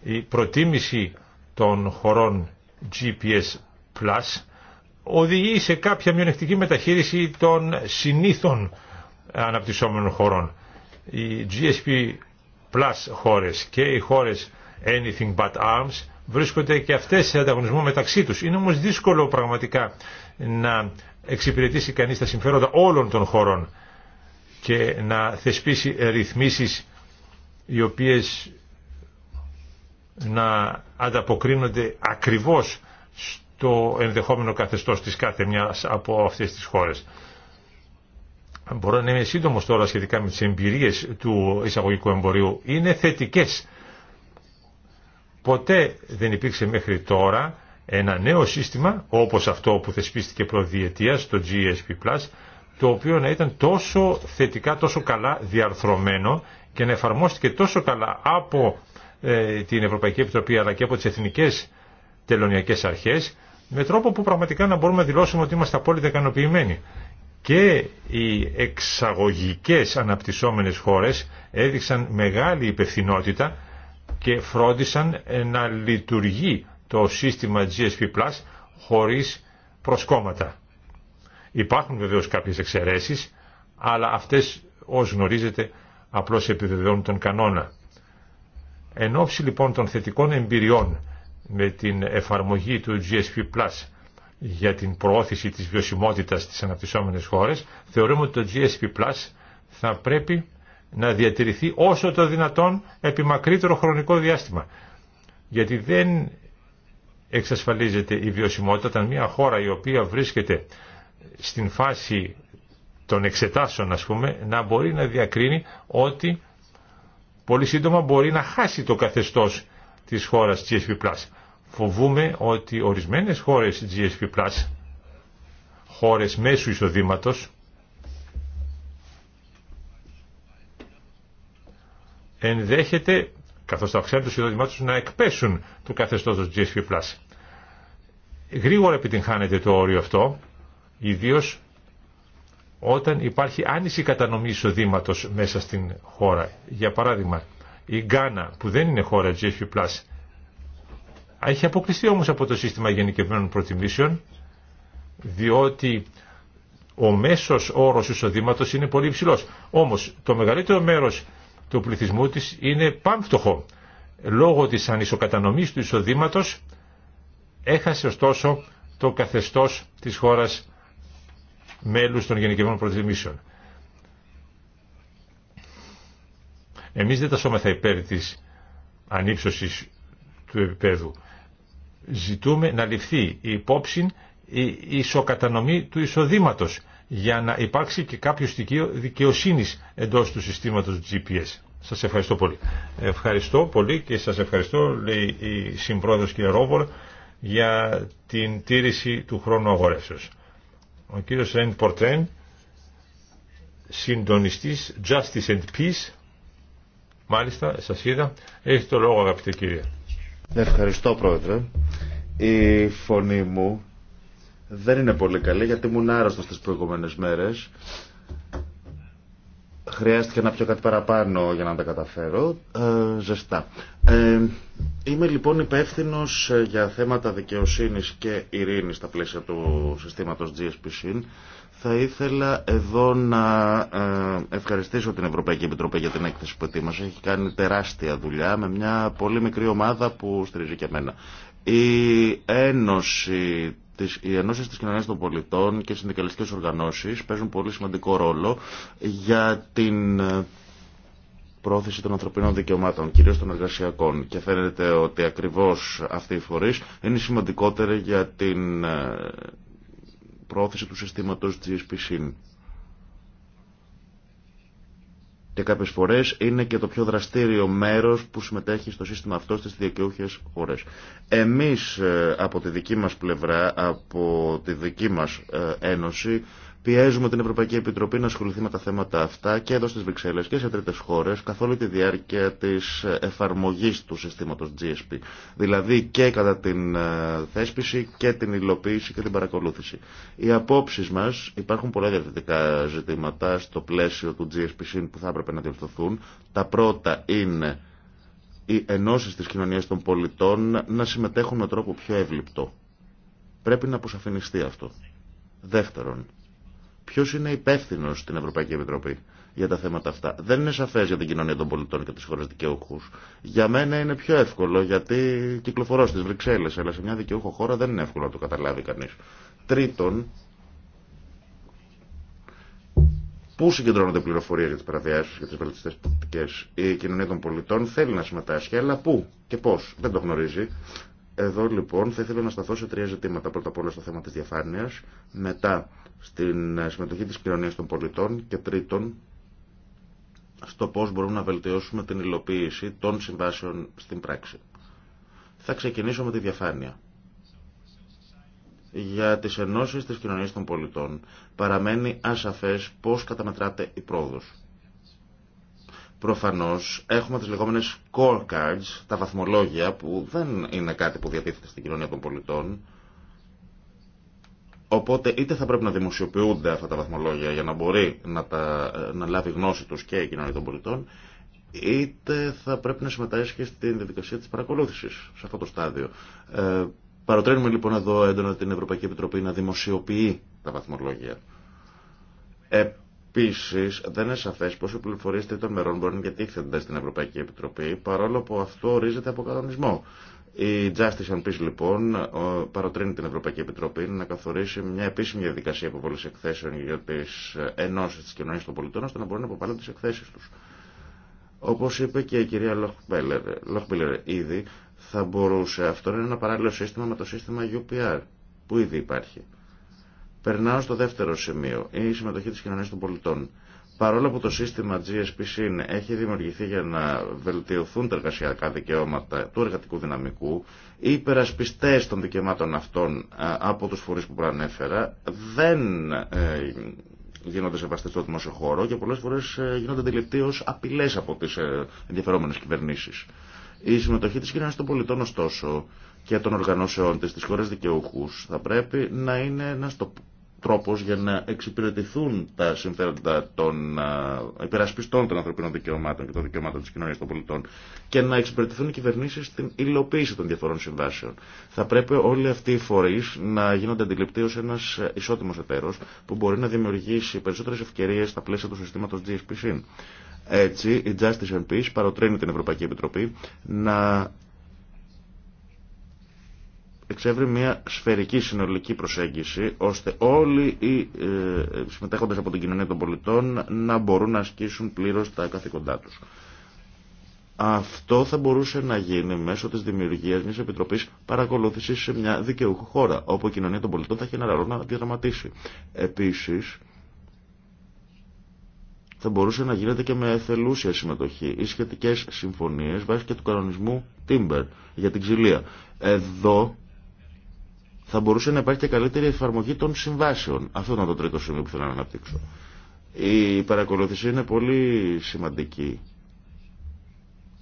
Speaker 1: η προτίμηση των χωρών GPS Plus οδηγεί σε κάποια μειονεκτική μεταχείριση των συνήθων αναπτυσσόμενων χωρών. Οι GSP Plus χώρες και οι χώρες Anything But Arms βρίσκονται και αυτές σε ανταγωνισμό μεταξύ τους. Είναι όμως δύσκολο πραγματικά να εξυπηρετήσει κανείς τα συμφέροντα όλων των χωρών και να θεσπίσει ρυθμίσεις οι οποίες να ανταποκρίνονται ακριβώς στο ενδεχόμενο καθεστώς της κάθε μιας από αυτές τις χώρες. Μπορώ να είμαι σύντομο τώρα σχετικά με τις εμπειρίες του εισαγωγικού εμπορίου. Είναι θετικές. Ποτέ δεν υπήρξε μέχρι τώρα ένα νέο σύστημα, όπως αυτό που θεσπίστηκε προδιετίας, το GSP+, το οποίο να ήταν τόσο θετικά, τόσο καλά διαρθρωμένο και να εφαρμόστηκε τόσο καλά από ε, την Ευρωπαϊκή Επιτροπή αλλά και από τις εθνικές τελωνιακές αρχές με τρόπο που πραγματικά να μπορούμε να δηλώσουμε ότι είμαστε απόλυτα ικανοποιημένοι. Και οι εξαγωγικές αναπτυσσόμενες χώρες έδειξαν μεγάλη υπευθυνότητα και φρόντισαν να λειτουργεί το σύστημα GSP Plus χωρίς προσκόμματα. Υπάρχουν βεβαίως κάποιες εξαιρέσεις, αλλά αυτές, ως γνωρίζετε, απλώς επιβεβαιώνουν τον κανόνα. Εν ώψη λοιπόν των θετικών εμπειριών με την εφαρμογή του GSP Plus για την προώθηση της βιωσιμότητας στις αναπτυσσόμενες χώρες, θεωρούμε ότι το GSP Plus θα πρέπει να διατηρηθεί όσο το δυνατόν επί μακρύτερο χρονικό διάστημα. Γιατί δεν εξασφαλίζεται η βιωσιμότητα όταν μια χώρα η οποία βρίσκεται στην φάση των εξετάσεων ας πούμε να μπορεί να διακρίνει ότι πολύ σύντομα μπορεί να χάσει το καθεστώς της χώρας GSP+. Φοβούμε ότι ορισμένες χώρες GSP+, χώρες μέσου εισοδήματος, ενδέχεται, καθώς θα αυξάνει το εισόδημά να εκπέσουν το καθεστώς GSP+. Γρήγορα επιτυγχάνεται το όριο αυτό, ιδίως όταν υπάρχει άνηση κατανομή εισοδήματο μέσα στην χώρα. Για παράδειγμα, η Γκάνα, που δεν είναι χώρα GFP+, έχει αποκλειστεί όμω από το σύστημα γενικευμένων προτιμήσεων, διότι ο μέσος όρος εισοδήματο είναι πολύ υψηλό. Όμως, το μεγαλύτερο μέρος του πληθυσμού τη είναι πάμφτωχο. Λόγω της ανισοκατανομή του εισοδήματο έχασε ωστόσο το καθεστώ τη χώρα μέλους των γενικευμένων προτιμήσεων. Εμείς δεν τα υπέρ της ανύψωσης του επίπεδου. Ζητούμε να ληφθεί η υπόψη η ισοκατανομή του εισοδήματος για να υπάρξει και κάποιο στοιχείο δικαιοσύνης εντός του συστήματος GPS. Σας ευχαριστώ πολύ. Ευχαριστώ πολύ και σας ευχαριστώ, λέει η συμπρόεδρος κ. Ρόβολ, για την τήρηση του χρόνου αγορεύσεως ο κύριος Ρεν Πορτρέν, συντονιστής Justice and Peace. Μάλιστα, σας είδα. Έχει το λόγο αγαπητέ κύριε.
Speaker 3: Ευχαριστώ πρόεδρε. Η φωνή μου δεν είναι πολύ καλή γιατί ήμουν άρρωστος τις προηγούμενες μέρες Χρειάστηκε να πιω κάτι παραπάνω για να τα καταφέρω. Ε, ζεστά. Ε, είμαι λοιπόν υπεύθυνο ε, για θέματα δικαιοσύνη και ειρήνη στα πλαίσια του συστήματο GSPC. Θα ήθελα εδώ να ε, ευχαριστήσω την Ευρωπαϊκή Επιτροπή για την έκθεση που ετοίμασε. Έχει κάνει τεράστια δουλειά με μια πολύ μικρή ομάδα που στηρίζει και εμένα. Η Ένωση οι ενώσει τη κοινωνία των πολιτών και οι συνδικαλιστικέ οργανώσει παίζουν πολύ σημαντικό ρόλο για την ε, πρόθεση των ανθρωπίνων δικαιωμάτων, κυρίω των εργασιακών. Και φαίνεται ότι ακριβώ αυτή η φορεί είναι σημαντικότερη για την ε, πρόθεση του συστηματο της GSP-SYN και κάποιες φορές είναι και το πιο δραστήριο μέρος που συμμετέχει στο σύστημα αυτό στις δικαιούχε χώρες. Εμείς ε, από τη δική μας πλευρά, από τη δική μας ε, ένωση, Πιέζουμε την Ευρωπαϊκή Επιτροπή να ασχοληθεί με τα θέματα αυτά και εδώ στις Βρυξέλλες και σε τρίτες χώρες καθ' όλη τη διάρκεια της εφαρμογής του συστήματος GSP. Δηλαδή και κατά την ε, θέσπιση και την υλοποίηση και την παρακολούθηση. Οι απόψεις μας υπάρχουν πολλά διαφορετικά ζητήματα στο πλαίσιο του GSP που θα έπρεπε να διορθωθούν. Τα πρώτα είναι οι ενώσεις της κοινωνίας των πολιτών να συμμετέχουν με τρόπο πιο εύληπτο. Πρέπει να αποσαφινιστεί αυτό. Δεύτερον, Ποιο είναι υπεύθυνο στην Ευρωπαϊκή Επιτροπή για τα θέματα αυτά. Δεν είναι σαφέ για την κοινωνία των πολιτών και τι χώρε δικαιούχου. Για μένα είναι πιο εύκολο γιατί κυκλοφορώ στι Βρυξέλλε, αλλά σε μια δικαιούχο χώρα δεν είναι εύκολο να το καταλάβει κανεί. Τρίτον, Πού συγκεντρώνονται πληροφορίε για τι παραβιάσει και τι βελτιστέ πολιτικέ. Η κοινωνία των πολιτών θέλει να συμμετάσχει, αλλά πού και πώ. Δεν το γνωρίζει. Εδώ λοιπόν θα ήθελα να σταθώ σε τρία ζητήματα. Πρώτα απ' όλα στο θέμα της διαφάνειας, μετά στην ε, συμμετοχή της κοινωνίας των πολιτών και τρίτον στο πώς μπορούμε να βελτιώσουμε την υλοποίηση των συμβάσεων στην πράξη. Θα ξεκινήσω με τη διαφάνεια. Για τις ενώσεις της κοινωνίας των πολιτών παραμένει ασαφές πώς καταμετράται η πρόοδος. Προφανώς έχουμε τις λεγόμενες cards, τα βαθμολόγια που δεν είναι κάτι που διατίθεται στην κοινωνία των πολιτών. Οπότε είτε θα πρέπει να δημοσιοποιούνται αυτά τα βαθμολόγια για να μπορεί να, τα, να λάβει γνώση τους και η κοινωνία των πολιτών, είτε θα πρέπει να συμμετάσχει στην διαδικασία της παρακολούθησης σε αυτό το στάδιο. Ε, παροτρύνουμε λοιπόν εδώ έντονα την Ευρωπαϊκή Επιτροπή να δημοσιοποιεί τα βαθμολόγια. Ε, Επίση, δεν είναι σαφέ πόσο πληροφορίε τρίτων μερών μπορεί να διατίθενται στην Ευρωπαϊκή Επιτροπή, παρόλο που αυτό ορίζεται από κανονισμό. Η Justice and Peace, λοιπόν, παροτρύνει την Ευρωπαϊκή Επιτροπή να καθορίσει μια επίσημη διαδικασία αποβολή εκθέσεων για τι ενώσει τη κοινωνία των πολιτών, ώστε να μπορούν να αποβάλουν τι εκθέσει του. Όπω είπε και η κυρία Λοχμπίλερ ήδη, θα μπορούσε αυτό να είναι ένα παράλληλο σύστημα με το σύστημα UPR, που ήδη υπάρχει. Περνάω στο δεύτερο σημείο, η συμμετοχή της κοινωνίας των πολιτών. Παρόλο που το σύστημα GSPC έχει δημιουργηθεί για να βελτιωθούν τα εργασιακά δικαιώματα του εργατικού δυναμικού, οι υπερασπιστές των δικαιωμάτων αυτών ε, από τους φορείς που προανέφερα δεν ε, γίνονται σεβαστές στο δημόσιο χώρο και πολλές φορές ε, γίνονται αντιληπτοί ως απειλές από τις ενδιαφερόμενες κυβερνήσεις. Η συμμετοχή της κοινωνίας των πολιτών, ωστόσο, και των οργανώσεών της χώρες δικαιούχους θα πρέπει να είναι ένας τρόπος για να εξυπηρετηθούν τα συμφέροντα των υπερασπιστών των ανθρωπίνων δικαιωμάτων και των δικαιωμάτων της κοινωνίας των πολιτών και να εξυπηρετηθούν οι κυβερνήσεις στην υλοποίηση των διαφορών συμβάσεων. Θα πρέπει όλοι αυτοί οι φορείς να γίνονται αντιληπτοί ως ένας ισότιμος εταίρος που μπορεί να δημιουργήσει περισσότερες ευκαιρίες στα πλαίσια του συστήματος GSPC. Έτσι, η Justice and Peace παροτρύνει την Ευρωπαϊκή Επιτροπή να εξεύρει μια σφαιρική συνολική προσέγγιση ώστε όλοι οι ε, συμμετέχοντες από την κοινωνία των πολιτών να μπορούν να ασκήσουν πλήρως τα καθήκοντά τους. Αυτό θα μπορούσε να γίνει μέσω της δημιουργίας μιας επιτροπής παρακολούθησης σε μια δικαιούχο χώρα, όπου η κοινωνία των πολιτών θα έχει ένα ρόλο να διαδραματίσει. Επίσης, θα μπορούσε να γίνεται και με εθελούσια συμμετοχή ή σχετικέ συμφωνίε βάσει και του κανονισμού Τίμπερ για την ξυλία. Εδώ θα μπορούσε να υπάρχει και καλύτερη εφαρμογή των συμβάσεων. Αυτό ήταν το τρίτο σημείο που θέλω να αναπτύξω. Η παρακολούθηση είναι πολύ σημαντική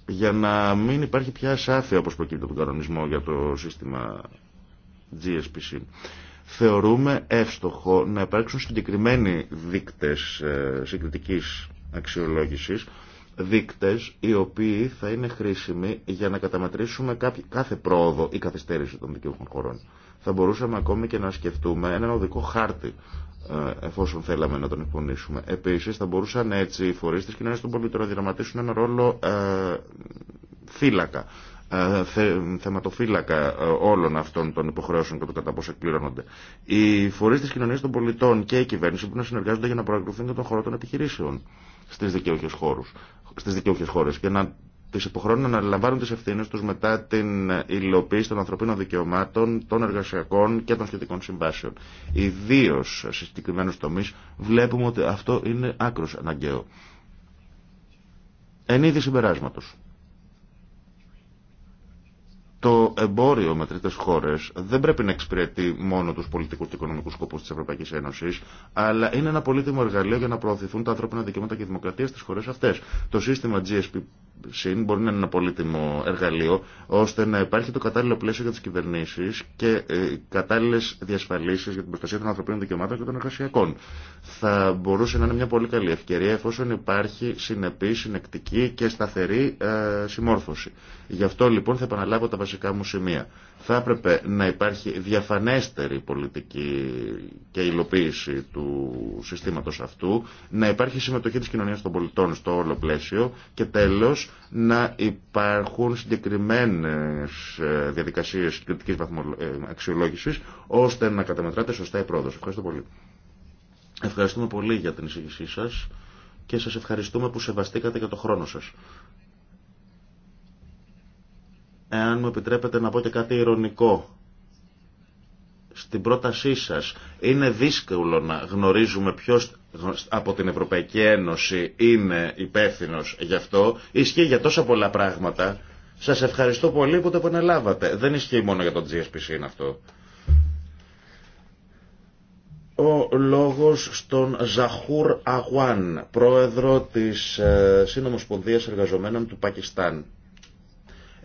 Speaker 3: για να μην υπάρχει πια ασάφεια όπως προκύπτει τον κανονισμό για το σύστημα GSPC. Θεωρούμε εύστοχο να υπάρξουν συγκεκριμένοι δείκτες ε, συγκριτικής αξιολόγησης, δείκτες οι οποίοι θα είναι χρήσιμοι για να καταμετρήσουμε κάθε πρόοδο ή καθυστέρηση των δικαιούχων χωρών θα μπορούσαμε ακόμη και να σκεφτούμε έναν οδικό χάρτη ε, εφόσον θέλαμε να τον εκπονήσουμε. Επίση, θα μπορούσαν έτσι οι φορεί τη κοινωνία των πολιτών να δραματίσουν ένα ρόλο ε, φύλακα, ε, θεματοφύλακα ε, όλων αυτών των υποχρεώσεων και το κατά πόσο εκπληρώνονται. Οι φορεί τη κοινωνία των πολιτών και η κυβέρνηση που να συνεργάζονται για να προαγκρουθούν τον χώρο των επιχειρήσεων στι δικαιούχε χώρε και να τις υποχρεώνουν να αναλαμβάνουν τι ευθύνε του μετά την υλοποίηση των ανθρωπίνων δικαιωμάτων, των εργασιακών και των σχετικών συμβάσεων. Ιδίω σε συγκεκριμένου τομεί βλέπουμε ότι αυτό είναι άκρο αναγκαίο. Εν είδη συμπεράσματος. Το εμπόριο με τρίτε χώρε δεν πρέπει να εξυπηρετεί μόνο του πολιτικού και οικονομικού σκοπού τη Ευρωπαϊκή Ένωση, αλλά είναι ένα πολύτιμο εργαλείο για να προωθηθούν τα ανθρώπινα δικαιώματα και δημοκρατία στι χώρε αυτέ. Το σύστημα GSP ΣΥΝ μπορεί να είναι ένα πολύτιμο εργαλείο ώστε να υπάρχει το κατάλληλο πλαίσιο για τις κυβερνήσεις και ε, κατάλληλες διασφαλίσεις για την προστασία των ανθρωπίνων δικαιωμάτων και των εργασιακών. Θα μπορούσε να είναι μια πολύ καλή ευκαιρία εφόσον υπάρχει συνεπή, συνεκτική και σταθερή ε, συμμόρφωση. Γι' αυτό λοιπόν θα επαναλάβω τα βασικά μου σημεία θα έπρεπε να υπάρχει διαφανέστερη πολιτική και υλοποίηση του συστήματος αυτού, να υπάρχει συμμετοχή της κοινωνίας των πολιτών στο όλο πλαίσιο και τέλος να υπάρχουν συγκεκριμένες ε, διαδικασίες κριτικής ε, αξιολόγησης ώστε να καταμετράται σωστά η πρόοδος. Ευχαριστώ πολύ. Ευχαριστούμε πολύ για την εισήγησή σας και σας ευχαριστούμε που σεβαστήκατε για το χρόνο σας εάν μου επιτρέπετε να πω και κάτι ηρωνικό στην πρότασή σας είναι δύσκολο να γνωρίζουμε ποιος από την Ευρωπαϊκή Ένωση είναι υπεύθυνο γι' αυτό. Ισχύει για τόσα πολλά πράγματα. Σας ευχαριστώ πολύ που το επαναλάβατε. Δεν ισχύει μόνο για τον GSPC αυτό. Ο λόγος στον Ζαχούρ Αγουάν, πρόεδρο της ε, Σύνομοσπονδίας Εργαζομένων του Πακιστάν.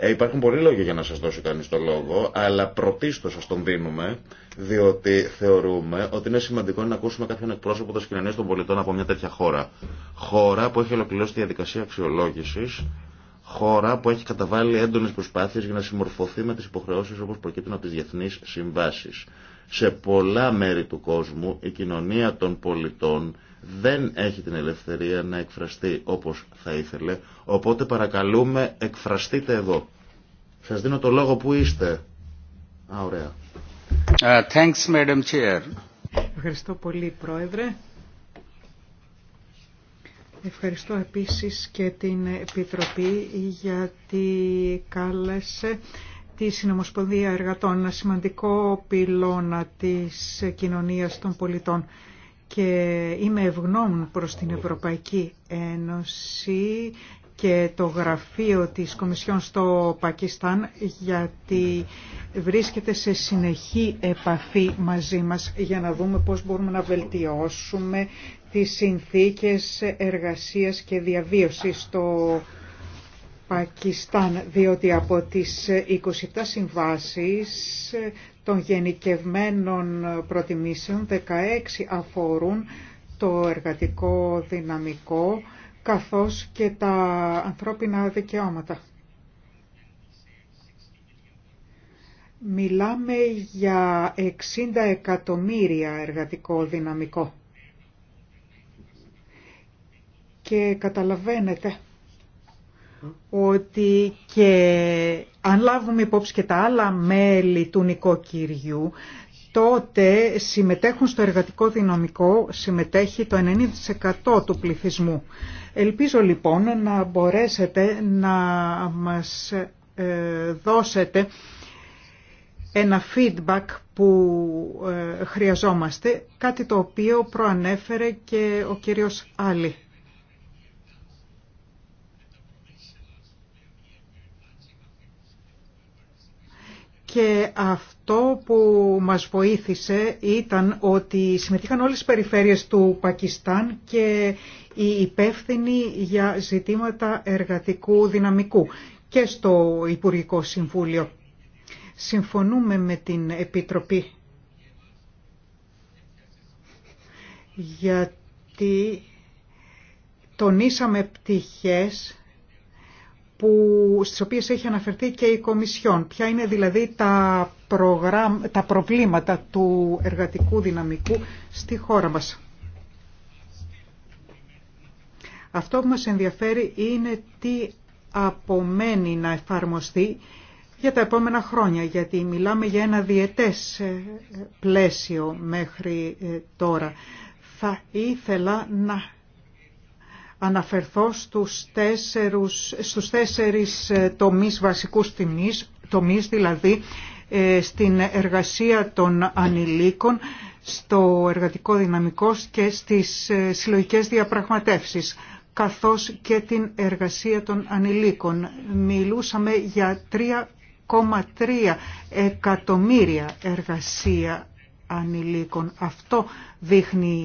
Speaker 3: Ε, υπάρχουν πολλοί λόγοι για να σας δώσει κανείς το λόγο, αλλά πρωτίστως σας τον δίνουμε, διότι θεωρούμε ότι είναι σημαντικό να ακούσουμε κάποιον εκπρόσωπο της κοινωνίας των πολιτών από μια τέτοια χώρα. Χώρα που έχει ολοκληρώσει τη διαδικασία αξιολόγησης, χώρα που έχει καταβάλει έντονες προσπάθειες για να συμμορφωθεί με τις υποχρεώσεις όπως προκύπτουν από τις διεθνείς συμβάσεις. Σε πολλά μέρη του κόσμου η κοινωνία των πολιτών δεν έχει την ελευθερία να εκφραστεί όπως θα ήθελε, οπότε παρακαλούμε εκφραστείτε εδώ. Σας δίνω το λόγο που είστε. Α, ωραία. Ε, thanks, Madam Chair.
Speaker 2: Ευχαριστώ πολύ, Πρόεδρε. Ευχαριστώ επίσης και την Επιτροπή γιατί κάλεσε τη Συνομοσπονδία Εργατών, ένα σημαντικό πυλώνα της κοινωνίας των πολιτών και είμαι ευγνώμων προς την Ευρωπαϊκή Ένωση και το γραφείο της Κομισιόν στο Πακιστάν γιατί βρίσκεται σε συνεχή επαφή μαζί μας για να δούμε πώς μπορούμε να βελτιώσουμε τις συνθήκες εργασίας και διαβίωσης στο Πακιστάν, διότι από τις 27 συμβάσεις των γενικευμένων προτιμήσεων, 16 αφορούν το εργατικό δυναμικό καθώς και τα ανθρώπινα δικαιώματα. Μιλάμε για 60 εκατομμύρια εργατικό δυναμικό. Και καταλαβαίνετε ότι και αν λάβουμε υπόψη και τα άλλα μέλη του νοικοκυριού, τότε συμμετέχουν στο εργατικό δυναμικό, συμμετέχει το 90% του πληθυσμού. Ελπίζω λοιπόν να μπορέσετε να μας ε, δώσετε ένα feedback που ε, χρειαζόμαστε, κάτι το οποίο προανέφερε και ο κύριος Άλλη. Και αυτό που μας βοήθησε ήταν ότι συμμετείχαν όλες τις περιφέρειες του Πακιστάν και οι υπεύθυνοι για ζητήματα εργατικού δυναμικού και στο Υπουργικό Συμβούλιο. Συμφωνούμε με την Επιτροπή γιατί τονίσαμε πτυχές που, στις οποίες έχει αναφερθεί και η Κομισιόν. Ποια είναι δηλαδή τα, τα προβλήματα του εργατικού δυναμικού στη χώρα μας. Αυτό που μας ενδιαφέρει είναι τι απομένει να εφαρμοστεί για τα επόμενα χρόνια, γιατί μιλάμε για ένα διετές ε, πλαίσιο μέχρι ε, τώρα. Θα ήθελα να αναφερθώ στους τέσσερους, στους τέσσερις ε, τομείς βασικούς τιμής, τομείς δηλαδή ε, στην εργασία των ανηλίκων, στο εργατικό δυναμικό και στις ε, συλλογικές διαπραγματεύσεις καθώς και την εργασία των ανηλίκων. Μιλούσαμε για 3,3 εκατομμύρια εργασία ανηλίκων. Αυτό δείχνει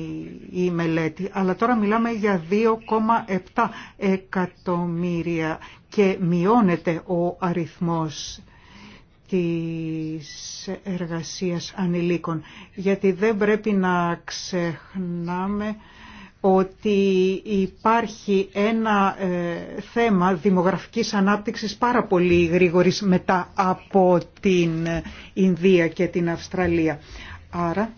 Speaker 2: η μελέτη, αλλά τώρα μιλάμε για 2,7 εκατομμύρια και μειώνεται ο αριθμός της εργασίας ανηλίκων, γιατί δεν πρέπει να ξεχνάμε ότι υπάρχει ένα ε, θέμα δημογραφικής ανάπτυξης πάρα πολύ γρήγορης μετά από την Ινδία και την Αυστραλία. Άρα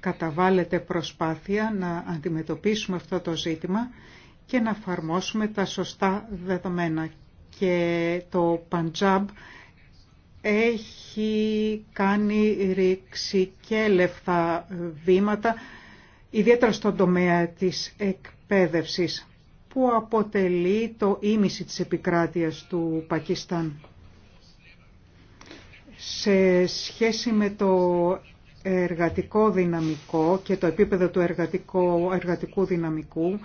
Speaker 2: καταβάλλεται προσπάθεια να αντιμετωπίσουμε αυτό το ζήτημα και να εφαρμόσουμε τα σωστά δεδομένα. Και το Παντζάμπ έχει κάνει ρηξικέλευτα βήματα, ιδιαίτερα στον τομέα της εκπαίδευσης, που αποτελεί το ίμιση της επικράτειας του Πακιστάν σε σχέση με το εργατικό δυναμικό και το επίπεδο του εργατικού, δυναμικού,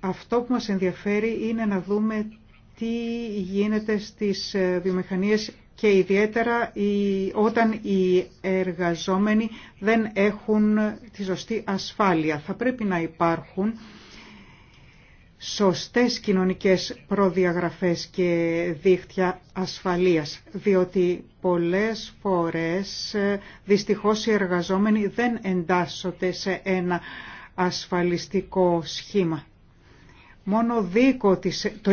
Speaker 2: αυτό που μας ενδιαφέρει είναι να δούμε τι γίνεται στις ε, βιομηχανίες και ιδιαίτερα όταν οι εργαζόμενοι δεν έχουν τη σωστή ασφάλεια. Θα πρέπει να υπάρχουν σωστές κοινωνικές προδιαγραφές και δίχτυα ασφαλείας, διότι πολλές φορές ε, δυστυχώς οι εργαζόμενοι δεν εντάσσονται σε ένα ασφαλιστικό σχήμα. Μόνο δίκο το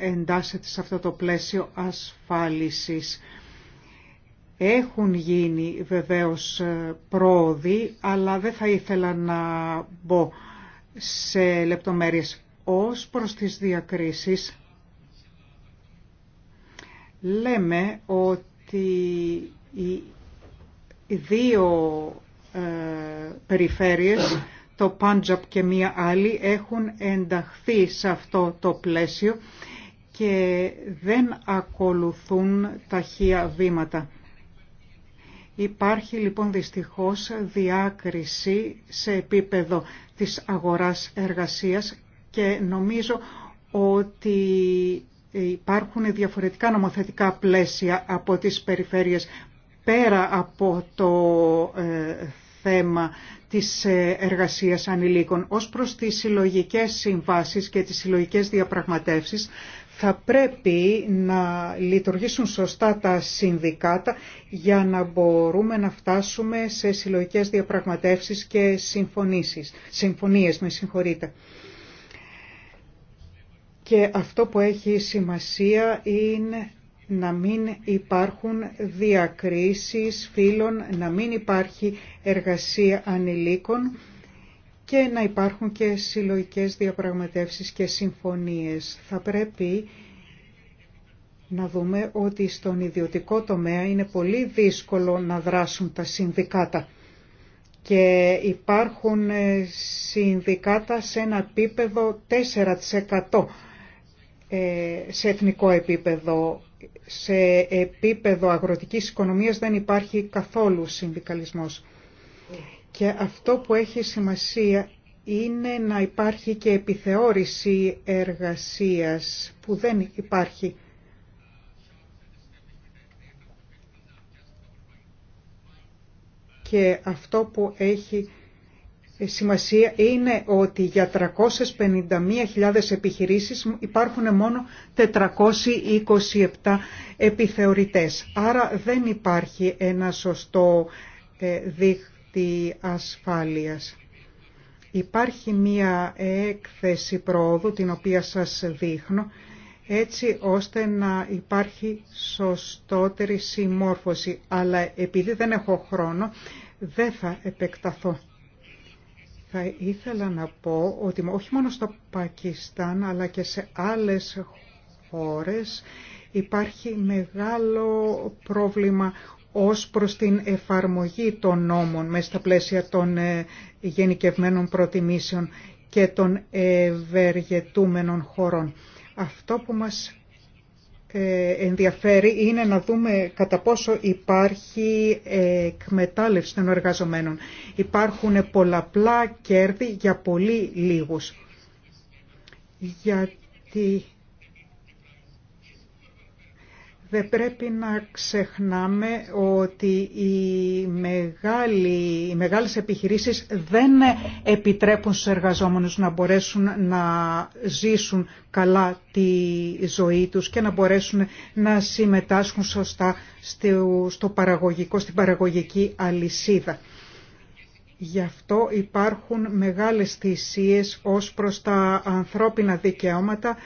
Speaker 2: 20% εντάσσεται σε αυτό το πλαίσιο ασφάλισης. Έχουν γίνει βεβαίως ε, πρόοδοι, αλλά δεν θα ήθελα να μπω σε λεπτομέρειες. Ως προς τις διακρίσεις, λέμε ότι οι δύο ε, περιφέρειες, το Πάντζαπ και μία άλλη, έχουν ενταχθεί σε αυτό το πλαίσιο και δεν ακολουθούν ταχεία βήματα. Υπάρχει λοιπόν δυστυχώς διάκριση σε επίπεδο της αγοράς εργασίας και νομίζω ότι υπάρχουν διαφορετικά νομοθετικά πλαίσια από τις περιφέρειες πέρα από το ε, θέμα της ε, εργασίας ανηλίκων. Ως προς τις συλλογικές συμβάσεις και τις συλλογικές διαπραγματεύσεις θα πρέπει να λειτουργήσουν σωστά τα συνδικάτα για να μπορούμε να φτάσουμε σε συλλογικές διαπραγματεύσεις και συμφωνήσεις, συμφωνίες, με συγχωρείτε. Και αυτό που έχει σημασία είναι να μην υπάρχουν διακρίσεις φύλων, να μην υπάρχει εργασία ανηλίκων και να υπάρχουν και συλλογικές διαπραγματεύσεις και συμφωνίες. Θα πρέπει να δούμε ότι στον ιδιωτικό τομέα είναι πολύ δύσκολο να δράσουν τα συνδικάτα και υπάρχουν ε, συνδικάτα σε ένα επίπεδο 4% ε, σε εθνικό επίπεδο. Σε επίπεδο αγροτικής οικονομίας δεν υπάρχει καθόλου συνδικαλισμός. Και αυτό που έχει σημασία είναι να υπάρχει και επιθεώρηση εργασίας που δεν υπάρχει. Και αυτό που έχει σημασία είναι ότι για 351.000 επιχειρήσεις υπάρχουν μόνο 427 επιθεωρητές. Άρα δεν υπάρχει ένα σωστό ε, δείγμα ασφάλειας. Υπάρχει μία έκθεση πρόοδου την οποία σας δείχνω έτσι ώστε να υπάρχει σωστότερη συμμόρφωση. Αλλά επειδή δεν έχω χρόνο δεν θα επεκταθώ. Θα ήθελα να πω ότι όχι μόνο στο Πακιστάν αλλά και σε άλλες χώρες υπάρχει μεγάλο πρόβλημα ως προς την εφαρμογή των νόμων μέσα στα πλαίσια των ε, γενικευμένων προτιμήσεων και των ευεργετούμενων χωρών. Αυτό που μας ε, ενδιαφέρει είναι να δούμε κατά πόσο υπάρχει εκμετάλλευση των εργαζομένων. Υπάρχουν πολλαπλά κέρδη για πολύ λίγους. Γιατί δεν πρέπει να ξεχνάμε ότι οι, μεγάλοι, οι μεγάλες επιχειρήσεις δεν επιτρέπουν στους εργαζόμενους να μπορέσουν να ζήσουν καλά τη ζωή τους και να μπορέσουν να συμμετάσχουν σωστά στο, παραγωγικό, στην παραγωγική αλυσίδα. Γι' αυτό υπάρχουν μεγάλες θυσίες ως προς τα ανθρώπινα δικαιώματα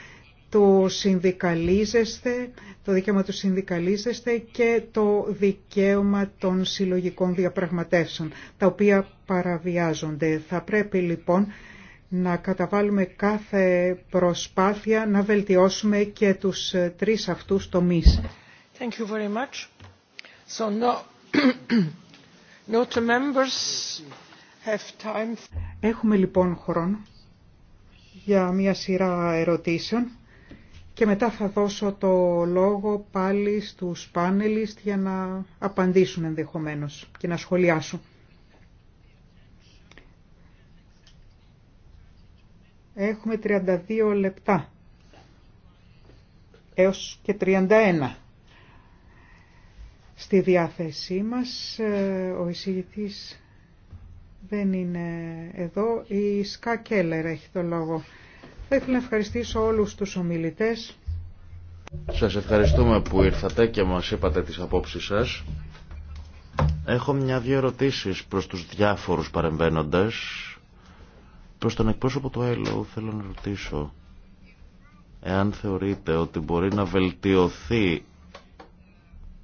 Speaker 2: το συνδικαλίζεστε, το δικαίωμα του συνδικαλίζεστε και το δικαίωμα των συλλογικών διαπραγματεύσεων, τα οποία παραβιάζονται. Θα πρέπει λοιπόν να καταβάλουμε κάθε προσπάθεια να βελτιώσουμε και τους τρεις αυτούς τομείς. Thank Έχουμε λοιπόν χρόνο για μια σειρά ερωτήσεων. Και μετά θα δώσω το λόγο πάλι στους πάνελιστ για να απαντήσουν ενδεχομένως και να σχολιάσουν. Έχουμε 32 λεπτά έως και 31 στη διάθεσή μας. Ε, ο εισηγητής δεν είναι εδώ. Η Σκά Κέλλερ έχει το λόγο. Θα ήθελα να ευχαριστήσω όλους τους ομιλητές.
Speaker 3: Σας ευχαριστούμε που ήρθατε και μας είπατε τις απόψεις σας. Έχω μια-δυο ερωτήσεις προς τους διάφορους παρεμβαίνοντες. Προς τον εκπρόσωπο του ΕΛΟ θέλω να ρωτήσω εάν θεωρείτε ότι μπορεί να βελτιωθεί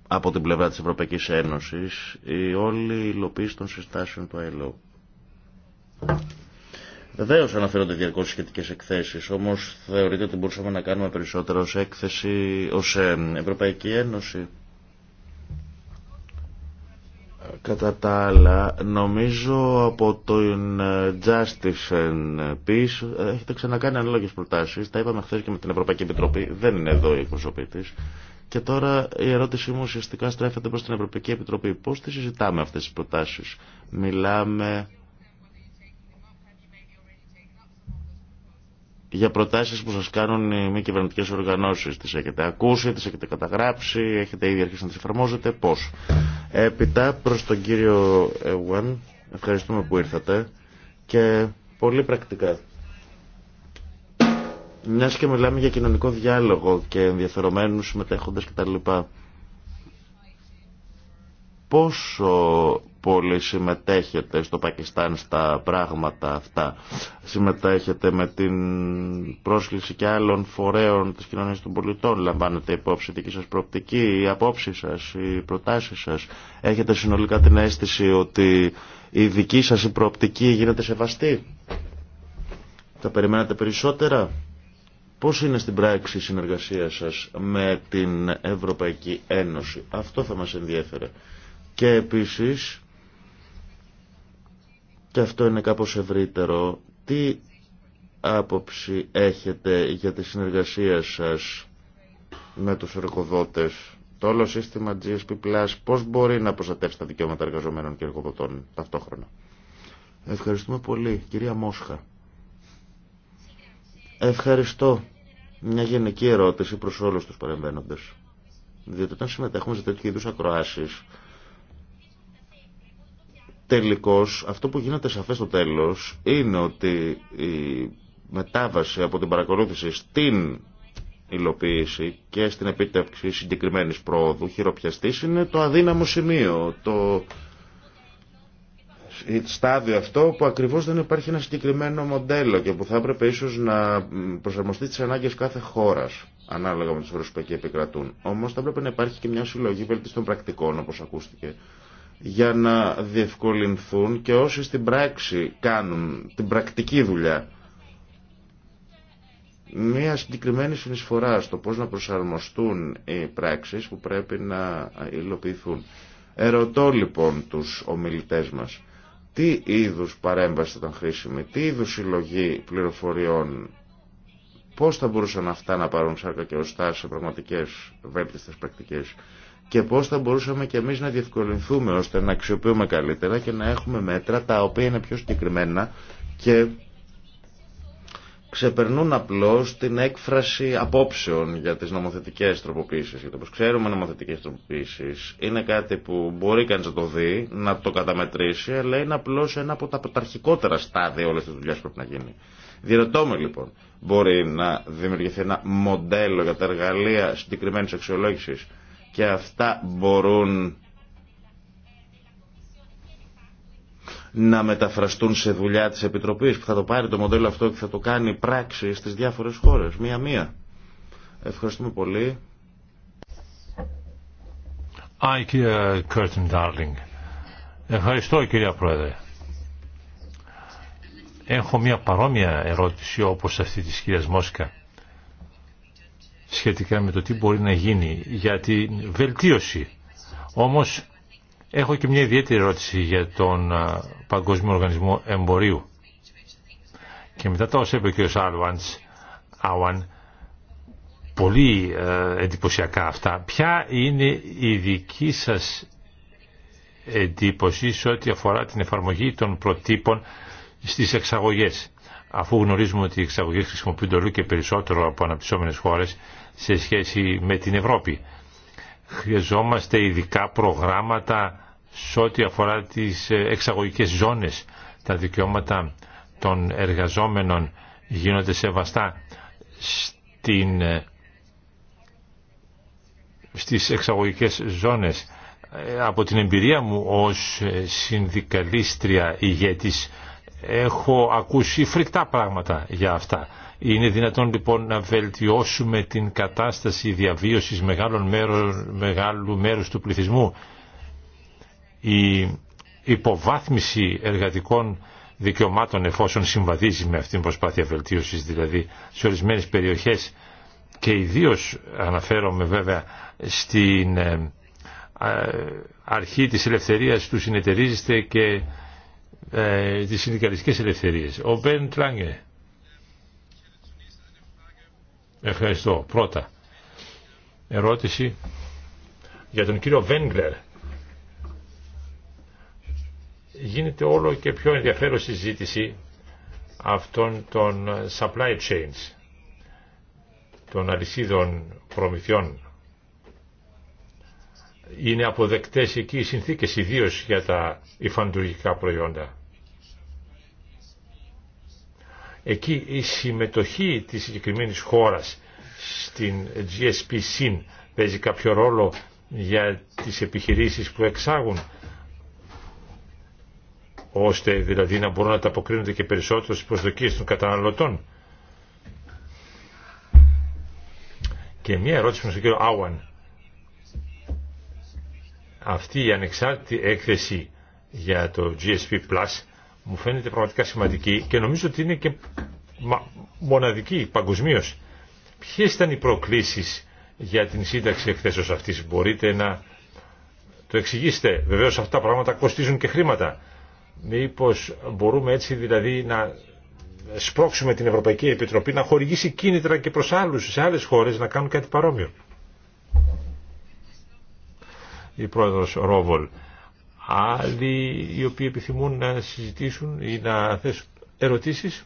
Speaker 3: από την πλευρά της Ευρωπαϊκής Ένωσης η όλη υλοποίηση των συστάσεων του ΕΛΟ. Βεβαίω αναφέρονται διαρκώ σχετικέ εκθέσει, όμω θεωρείτε ότι μπορούσαμε να κάνουμε περισσότερο ω έκθεση, ω ε, Ευρωπαϊκή Ένωση. Κατά τα άλλα, νομίζω από το ε, Justice and Peace ε, έχετε ξανακάνει ανάλογε προτάσει. Τα είπαμε χθε και με την Ευρωπαϊκή Επιτροπή. Δεν είναι εδώ η εκπροσωπή τη. Και τώρα η ερώτησή μου ουσιαστικά στρέφεται προ την Ευρωπαϊκή Επιτροπή. Πώ τη συζητάμε αυτέ τι προτάσει, Μιλάμε για προτάσεις που σας κάνουν οι μη κυβερνητικέ οργανώσεις. Τις έχετε ακούσει, τις έχετε καταγράψει, έχετε ήδη αρχίσει να τις εφαρμόζετε, πώς. Έπειτα προς τον κύριο Εουάν, ευχαριστούμε που ήρθατε και πολύ πρακτικά. Μιας και μιλάμε για κοινωνικό διάλογο και ενδιαφερομένους συμμετέχοντες κτλ. Πόσο Πολλοί συμμετέχετε στο Πακιστάν στα πράγματα αυτά. Συμμετέχετε με την πρόσκληση και άλλων φορέων της κοινωνίας των πολιτών. Λαμβάνετε υπόψη δική σας προοπτική, οι απόψη σας, οι προτάσεις σας. Έχετε συνολικά την αίσθηση ότι η δική σας η προοπτική γίνεται σεβαστή. Θα περιμένατε περισσότερα. Πώς είναι στην πράξη η συνεργασία σας με την Ευρωπαϊκή Ένωση. Αυτό θα μας ενδιέφερε. Και επίσης και αυτό είναι κάπως ευρύτερο, τι άποψη έχετε για τη συνεργασία σας με τους εργοδότες, το όλο σύστημα GSP Plus, πώς μπορεί να προστατεύσει τα δικαιώματα εργαζομένων και εργοδοτών ταυτόχρονα. Ευχαριστούμε πολύ, κυρία Μόσχα. Ευχαριστώ. Μια γενική ερώτηση προς όλους τους παρεμβαίνοντες. Διότι όταν συμμετέχουμε σε τέτοιου είδους ακροάσεις, Τελικώς, αυτό που γίνεται σαφές στο τέλος είναι ότι η μετάβαση από την παρακολούθηση στην υλοποίηση και στην επίτευξη συγκεκριμένης πρόοδου χειροπιαστής είναι το αδύναμο σημείο, το στάδιο αυτό που ακριβώς δεν υπάρχει ένα συγκεκριμένο μοντέλο και που θα έπρεπε ίσως να προσαρμοστεί τις ανάγκες κάθε χώρας ανάλογα με τις φορές που επικρατούν. Όμως θα έπρεπε να υπάρχει και μια συλλογή βελτιστών πρακτικών όπως ακούστηκε για να διευκολυνθούν και όσοι στην πράξη κάνουν την πρακτική δουλειά. Μία συγκεκριμένη συνεισφορά στο πώς να προσαρμοστούν οι πράξεις που πρέπει να υλοποιηθούν. Ερωτώ λοιπόν τους ομιλητές μας, τι είδους παρέμβαση ήταν χρήσιμη, τι είδους συλλογή πληροφοριών, πώς θα μπορούσαν αυτά να πάρουν σάρκα και οστά σε πραγματικές βέλτιστες πρακτικές και πώς θα μπορούσαμε κι εμείς να διευκολυνθούμε ώστε να αξιοποιούμε καλύτερα και να έχουμε μέτρα τα οποία είναι πιο συγκεκριμένα και ξεπερνούν απλώς την έκφραση απόψεων για τις νομοθετικές τροποποίησεις. Γιατί όπως ξέρουμε νομοθετικές τροποποίησεις είναι κάτι που μπορεί κανείς να το δει, να το καταμετρήσει, αλλά είναι απλώς ένα από τα πρωταρχικότερα στάδια όλες τις δουλειά που πρέπει να γίνει. Διερωτώμε λοιπόν, μπορεί να δημιουργηθεί ένα μοντέλο για τα εργαλεία συγκεκριμένη αξιολόγηση και αυτά μπορούν να μεταφραστούν σε δουλειά της Επιτροπής που θα το πάρει το μοντέλο αυτό και θα το κάνει πράξη στις διάφορες χώρες, μία-μία. Ευχαριστούμε πολύ.
Speaker 1: Α, κύριε Ντάρλινγκ. Ευχαριστώ κύριε Πρόεδρε. Έχω μια παρόμοια ερώτηση όπως αυτή της κυρίας Μόσκα σχετικά με το τι μπορεί να γίνει για τη βελτίωση. Όμως έχω και μια ιδιαίτερη ερώτηση για τον Παγκόσμιο Οργανισμό Εμπορίου. Και μετά τα όσα είπε ο κ. Άουαν, πολύ ε, εντυπωσιακά αυτά. Ποια είναι η δική σας εντύπωση σε ό,τι αφορά την εφαρμογή των προτύπων στις εξαγωγές αφού γνωρίζουμε ότι οι εξαγωγέ χρησιμοποιούνται όλο και περισσότερο από αναπτυσσόμενε χώρε σε σχέση με την Ευρώπη. Χρειαζόμαστε ειδικά προγράμματα σε ό,τι αφορά τι ε, εξαγωγικέ ζώνε. Τα δικαιώματα των εργαζόμενων γίνονται σεβαστά στην, ε, στις εξαγωγικές ζώνες. Ε, από την εμπειρία μου ως συνδικαλίστρια ηγέτης έχω ακούσει φρικτά πράγματα για αυτά. Είναι δυνατόν λοιπόν να βελτιώσουμε την κατάσταση διαβίωσης μεγάλων μέρων, μεγάλου μέρους του πληθυσμού. Η υποβάθμιση εργατικών δικαιωμάτων εφόσον συμβαδίζει με αυτήν την προσπάθεια βελτίωσης δηλαδή σε ορισμένες περιοχές και ιδίω αναφέρομαι βέβαια στην ε, αρχή της ελευθερίας του συνεταιρίζεστε και ε, τις συνδικαλιστικές ελευθερίες. Ο Μπεν Ευχαριστώ. Πρώτα. Ερώτηση για τον κύριο Βέγγλερ. Γίνεται όλο και πιο ενδιαφέρον συζήτηση αυτών των supply chains, των αλυσίδων προμηθειών είναι αποδεκτές εκεί οι συνθήκες, ιδίως για τα υφαντουργικά προϊόντα. Εκεί η συμμετοχή της συγκεκριμένη χώρας στην GSP SIN παίζει κάποιο ρόλο για τις επιχειρήσεις που εξάγουν ώστε δηλαδή να μπορούν να τα αποκρίνονται και περισσότερο στις προσδοκίες των καταναλωτών. Και μία ερώτηση με τον κύριο Άουαν αυτή η ανεξάρτητη έκθεση για το GSP Plus μου φαίνεται πραγματικά σημαντική και νομίζω ότι είναι και μοναδική παγκοσμίω. Ποιες ήταν οι προκλήσεις για την σύνταξη εκθέσεως αυτής. Μπορείτε να το εξηγήσετε. Βεβαίως αυτά τα πράγματα κοστίζουν και χρήματα. Μήπως μπορούμε έτσι δηλαδή να σπρώξουμε την Ευρωπαϊκή Επιτροπή να χορηγήσει κίνητρα και προς άλλους, σε άλλες χώρες να κάνουν κάτι παρόμοιο η πρόεδρος Ρόβολ. Άλλοι οι οποίοι επιθυμούν να συζητήσουν ή να θέσουν ερωτήσεις.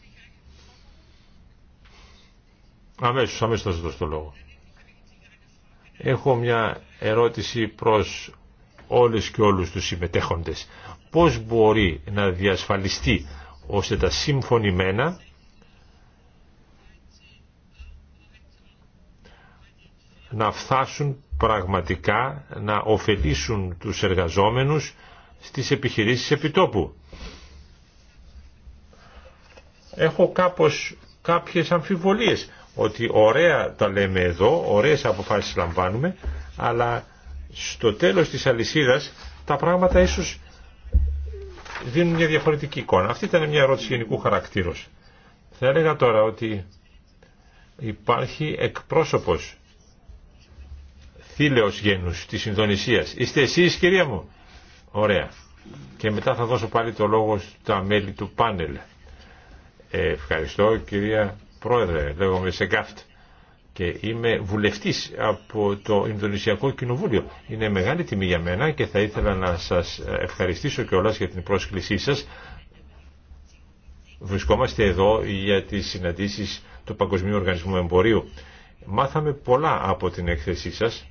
Speaker 1: Αμέσως, αμέσως θα σας δώσω το λόγο. Έχω μια ερώτηση προς όλες και όλους τους συμμετέχοντες. Πώς μπορεί να διασφαλιστεί ώστε τα συμφωνημένα να φτάσουν πραγματικά να ωφελήσουν τους εργαζόμενους στις επιχειρήσεις επιτόπου. Έχω κάπως κάποιες αμφιβολίες ότι ωραία τα λέμε εδώ, ωραίες αποφάσεις λαμβάνουμε, αλλά στο τέλος της αλυσίδας τα πράγματα ίσως δίνουν μια διαφορετική εικόνα. Αυτή ήταν μια ερώτηση γενικού χαρακτήρως. Θα έλεγα τώρα ότι υπάρχει εκπρόσωπος θήλεως γένους της Ινδονησίας. Είστε εσείς κυρία μου. Ωραία. Και μετά θα δώσω πάλι το λόγο στα μέλη του πάνελ. Ε, ευχαριστώ κυρία Πρόεδρε, λέγομαι Σεγκάφτ και είμαι βουλευτής από το Ινδονησιακό Κοινοβούλιο. Είναι μεγάλη τιμή για μένα και θα ήθελα να σας ευχαριστήσω κιόλας για την πρόσκλησή σας. Βρισκόμαστε εδώ για τις συναντήσεις του Παγκοσμίου Οργανισμού Εμπορίου. Μάθαμε πολλά από την έκθεσή σας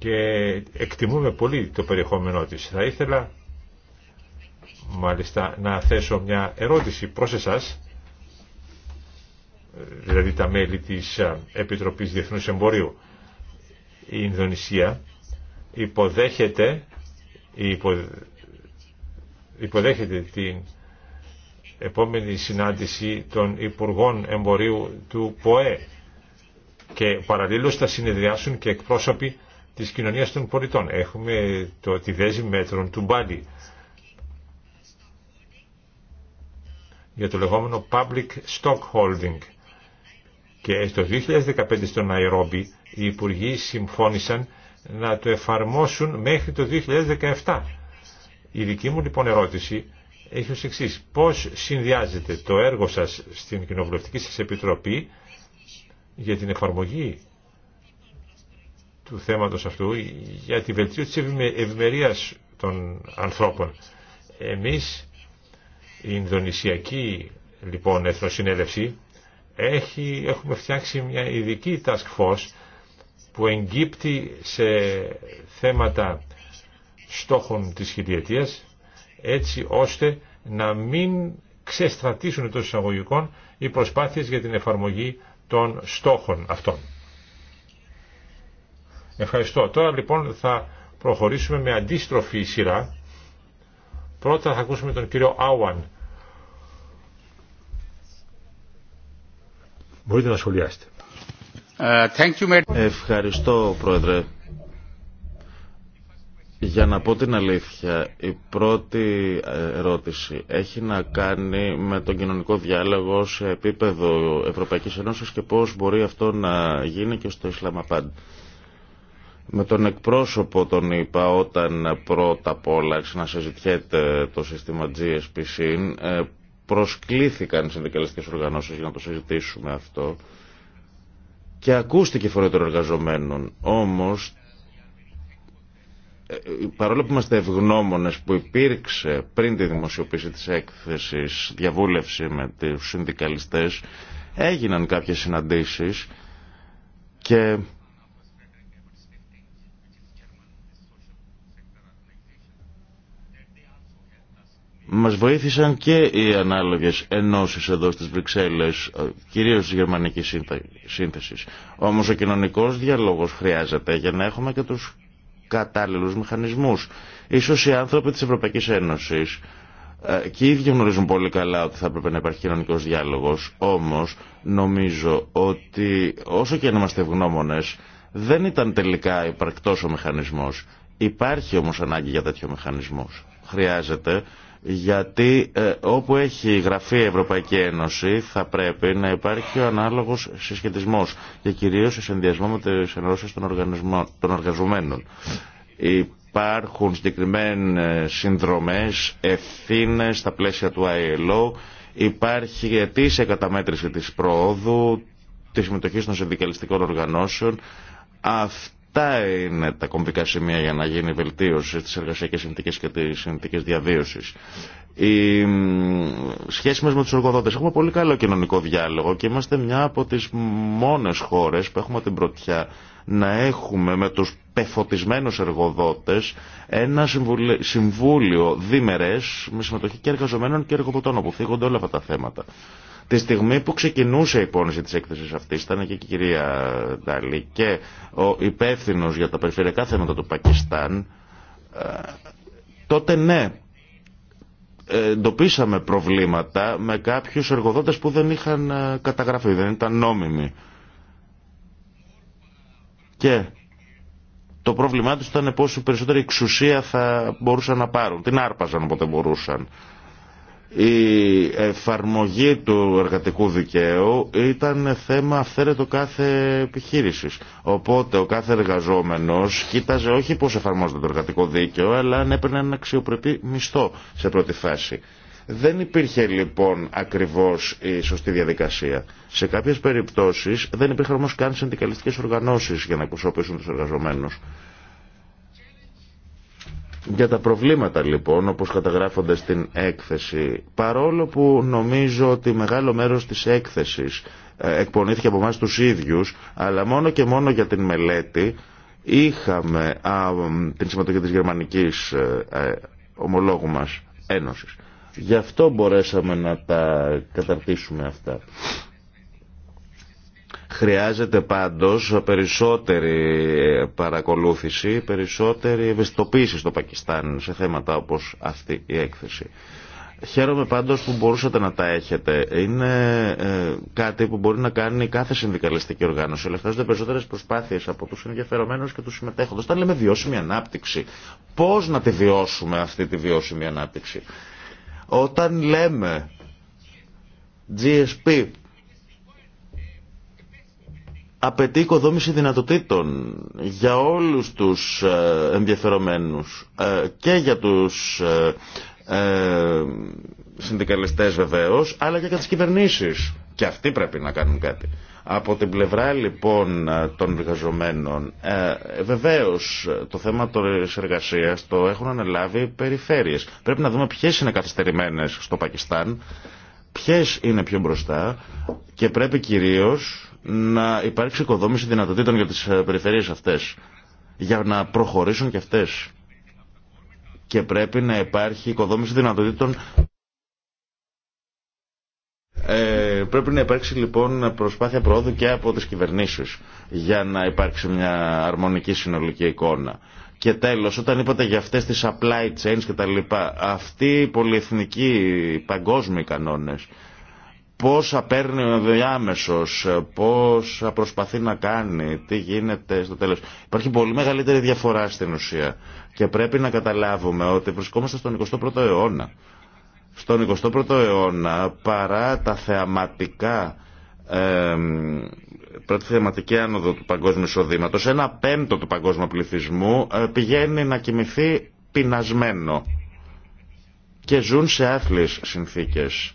Speaker 1: και εκτιμούμε πολύ το περιεχόμενό της. Θα ήθελα μάλιστα να θέσω μια ερώτηση προς εσάς, δηλαδή τα μέλη της Επιτροπής Διεθνούς Εμπορίου. Η Ινδονησία υποδέχεται, υποδέχεται την επόμενη συνάντηση των Υπουργών Εμπορίου του ΠΟΕ και παραλλήλως θα συνεδριάσουν και εκπρόσωποι Τη κοινωνία των πολιτών. Έχουμε το, τη δέση μέτρων του Μπάλι για το λεγόμενο Public Stock Holding. Και στο 2015 στο Ναϊρόμπι οι υπουργοί συμφώνησαν να το εφαρμόσουν μέχρι το 2017. Η δική μου λοιπόν ερώτηση έχει ως εξής. Πώς συνδυάζεται το έργο σας στην Κοινοβουλευτική σας Επιτροπή για την εφαρμογή του θέματος αυτού για τη βελτίωση της ευημερίας των ανθρώπων. Εμείς, η Ινδονησιακή λοιπόν Εθνοσυνέλευση, έχει, έχουμε φτιάξει μια ειδική task force που εγκύπτει σε θέματα στόχων της χιλιετίας έτσι ώστε να μην ξεστρατήσουν εντός εισαγωγικών οι προσπάθειες για την εφαρμογή των στόχων αυτών. Ευχαριστώ. Τώρα λοιπόν θα προχωρήσουμε με αντίστροφη σειρά. Πρώτα θα ακούσουμε τον κύριο Άουαν.
Speaker 3: Μπορείτε να σχολιάσετε. Ε, Ευχαριστώ Πρόεδρε. Για να πω την αλήθεια, η πρώτη ε, ερώτηση έχει να κάνει με τον κοινωνικό διάλογο σε επίπεδο Ευρωπαϊκής Ενώσης και πώς μπορεί αυτό να γίνει και στο Ισλαμαπάντ με τον εκπρόσωπο τον είπα όταν πρώτα απ' όλα ξανασυζητιέται το σύστημα GSPC ε, προσκλήθηκαν οι συνδικαλιστικές οργανώσεις για να το συζητήσουμε αυτό και ακούστηκε η φορά των εργαζομένων. Όμως, ε, παρόλο που είμαστε ευγνώμονες που υπήρξε πριν τη δημοσιοποίηση της έκθεσης διαβούλευση με τους συνδικαλιστές, έγιναν κάποιες συναντήσεις και Μας βοήθησαν και οι ανάλογες ενώσεις εδώ στις Βρυξέλλες, ε, κυρίως της γερμανικής σύνθεσης. Όμως ο κοινωνικός διαλόγος χρειάζεται για να έχουμε και τους κατάλληλους μηχανισμούς. Ίσως οι άνθρωποι της Ευρωπαϊκής Ένωσης ε, και οι ίδιοι γνωρίζουν πολύ καλά ότι θα έπρεπε να υπάρχει κοινωνικό διάλογο. Όμω, νομίζω ότι όσο και αν είμαστε ευγνώμονε, δεν ήταν τελικά υπαρκτό ο μηχανισμό. Υπάρχει όμω ανάγκη για τέτοιο μηχανισμό. Χρειάζεται γιατί ε, όπου έχει γραφεί η Ευρωπαϊκή Ένωση θα πρέπει να υπάρχει ο ανάλογος συσχετισμός και κυρίως σε συνδυασμό με τις ενώσεις των, των εργαζομένων. Υπάρχουν συγκεκριμένε συνδρομές, ευθύνες στα πλαίσια του ILO, υπάρχει αιτήσια καταμέτρηση της προόδου, της συμμετοχής των συνδικαλιστικών οργανώσεων. Τα είναι τα κομβικά σημεία για να γίνει βελτίωση στις εργασιακές συνθήκες και της συνθήκες διαβίωσης. Οι σχέσεις με τους εργοδότες. Έχουμε πολύ καλό κοινωνικό διάλογο και είμαστε μια από τις μόνες χώρες που έχουμε την πρωτιά να έχουμε με τους πεφωτισμένους εργοδότες ένα συμβούλιο δίμερες με συμμετοχή και εργαζομένων και εργοδοτών όπου φύγονται όλα αυτά τα θέματα. Τη στιγμή που ξεκινούσε η πόνηση τη έκθεση αυτή, ήταν και η κυρία Νταλή και ο υπεύθυνο για τα περιφερειακά θέματα του Πακιστάν, ε, τότε ναι, εντοπίσαμε προβλήματα με κάποιους εργοδότες που δεν είχαν ε, καταγραφεί, δεν ήταν νόμιμοι. Και το πρόβλημά του ήταν πόσο περισσότερη εξουσία θα μπορούσαν να πάρουν. Την άρπαζαν όποτε μπορούσαν η εφαρμογή του εργατικού δικαίου ήταν θέμα αυθαίρετο κάθε επιχείρηση. Οπότε ο κάθε εργαζόμενο κοίταζε όχι πώ εφαρμόζεται το εργατικό δίκαιο, αλλά αν έπαιρνε ένα αξιοπρεπή μισθό σε πρώτη φάση. Δεν υπήρχε λοιπόν ακριβώ η σωστή διαδικασία. Σε κάποιε περιπτώσει δεν υπήρχαν όμω καν συνδικαλιστικέ οργανώσει για να εκπροσωπήσουν του εργαζομένου. Για τα προβλήματα λοιπόν, όπως καταγράφονται στην έκθεση, παρόλο που νομίζω ότι μεγάλο μέρος της έκθεσης ε, εκπονήθηκε από εμά τους ίδιους, αλλά μόνο και μόνο για την μελέτη, είχαμε α, την συμμετοχή της γερμανικής ε, ε, ομολόγου μας Ένωσης. Γι' αυτό μπορέσαμε να τα καταρτήσουμε αυτά. Χρειάζεται πάντως περισσότερη παρακολούθηση, περισσότερη ευαισθητοποίηση στο Πακιστάν σε θέματα όπως αυτή η έκθεση. Χαίρομαι πάντως που μπορούσατε να τα έχετε. Είναι ε, κάτι που μπορεί να κάνει κάθε συνδικαλιστική οργάνωση. Ελευθερώνονται περισσότερες προσπάθειες από τους ενδιαφερομένους και τους συμμετέχοντες. Όταν λέμε βιώσιμη ανάπτυξη, πώς να τη βιώσουμε αυτή τη βιώσιμη ανάπτυξη. Όταν λέμε GSP απαιτεί οικοδόμηση δυνατοτήτων για όλους τους ε, ενδιαφερομένους ε, και για τους ε, συνδικαλιστές βεβαίως, αλλά και για τις κυβερνήσεις. Και αυτοί πρέπει να κάνουν κάτι. Από την πλευρά λοιπόν των εργαζομένων, ε, βεβαίω το θέμα τη εργασία το έχουν αναλάβει περιφέρειες. Πρέπει να δούμε ποιε είναι καθυστερημένε στο Πακιστάν, ποιε είναι πιο μπροστά και πρέπει κυρίω να υπάρξει οικοδόμηση δυνατοτήτων για τις ε, περιφερειές αυτές, για να προχωρήσουν και αυτές. Και πρέπει να υπάρχει οικοδόμηση δυνατοτήτων ε, πρέπει να υπάρξει λοιπόν προσπάθεια προόδου και από τις κυβερνήσεις για να υπάρξει μια αρμονική συνολική εικόνα. Και τέλος, όταν είπατε για αυτές τις supply chains και τα λοιπά, αυτοί οι πολυεθνικοί παγκόσμιοι κανόνες πόσα παίρνει ο διάμεσος, πόσα προσπαθεί να κάνει, τι γίνεται στο τέλος. Υπάρχει πολύ μεγαλύτερη διαφορά στην ουσία και πρέπει να καταλάβουμε ότι βρισκόμαστε στον 21ο αιώνα. Στον 21ο αιώνα παρά τα θεαματικά ε, πρώτη θεαματική άνοδο του παγκόσμιου εισοδήματο, ένα πέμπτο του παγκόσμιου πληθυσμού ε, πηγαίνει να κοιμηθεί πεινασμένο και ζουν σε άθλιες συνθήκες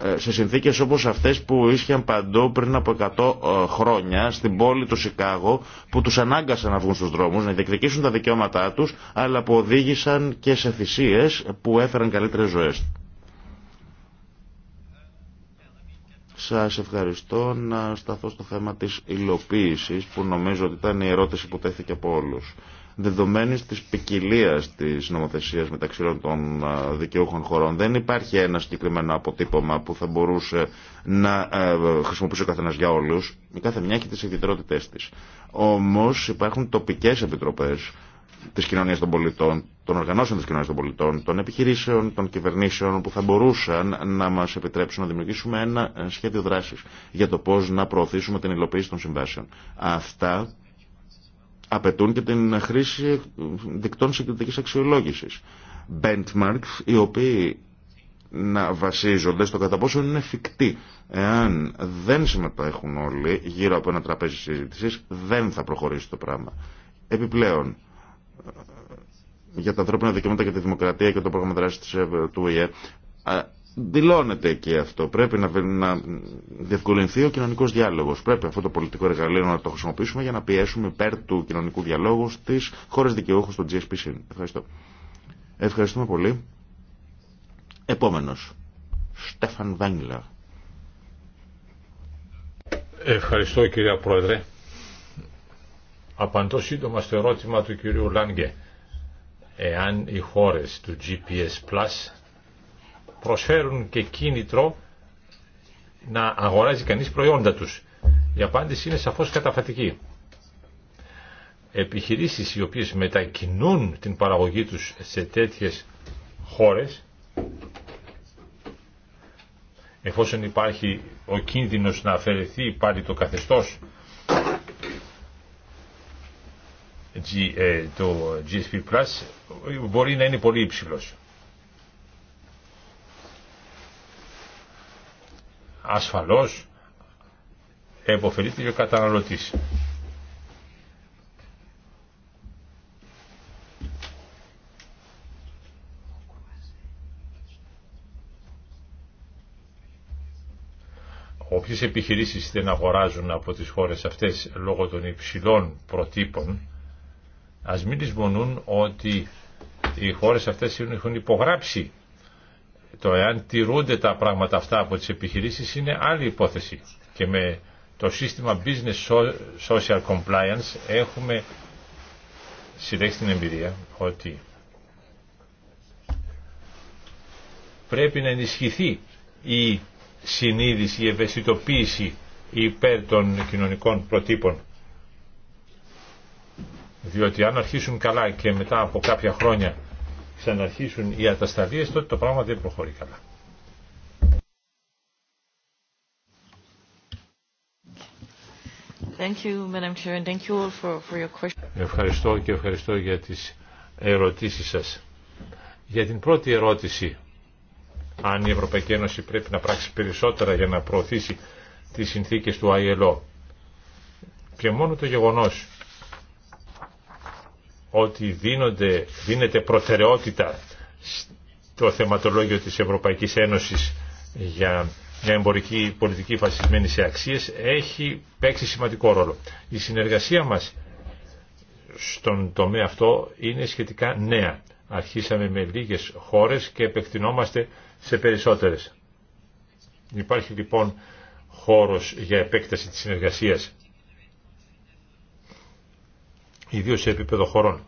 Speaker 3: ε, σε συνθήκες όπως αυτές που ίσχυαν παντού πριν από 100 ε, χρόνια στην πόλη του Σικάγο που τους ανάγκασαν να βγουν στους δρόμους, να διεκδικήσουν τα δικαιώματά τους αλλά που οδήγησαν και σε θυσίες που έφεραν καλύτερες ζωές. Σας ευχαριστώ να σταθώ στο θέμα της υλοποίησης που νομίζω ότι ήταν η ερώτηση που τέθηκε από όλους. Δεδομένης της ποικιλία της νομοθεσία μεταξύ των δικαιούχων χωρών δεν υπάρχει ένα συγκεκριμένο αποτύπωμα που θα μπορούσε να χρησιμοποιήσει ο καθένας για όλους. Η κάθε μια έχει τις ιδιαιτερότητές της. Όμως υπάρχουν τοπικές επιτροπές της κοινωνίας των πολιτών, των οργανώσεων της κοινωνίας των πολιτών, των επιχειρήσεων, των κυβερνήσεων που θα μπορούσαν να μας επιτρέψουν να δημιουργήσουμε ένα ε, σχέδιο δράσης για το πώς να προωθήσουμε την υλοποίηση των συμβάσεων. Αυτά απαιτούν και την χρήση δικτών συγκριτικής αξιολόγησης. Benchmarks οι οποίοι να βασίζονται στο κατά πόσο είναι εφικτοί. Εάν δεν συμμετέχουν όλοι γύρω από ένα τραπέζι συζήτησης δεν θα προχωρήσει το πράγμα. Επιπλέον, ε, για τα ανθρώπινα δικαιώματα και τη δημοκρατία και το πρόγραμμα δράση ε, του ΟΗΕ ε, δηλώνεται και αυτό. Πρέπει να, να διευκολυνθεί ο κοινωνικό διάλογο. Πρέπει αυτό το πολιτικό εργαλείο να το χρησιμοποιήσουμε για να πιέσουμε υπέρ του κοινωνικού διαλόγου στι χώρε δικαιούχου των GSP. Ευχαριστώ. Ευχαριστούμε πολύ. Επόμενο. Στέφαν Βέγγλερ.
Speaker 1: Ευχαριστώ κύριε Πρόεδρε. Απαντώ σύντομα στο ερώτημα του κυρίου Λάνγκε. Εάν οι χώρες του GPS Plus προσφέρουν και κίνητρο να αγοράζει κανείς προϊόντα τους. Η απάντηση είναι σαφώς καταφατική. Επιχειρήσεις οι οποίες μετακινούν την παραγωγή τους σε τέτοιες χώρες, εφόσον υπάρχει ο κίνδυνος να αφαιρεθεί πάλι το καθεστώς ε, το GSP Plus, μπορεί να είναι πολύ υψηλός. ασφαλώς εποφελείται και ο καταναλωτής. Όποιες επιχειρήσεις δεν αγοράζουν από τις χώρες αυτές λόγω των υψηλών προτύπων, ας μην λησμονούν ότι οι χώρες αυτές έχουν υπογράψει το εάν τηρούνται τα πράγματα αυτά από τις επιχειρήσεις είναι άλλη υπόθεση. Και με το σύστημα Business Social Compliance έχουμε συλλέξει την εμπειρία ότι πρέπει να ενισχυθεί η συνείδηση, η ευαισθητοποίηση υπέρ των κοινωνικών προτύπων. Διότι αν αρχίσουν καλά και μετά από κάποια χρόνια ξαναρχίσουν οι ατασταλίες, τότε το πράγμα δεν προχωρεί καλά. Ευχαριστώ και ευχαριστώ για τις ερωτήσεις σας. Για την πρώτη ερώτηση, αν η Ευρωπαϊκή Ένωση πρέπει να πράξει περισσότερα για να προωθήσει τις συνθήκες του ILO. Και μόνο το γεγονός ότι δίνονται, δίνεται προτεραιότητα στο θεματολόγιο της Ευρωπαϊκής Ένωσης για μια εμπορική πολιτική βασισμένη σε αξίες έχει παίξει σημαντικό ρόλο. Η συνεργασία μας στον τομέα αυτό είναι σχετικά νέα. Αρχίσαμε με λίγες χώρες και επεκτηνόμαστε σε περισσότερες. Υπάρχει λοιπόν χώρος για επέκταση της συνεργασίας Ιδίω σε επίπεδο χωρών.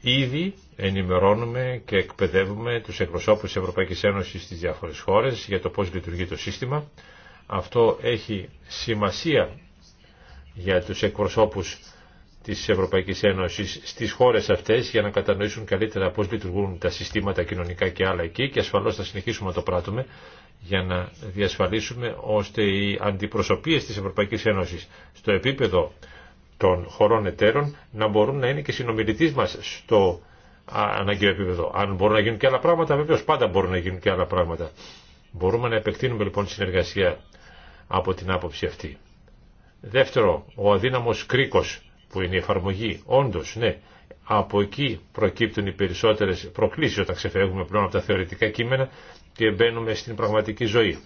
Speaker 1: Ήδη ενημερώνουμε και εκπαιδεύουμε τους εκπροσώπους της Ευρωπαϊκής Ένωσης στις διάφορες χώρες για το πώς λειτουργεί το σύστημα. Αυτό έχει σημασία για τους εκπροσώπους της Ευρωπαϊκής Ένωσης στις χώρες αυτές για να κατανοήσουν καλύτερα πώς λειτουργούν τα συστήματα κοινωνικά και άλλα εκεί και ασφαλώς θα συνεχίσουμε να το πράττουμε για να διασφαλίσουμε ώστε οι αντιπροσωπείες της Ευρωπαϊκής Ένωσης στο επίπεδο των χωρών εταίρων να μπορούν να είναι και συνομιλητής μας στο αναγκαίο επίπεδο. Αν μπορούν να γίνουν και άλλα πράγματα, βεβαίως πάντα μπορούν να γίνουν και άλλα πράγματα. Μπορούμε να επεκτείνουμε λοιπόν συνεργασία από την άποψη αυτή. Δεύτερο, ο αδύναμος κρίκος που είναι η εφαρμογή. Όντως, ναι, από εκεί προκύπτουν οι περισσότερες προκλήσεις όταν ξεφεύγουμε πλέον από τα θεωρητικά κείμενα και μπαίνουμε στην πραγματική ζωή.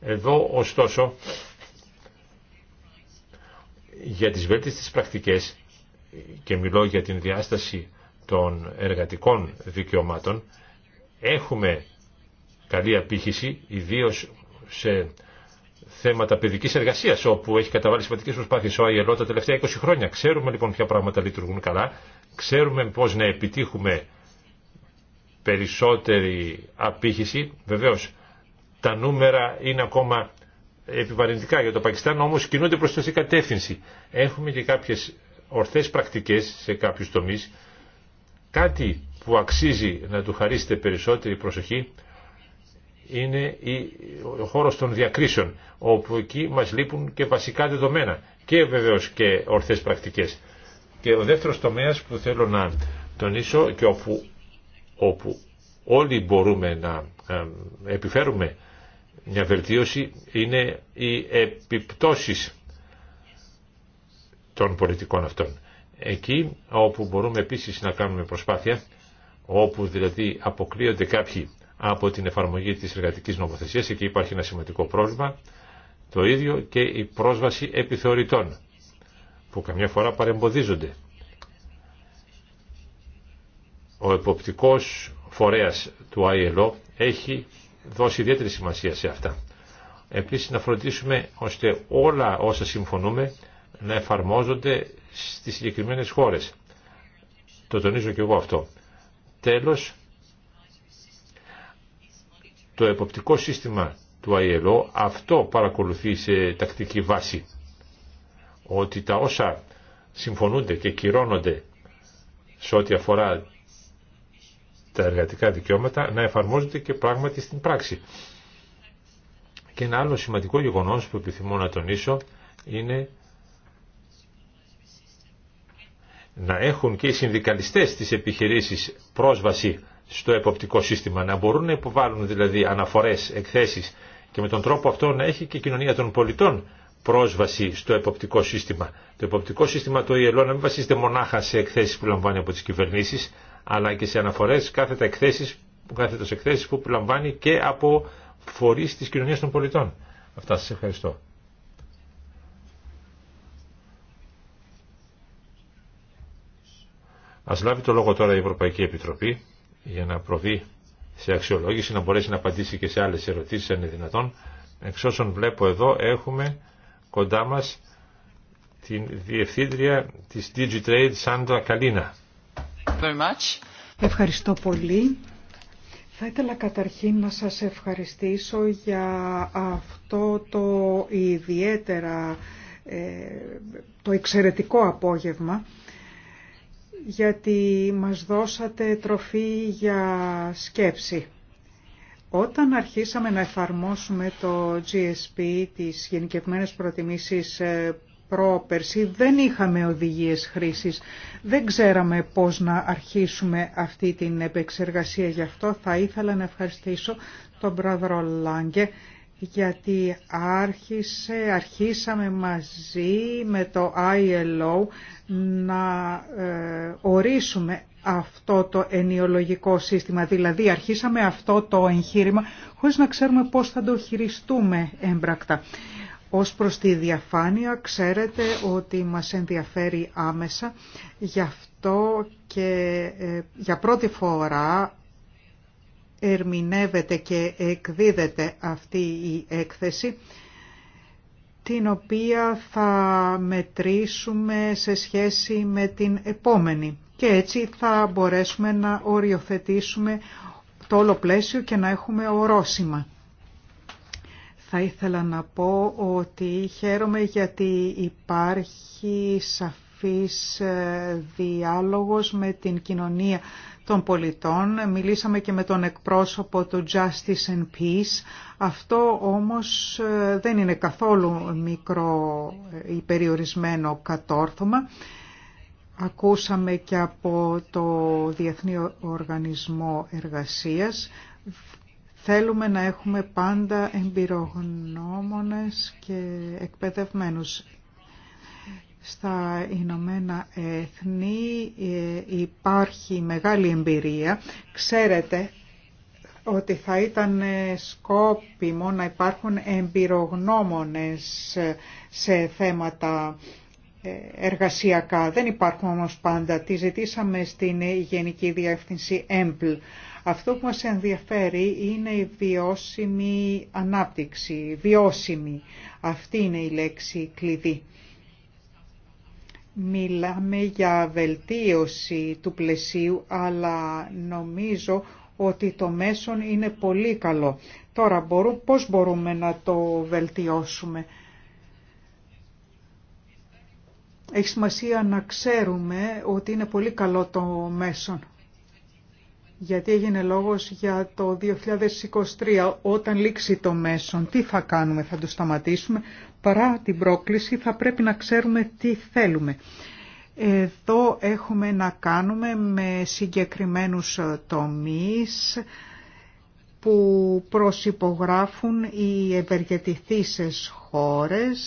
Speaker 1: Εδώ ωστόσο για τις βέλτιστες πρακτικές και μιλώ για την διάσταση των εργατικών δικαιωμάτων έχουμε καλή απήχηση ιδίως σε θέματα παιδικής εργασίας όπου έχει καταβάλει σημαντικές προσπάθειες ο ΑΕΛΟ τα τελευταία 20 χρόνια. Ξέρουμε λοιπόν ποια πράγματα λειτουργούν καλά, ξέρουμε πώς να επιτύχουμε περισσότερη απήχηση. Βεβαίως, τα νούμερα είναι ακόμα επιβαρυντικά για το Πακιστάν, όμως κινούνται προς την κατεύθυνση. Έχουμε και κάποιες ορθές πρακτικές σε κάποιους τομείς. Κάτι που αξίζει να του χαρίσετε περισσότερη προσοχή είναι ο χώρος των διακρίσεων, όπου εκεί μας λείπουν και βασικά δεδομένα και βεβαίως και ορθές πρακτικές. Και ο δεύτερο τομέας που θέλω να τονίσω και όπου όπου όλοι μπορούμε να επιφέρουμε μια βελτίωση είναι οι επιπτώσεις των πολιτικών αυτών. Εκεί όπου μπορούμε επίσης να κάνουμε προσπάθεια, όπου δηλαδή αποκλείονται κάποιοι από την εφαρμογή της εργατικής νομοθεσίας, εκεί υπάρχει ένα σημαντικό πρόβλημα, το ίδιο και η πρόσβαση επιθεωρητών, που καμιά φορά παρεμποδίζονται. Ο εποπτικός φορέας του ILO έχει δώσει ιδιαίτερη σημασία σε αυτά. Επίσης να φροντίσουμε ώστε όλα όσα συμφωνούμε να εφαρμόζονται στις συγκεκριμένες χώρες. Το τονίζω και εγώ αυτό. Τέλος, το εποπτικό σύστημα του ILO αυτό παρακολουθεί σε τακτική βάση. Ότι τα όσα συμφωνούνται και κυρώνονται σε ό,τι αφορά τα εργατικά δικαιώματα να εφαρμόζονται και πράγματι στην πράξη. Και ένα άλλο σημαντικό γεγονός που επιθυμώ να τονίσω είναι να έχουν και οι συνδικαλιστές της επιχειρήσης πρόσβαση στο εποπτικό σύστημα, να μπορούν να υποβάλουν δηλαδή αναφορές, εκθέσεις και με τον τρόπο αυτό να έχει και η κοινωνία των πολιτών πρόσβαση στο εποπτικό σύστημα. Το εποπτικό σύστημα το ΙΕΛΟ να μην βασίζεται μονάχα σε εκθέσεις που λαμβάνει από τις κυβερνήσεις, αλλά και σε αναφορές κάθετα εκθέσεις, που λαμβάνει και από φορείς της κοινωνίας των πολιτών. Αυτά σας ευχαριστώ. Ας λάβει το λόγο τώρα η Ευρωπαϊκή Επιτροπή για να προβεί σε αξιολόγηση, να μπορέσει να απαντήσει και σε άλλες ερωτήσεις αν είναι δυνατόν. Εξ όσων βλέπω εδώ έχουμε κοντά μας την Διευθύντρια της Digitrade Σάντρα Καλίνα.
Speaker 2: Ευχαριστώ πολύ. Θα ήθελα καταρχήν να σας ευχαριστήσω για αυτό το ιδιαίτερα, ε, το εξαιρετικό απόγευμα, γιατί μας δώσατε τροφή για σκέψη. Όταν αρχίσαμε να εφαρμόσουμε το GSP, τις γενικευμένες προτιμήσεις ε, πρόπερση δεν είχαμε οδηγίες χρήσης. Δεν ξέραμε πώς να αρχίσουμε αυτή την επεξεργασία. Γι' αυτό θα ήθελα να ευχαριστήσω τον πρόεδρο Λάγκε γιατί άρχισε, αρχίσαμε μαζί με το ILO να ε, ορίσουμε αυτό το ενιολογικό σύστημα. Δηλαδή αρχίσαμε αυτό το εγχείρημα χωρίς να ξέρουμε πώς θα το χειριστούμε έμπρακτα. Ως προς τη διαφάνεια ξέρετε ότι μας ενδιαφέρει άμεσα, γι' αυτό και ε, για πρώτη φορά ερμηνεύεται και εκδίδεται αυτή η έκθεση την οποία θα μετρήσουμε σε σχέση με την επόμενη. Και έτσι θα μπορέσουμε να οριοθετήσουμε το όλο πλαίσιο και να έχουμε ορόσημα. Θα ήθελα να πω ότι χαίρομαι γιατί υπάρχει σαφής ε, διάλογος με την κοινωνία των πολιτών. Μιλήσαμε και με τον εκπρόσωπο του Justice and Peace. Αυτό όμως ε, δεν είναι καθόλου μικρό υπεριορισμένο ε, κατόρθωμα. Ακούσαμε και από το Διεθνή Οργανισμό Εργασίας Θέλουμε να έχουμε πάντα εμπειρογνώμονες και εκπαιδευμένους. Στα Ηνωμένα Έθνη ε, υπάρχει μεγάλη εμπειρία. Ξέρετε ότι θα ήταν σκόπιμο να υπάρχουν εμπειρογνώμονες σε θέματα ε, εργασιακά. Δεν υπάρχουν όμως πάντα. Τι ζητήσαμε στην Γενική Διεύθυνση ΕΜΠΛ αυτό που μας ενδιαφέρει είναι η βιώσιμη ανάπτυξη, βιώσιμη. Αυτή είναι η λέξη κλειδί. Μιλάμε για βελτίωση του πλαισίου, αλλά νομίζω ότι το μέσον είναι πολύ καλό. Τώρα μπορούμε, πώς μπορούμε να το βελτιώσουμε. Έχει σημασία να ξέρουμε ότι είναι πολύ καλό το μέσον γιατί έγινε λόγος για το 2023 όταν λήξει το μέσον. Τι θα κάνουμε, θα το σταματήσουμε. Παρά την πρόκληση θα πρέπει να ξέρουμε τι θέλουμε. Εδώ έχουμε να κάνουμε με συγκεκριμένους τομείς που προσυπογράφουν οι ευεργετηθήσεις χώρες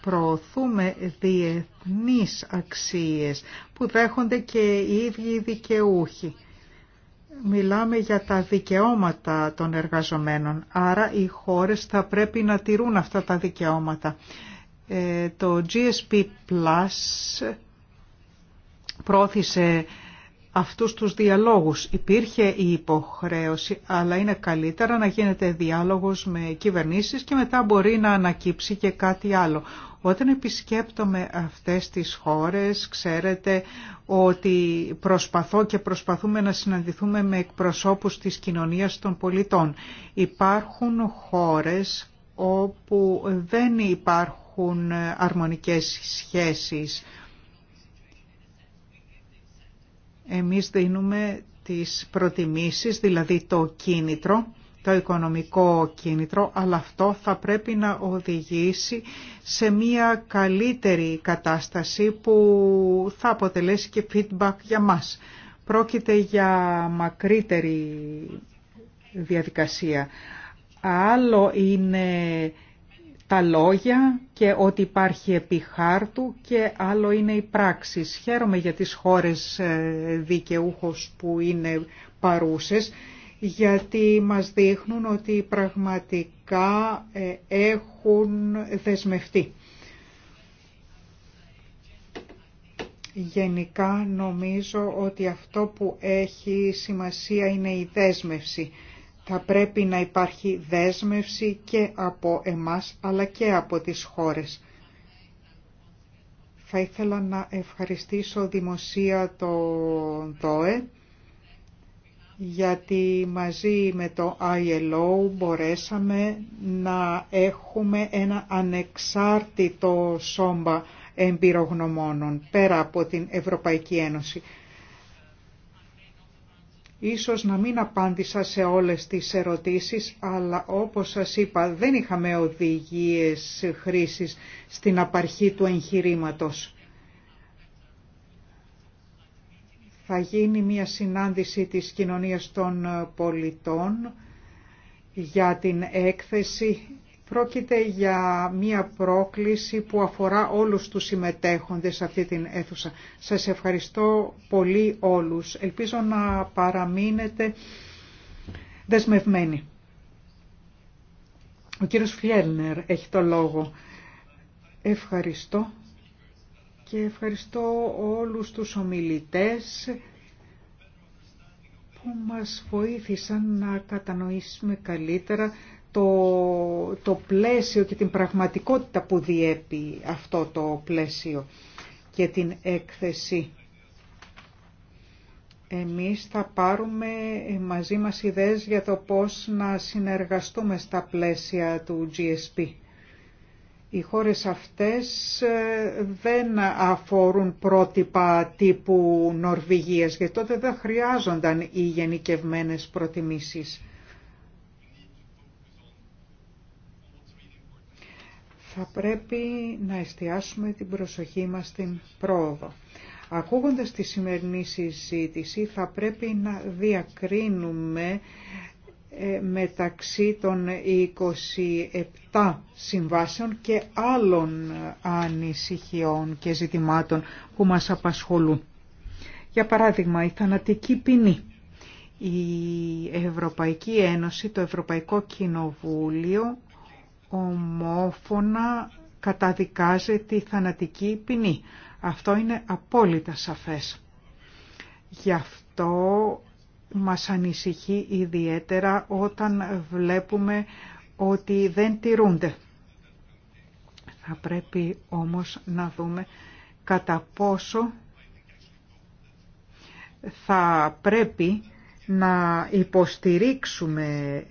Speaker 2: προωθούμε διεθνείς αξίες που δέχονται και οι ίδιοι δικαιούχοι μιλάμε για τα δικαιώματα των εργαζομένων, άρα οι χώρες θα πρέπει να τηρούν αυτά τα δικαιώματα. Ε, το GSP Plus πρόθυσε αυτούς τους διαλόγους. Υπήρχε η υποχρέωση, αλλά είναι καλύτερα να γίνεται διάλογος με κυβερνήσεις και μετά μπορεί να ανακύψει και κάτι άλλο. Όταν επισκέπτομαι αυτές τις χώρες, ξέρετε ότι προσπαθώ και προσπαθούμε να συναντηθούμε με εκπροσώπους της κοινωνίας των πολιτών. Υπάρχουν χώρες όπου δεν υπάρχουν αρμονικές σχέσεις εμείς δίνουμε τις προτιμήσεις, δηλαδή το κίνητρο, το οικονομικό κίνητρο, αλλά αυτό θα πρέπει να οδηγήσει σε μια καλύτερη κατάσταση που θα αποτελέσει και feedback για μας. Πρόκειται για μακρύτερη διαδικασία. Άλλο είναι τα λόγια και ότι υπάρχει επιχάρτου και άλλο είναι οι πράξεις. Χαίρομαι για τις χώρες ε, δικαιούχος που είναι παρούσες γιατί μας δείχνουν ότι πραγματικά ε, έχουν δεσμευτεί. Γενικά νομίζω ότι αυτό που έχει σημασία είναι η δέσμευση θα πρέπει να υπάρχει δέσμευση και από εμάς αλλά και από τις χώρες. Θα ήθελα να ευχαριστήσω δημοσία το ΔΟΕ γιατί μαζί με το ILO μπορέσαμε να έχουμε ένα ανεξάρτητο σώμα εμπειρογνωμόνων πέρα από την Ευρωπαϊκή Ένωση. Ίσως να μην απάντησα σε όλες τις ερωτήσεις, αλλά όπως σας είπα δεν είχαμε οδηγίες χρήσης στην απαρχή του εγχειρήματο. Θα γίνει μια συνάντηση της κοινωνίας των πολιτών για την έκθεση Πρόκειται για μία πρόκληση που αφορά όλους τους συμμετέχοντες σε αυτή την αίθουσα. Σας ευχαριστώ πολύ όλους. Ελπίζω να παραμείνετε δεσμευμένοι. Ο κύριος Φιέλνερ έχει το λόγο. Ευχαριστώ και ευχαριστώ όλους τους ομιλητές που μας βοήθησαν να κατανοήσουμε καλύτερα το, πλαίσιο και την πραγματικότητα που διέπει αυτό το πλαίσιο και την έκθεση. Εμείς θα πάρουμε μαζί μας ιδέες για το πώς να συνεργαστούμε στα πλαίσια του GSP. Οι χώρες αυτές ε, δεν αφορούν πρότυπα τύπου Νορβηγίας, γιατί τότε δεν χρειάζονταν οι γενικευμένες προτιμήσεις. θα πρέπει να εστιάσουμε την προσοχή μας στην πρόοδο. Ακούγοντας τη σημερινή συζήτηση θα πρέπει να διακρίνουμε ε, μεταξύ των 27 συμβάσεων και άλλων ανησυχιών και ζητημάτων που μας απασχολούν. Για παράδειγμα, η θανατική ποινή. Η Ευρωπαϊκή Ένωση, το Ευρωπαϊκό Κοινοβούλιο ομόφωνα καταδικάζει τη θανατική ποινή. Αυτό είναι απόλυτα σαφές. Γι' αυτό μας ανησυχεί ιδιαίτερα όταν βλέπουμε ότι δεν τηρούνται. Θα πρέπει όμως να δούμε κατά πόσο θα πρέπει να υποστηρίξουμε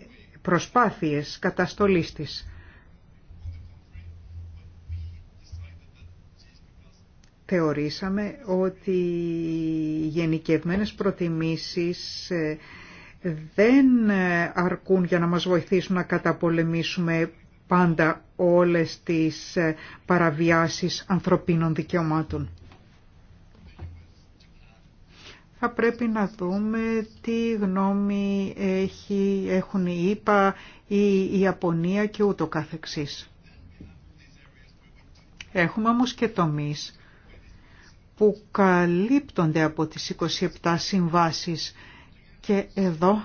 Speaker 2: προσπάθειες καταστολής της. θεωρήσαμε ότι οι γενικευμένες προτιμήσεις ε, δεν ε, αρκούν για να μας βοηθήσουν να καταπολεμήσουμε πάντα όλες τις ε, παραβιάσεις ανθρωπίνων δικαιωμάτων. Θα πρέπει να δούμε τι γνώμη έχει, έχουν είπα ΙΠΑ, η Ιαπωνία και ούτω καθεξής. Έχουμε όμως και τομείς που καλύπτονται από τις 27 συμβάσεις και εδώ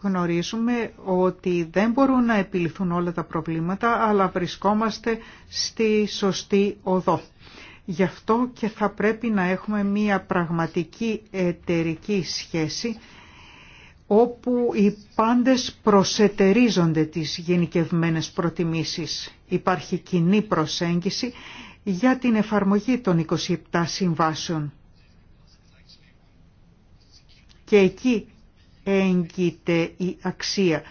Speaker 2: γνωρίζουμε ότι δεν μπορούν να επιληθούν όλα τα προβλήματα αλλά βρισκόμαστε στη σωστή οδό. Γι' αυτό και θα πρέπει να έχουμε μία πραγματική εταιρική σχέση όπου οι πάντες προσετερίζονται τις γενικευμένες προτιμήσεις. Υπάρχει κοινή προσέγγιση για την εφαρμογή των 27 συμβάσεων. Και εκεί έγκυται η αξία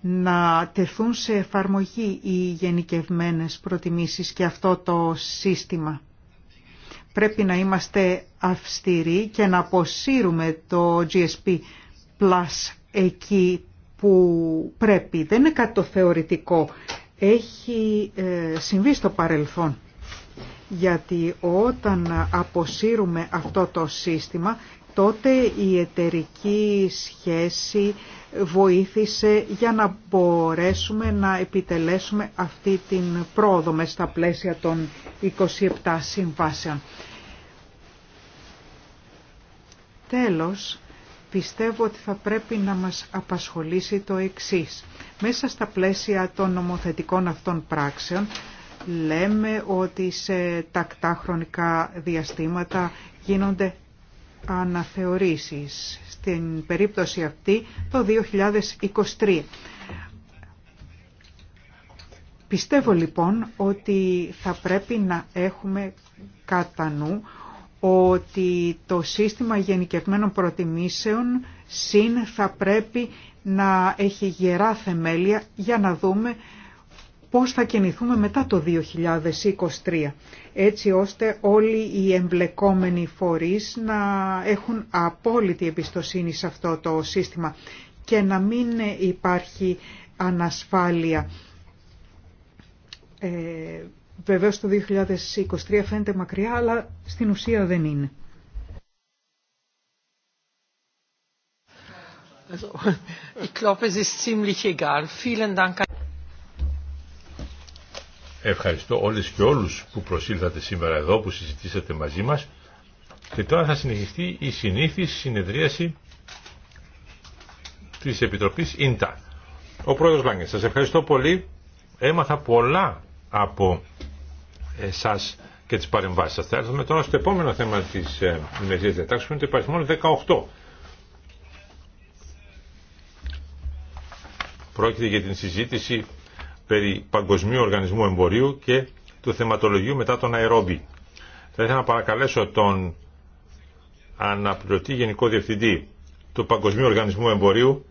Speaker 2: να τεθούν σε εφαρμογή οι γενικευμένες προτιμήσεις και αυτό το σύστημα. Πρέπει να είμαστε αυστηροί και να αποσύρουμε το GSP Plus εκεί που πρέπει. Δεν είναι κάτι το θεωρητικό. Έχει ε, συμβεί στο παρελθόν γιατί όταν αποσύρουμε αυτό το σύστημα τότε η εταιρική σχέση βοήθησε για να μπορέσουμε να επιτελέσουμε αυτή την πρόοδο μέσα στα πλαίσια των 27 συμβάσεων. Τέλος, πιστεύω ότι θα πρέπει να μας απασχολήσει το εξής. Μέσα στα πλαίσια των νομοθετικών αυτών πράξεων λέμε ότι σε τακτά χρονικά διαστήματα γίνονται αναθεωρήσεις. Στην περίπτωση αυτή το 2023. Πιστεύω λοιπόν ότι θα πρέπει να έχουμε κατά νου ότι το σύστημα γενικευμένων προτιμήσεων συν θα πρέπει να έχει γερά θεμέλια για να δούμε πώς θα κινηθούμε μετά το 2023, έτσι ώστε όλοι οι εμπλεκόμενοι φορείς να έχουν απόλυτη εμπιστοσύνη σε αυτό το σύστημα και να μην υπάρχει ανασφάλεια. Ε, βεβαίως το 2023 φαίνεται μακριά, αλλά στην ουσία δεν είναι. Ich glaube, es ist ziemlich egal. Vielen Dank.
Speaker 1: Ευχαριστώ όλες και όλους που προσήλθατε σήμερα εδώ, που συζητήσατε μαζί μας. Και τώρα θα συνεχιστεί η συνήθις συνεδρίαση της Επιτροπής ΙΝΤΑ. Ο πρόεδρος Λάγκε, σας ευχαριστώ πολύ. Έμαθα πολλά από εσάς και τις παρεμβάσεις σας. Θα έρθουμε τώρα στο επόμενο θέμα της ε, Μηνεζίας Διατάξης, που είναι το υπαριθμό 18. Πρόκειται για την συζήτηση περί Παγκοσμίου Οργανισμού Εμπορίου και του θεματολογίου μετά τον Αερόμπι. Θα ήθελα να παρακαλέσω τον αναπληρωτή Γενικό Διευθυντή του Παγκοσμίου Οργανισμού Εμπορίου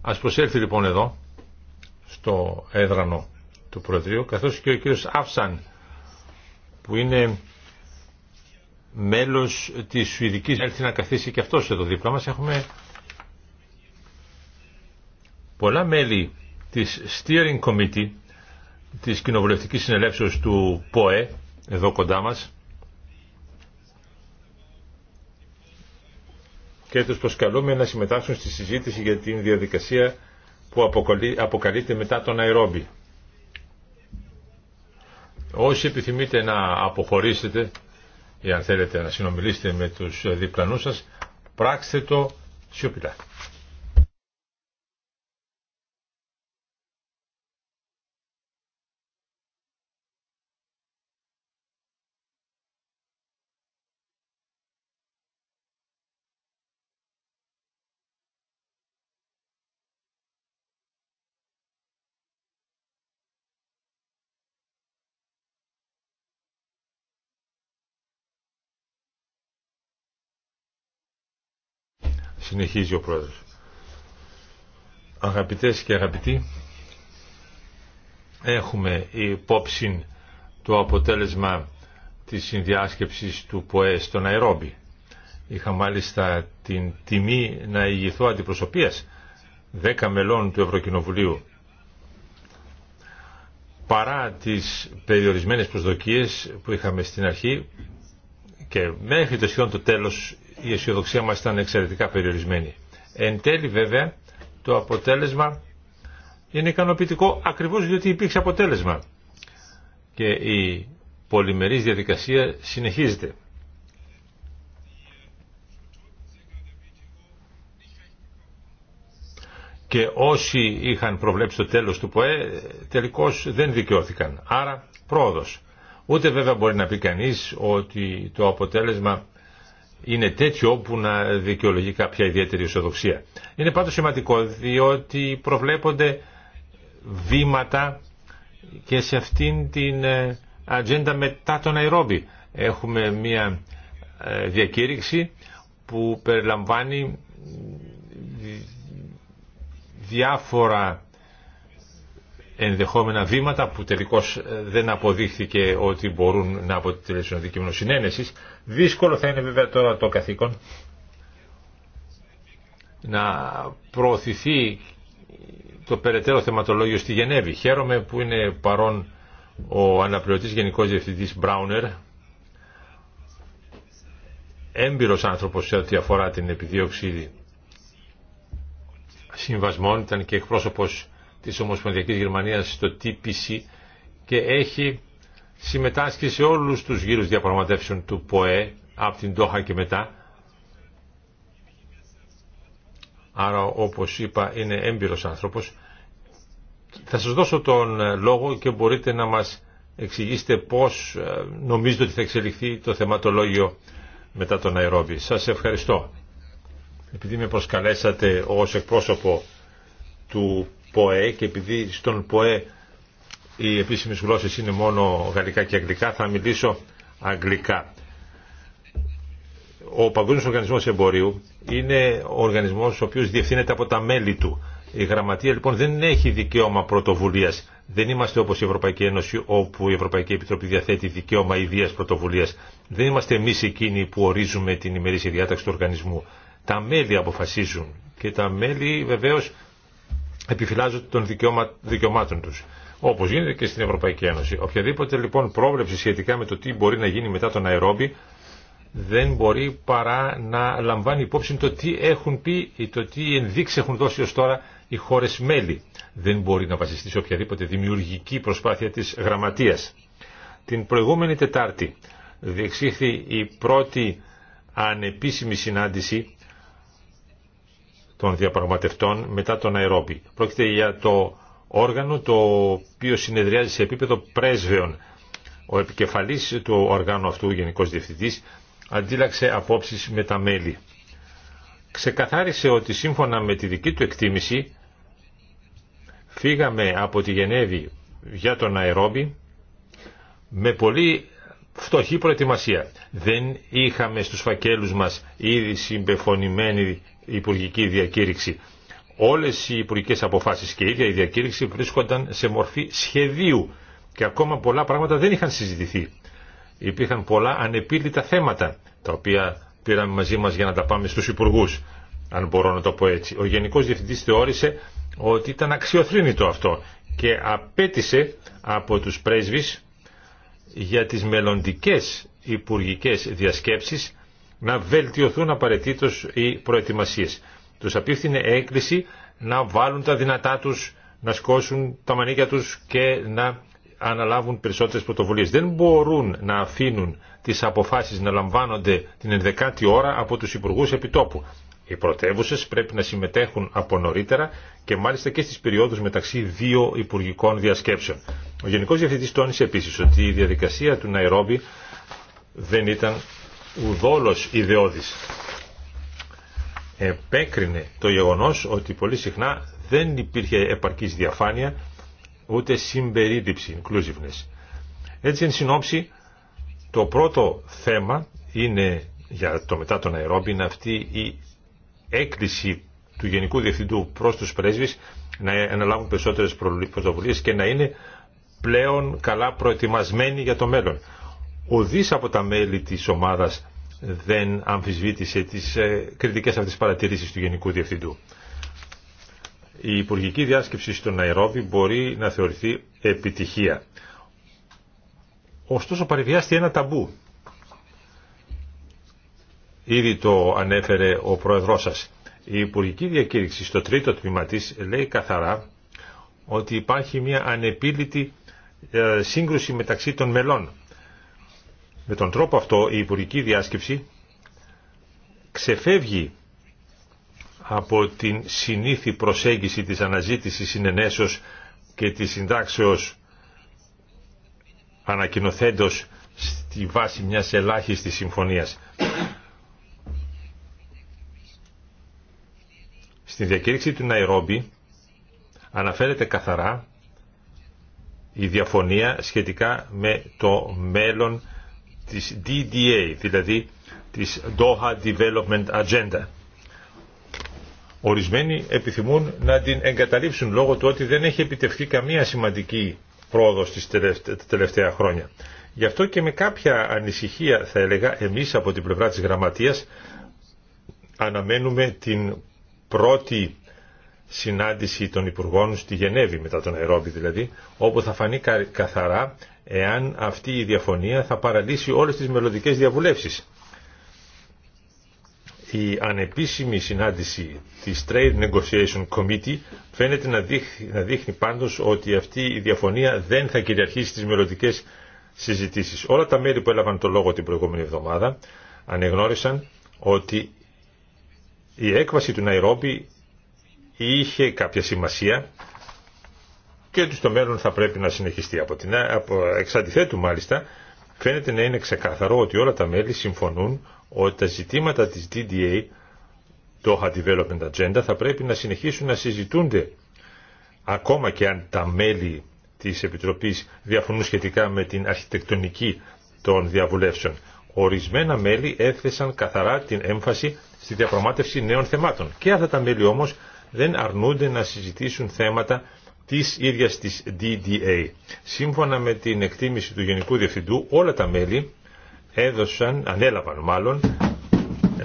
Speaker 1: Ας προσέλθει λοιπόν εδώ στο έδρανο του Προεδρείου καθώς και ο κύριος Αύσαν που είναι μέλος της Σουηδικής έρθει να καθίσει και αυτός εδώ δίπλα μας. Έχουμε πολλά μέλη της Steering Committee της Κοινοβουλευτικής Συνελεύσεως του ΠΟΕ εδώ κοντά μας και τους προσκαλούμε να συμμετάσχουν στη συζήτηση για την διαδικασία που αποκαλείται μετά τον αερόμπι. Όσοι επιθυμείτε να αποχωρήσετε Εάν θέλετε να συνομιλήσετε με τους διπλανούς σας, πράξτε το σιωπηλά. συνεχίζει ο πρόεδρος. Αγαπητές και αγαπητοί, έχουμε υπόψη το αποτέλεσμα της συνδιάσκεψης του ΠΟΕ στο Ναϊρόμπι. Είχα μάλιστα την τιμή να ηγηθώ αντιπροσωπείας 10 μελών του Ευρωκοινοβουλίου. Παρά τις περιορισμένες προσδοκίες που είχαμε στην αρχή και μέχρι το σχεδόν το τέλος η αισιοδοξία μας ήταν εξαιρετικά περιορισμένη. Εν τέλει βέβαια το αποτέλεσμα είναι ικανοποιητικό ακριβώς διότι υπήρξε αποτέλεσμα και η πολυμερής διαδικασία συνεχίζεται. Και όσοι είχαν προβλέψει το τέλος του ΠΟΕ τελικώς δεν δικαιώθηκαν. Άρα πρόοδος. Ούτε βέβαια μπορεί να πει κανείς ότι το αποτέλεσμα είναι τέτοιο που να δικαιολογεί κάποια ιδιαίτερη ισοδοξία. Είναι πάντως σημαντικό διότι προβλέπονται βήματα και σε αυτήν την ε, ατζέντα μετά τον Αϊρόμπι. Έχουμε μια ε, διακήρυξη που περιλαμβάνει διάφορα ενδεχόμενα βήματα που τελικώς ε, δεν αποδείχθηκε ότι μπορούν να αποτελέσουν αντικείμενο συνένεσης. Δύσκολο θα είναι βέβαια τώρα το καθήκον να προωθηθεί το περαιτέρω θεματολόγιο στη Γενέβη. Χαίρομαι που είναι παρόν ο αναπληρωτής Γενικός Διευθυντής Μπράουνερ, έμπειρος άνθρωπος σε ό,τι αφορά την επιδίωξη συμβασμών, ήταν και εκπρόσωπος της Ομοσπονδιακής Γερμανίας στο TPC και έχει συμμετάσχει σε όλους τους γύρους διαπραγματεύσεων του ΠΟΕ από την Τόχα και μετά. Άρα όπως είπα είναι έμπειρος άνθρωπος. Θα σας δώσω τον λόγο και μπορείτε να μας εξηγήσετε πώς ε, νομίζετε ότι θα εξελιχθεί το θεματολόγιο μετά τον Αιρόβη. Σας ευχαριστώ. Επειδή με προσκαλέσατε ως εκπρόσωπο του ΠΟΕ και επειδή στον ΠΟΕ οι επίσημες γλώσσες είναι μόνο γαλλικά και αγγλικά θα μιλήσω αγγλικά. Ο Παγκόσμιος Οργανισμός Εμπορίου είναι ο οργανισμός ο οποίος διευθύνεται από τα μέλη του. Η γραμματεία λοιπόν δεν έχει δικαίωμα πρωτοβουλία. Δεν είμαστε όπω η Ευρωπαϊκή Ένωση όπου η Ευρωπαϊκή Επιτροπή διαθέτει δικαίωμα ιδίας πρωτοβουλία. Δεν είμαστε εμεί εκείνοι που ορίζουμε την ημερήσια διάταξη του οργανισμού. Τα μέλη αποφασίζουν και τα μέλη βεβαίω επιφυλάζονται των δικαιωμάτων τους. Όπως γίνεται και στην Ευρωπαϊκή Ένωση. Οποιαδήποτε λοιπόν πρόβλεψη σχετικά με το τι μπορεί να γίνει μετά τον αερόμπι δεν μπορεί παρά να λαμβάνει υπόψη το τι έχουν πει ή το τι ενδείξει έχουν δώσει ως τώρα οι χώρες μέλη. Δεν μπορεί να βασιστεί σε οποιαδήποτε δημιουργική προσπάθεια της γραμματείας. Την προηγούμενη Τετάρτη διεξήχθη η πρώτη ανεπίσημη συνάντηση των διαπραγματευτών μετά τον Αερόμπι. Πρόκειται για το όργανο το οποίο συνεδριάζει σε επίπεδο πρέσβεων. Ο επικεφαλής του οργάνου αυτού, ο Γενικός Διευθυντής, αντίλαξε απόψεις με τα μέλη. Ξεκαθάρισε ότι σύμφωνα με τη δική του εκτίμηση φύγαμε από τη Γενέβη για τον Αερόμπι με πολύ φτωχή προετοιμασία. Δεν είχαμε στους φακέλους μας ήδη συμπεφωνημένη υπουργική διακήρυξη. Όλες οι υπουργικές αποφάσεις και η ίδια η διακήρυξη βρίσκονταν σε μορφή σχεδίου και ακόμα πολλά πράγματα δεν είχαν συζητηθεί. Υπήρχαν πολλά ανεπίλητα θέματα τα οποία πήραμε μαζί μας για να τα πάμε στους υπουργούς αν μπορώ να το πω έτσι. Ο Γενικός Διευθυντής θεώρησε ότι ήταν αξιοθρύνητο αυτό και απέτησε από τους πρέσβει για τις μελλοντικές υπουργικές διασκέψεις να βελτιωθούν απαραίτητο οι προετοιμασίες. Τους απίφθινε έκκληση να βάλουν τα δυνατά τους, να σκόσουν τα μανίκια τους και να αναλάβουν περισσότερες πρωτοβουλίες. Δεν μπορούν να αφήνουν τις αποφάσεις να λαμβάνονται την 11η ώρα από τους υπουργούς επιτόπου. Οι πρωτεύουσε πρέπει να συμμετέχουν από νωρίτερα και μάλιστα και στι περιόδου μεταξύ δύο υπουργικών διασκέψεων. Ο Γενικό Διευθυντή τόνισε επίση ότι η διαδικασία του Ναϊρόμπι δεν ήταν ουδόλω ιδεώδη. Επέκρινε το γεγονό ότι πολύ συχνά δεν υπήρχε επαρκή διαφάνεια ούτε συμπερίληψη, inclusiveness. Έτσι, εν συνόψη, το πρώτο θέμα είναι για το μετά τον Ναϊρόμπι είναι αυτή η έκκληση του Γενικού Διευθυντού προς τους πρέσβεις να αναλάβουν περισσότερες πρωτοβουλίες και να είναι πλέον καλά προετοιμασμένοι για το μέλλον. Ο δίς από τα μέλη της ομάδας δεν αμφισβήτησε τις ε, κριτικές αυτές παρατηρήσεις του Γενικού Διευθυντού. Η Υπουργική Διάσκεψη στο Ναϊρόβι μπορεί να θεωρηθεί επιτυχία. Ωστόσο παρεβιάστηκε ένα ταμπού Ήδη το ανέφερε ο Πρόεδρός σας. Η Υπουργική Διακήρυξη στο τρίτο τμήμα της λέει καθαρά ότι υπάρχει μια ανεπίλητη ε, σύγκρουση μεταξύ των μελών. Με τον τρόπο αυτό η Υπουργική Διάσκεψη ξεφεύγει από την συνήθη προσέγγιση της αναζήτησης συνενέσεως και της συντάξεως ανακοινοθέντος στη βάση μιας ελάχιστης συμφωνίας. Στην διακήρυξη του Ναϊρόμπι αναφέρεται καθαρά η διαφωνία σχετικά με το μέλλον της DDA, δηλαδή της Doha Development Agenda. Ορισμένοι επιθυμούν να την εγκαταλείψουν λόγω του ότι δεν έχει επιτευχθεί καμία σημαντική πρόοδος τις τελευταία χρόνια. Γι' αυτό και με κάποια ανησυχία θα έλεγα εμείς από την πλευρά της γραμματείας αναμένουμε την πρώτη συνάντηση των Υπουργών στη Γενέβη μετά τον Αερόμπι δηλαδή, όπου θα φανεί καθαρά εάν αυτή η διαφωνία θα παραλύσει όλες τις μελλοντικέ διαβουλεύσεις. Η ανεπίσημη συνάντηση της Trade Negotiation Committee φαίνεται να δείχνει, να πάντως ότι αυτή η διαφωνία δεν θα κυριαρχήσει στις μελλοντικέ συζητήσεις. Όλα τα μέρη που έλαβαν το λόγο την προηγούμενη εβδομάδα ανεγνώρισαν ότι η έκβαση του Ναϊρόμπι είχε κάποια σημασία και του στο μέλλον θα πρέπει να συνεχιστεί. Από την, από, εξ αντιθέτου μάλιστα φαίνεται να είναι ξεκαθαρό ότι όλα τα μέλη συμφωνούν ότι τα ζητήματα της DDA, Doha Development Agenda, θα πρέπει να συνεχίσουν να συζητούνται ακόμα και αν τα μέλη της Επιτροπής διαφωνούν σχετικά με την αρχιτεκτονική των διαβουλεύσεων. Ορισμένα μέλη έθεσαν καθαρά την έμφαση στη διαπραγμάτευση νέων θεμάτων. Και αυτά τα μέλη όμως δεν αρνούνται να συζητήσουν θέματα της ίδιας της DDA. Σύμφωνα με την εκτίμηση του Γενικού Διευθυντού, όλα τα μέλη έδωσαν, ανέλαβαν μάλλον,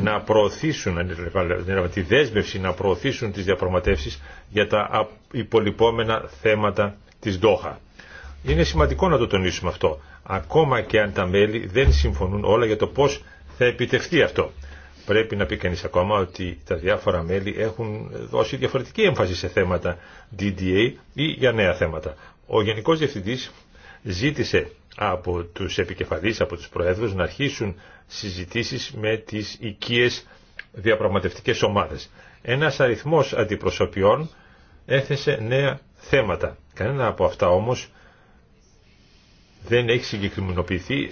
Speaker 1: να προωθήσουν, ανέλαβαν τη δέσμευση να προωθήσουν τις διαπραγματεύσεις για τα υπολοιπόμενα θέματα της ΔΟΧΑ. Είναι σημαντικό να το τονίσουμε αυτό, ακόμα και αν τα μέλη δεν συμφωνούν όλα για το πώς θα επιτευχθεί αυτό. Πρέπει να πει κανείς ακόμα ότι τα διάφορα μέλη έχουν δώσει διαφορετική έμφαση σε θέματα DDA ή για νέα θέματα. Ο Γενικός Διευθυντής ζήτησε από τους επικεφαλείς, από τους προέδρους να αρχίσουν συζητήσεις με τις οικίες διαπραγματευτικές ομάδες. Ένας αριθμός αντιπροσωπιών έθεσε νέα θέματα. Κανένα από αυτά όμως δεν έχει συγκεκριμενοποιηθεί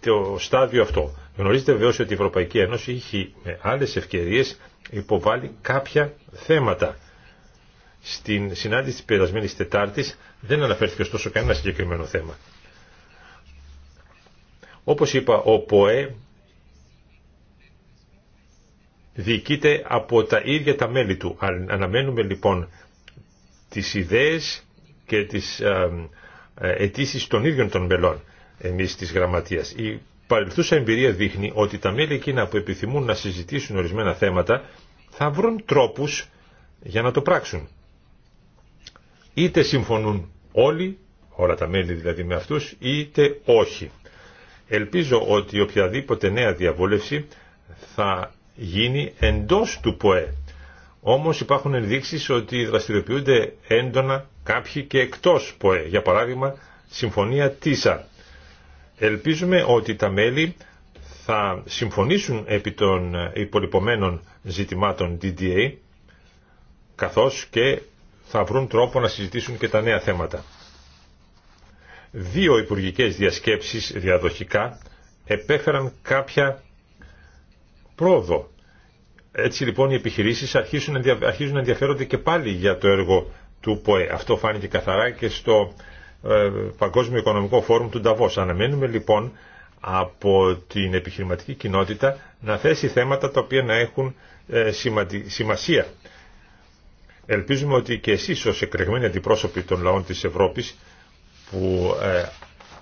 Speaker 1: το στάδιο αυτό. Γνωρίζετε βεβαίω ότι η Ευρωπαϊκή Ένωση είχε με άλλες ευκαιρίες υποβάλει κάποια θέματα. Στην συνάντηση της περασμένης Τετάρτης δεν αναφέρθηκε ωστόσο κανένα συγκεκριμένο θέμα. Όπως είπα, ο ΠΟΕ διοικείται από τα ίδια τα μέλη του. Αναμένουμε λοιπόν τις ιδέες και τις ε, ε, αιτήσει των ίδιων των μελών εμείς της Γραμματείας. Η παρελθούσα εμπειρία δείχνει ότι τα μέλη εκείνα που επιθυμούν να συζητήσουν ορισμένα θέματα θα βρουν τρόπους για να το πράξουν. Είτε συμφωνούν όλοι, όλα τα μέλη δηλαδή με αυτούς, είτε όχι. Ελπίζω ότι οποιαδήποτε νέα διαβούλευση θα γίνει εντός του ΠΟΕ. Όμως υπάρχουν ενδείξεις ότι δραστηριοποιούνται έντονα κάποιοι και εκτός ΠΟΕ. Για παράδειγμα, Συμφωνία ΤΙΣΑ Ελπίζουμε ότι τα μέλη θα συμφωνήσουν επί των υπολοιπωμένων ζητημάτων DDA καθώς και θα βρουν τρόπο να συζητήσουν και τα νέα θέματα. Δύο υπουργικές διασκέψεις διαδοχικά επέφεραν κάποια πρόοδο. Έτσι λοιπόν οι επιχειρήσεις αρχίζουν, να ενδιαφέρονται και πάλι για το έργο του ΠΟΕ. Αυτό φάνηκε καθαρά και στο ε, Παγκόσμιο Οικονομικό Φόρουμ του Νταβός. Αναμένουμε λοιπόν από την επιχειρηματική κοινότητα να θέσει θέματα τα οποία να έχουν ε, σημασία. Ελπίζουμε ότι και εσείς ως εκλεγμένοι αντιπρόσωποι των λαών της Ευρώπης που ε,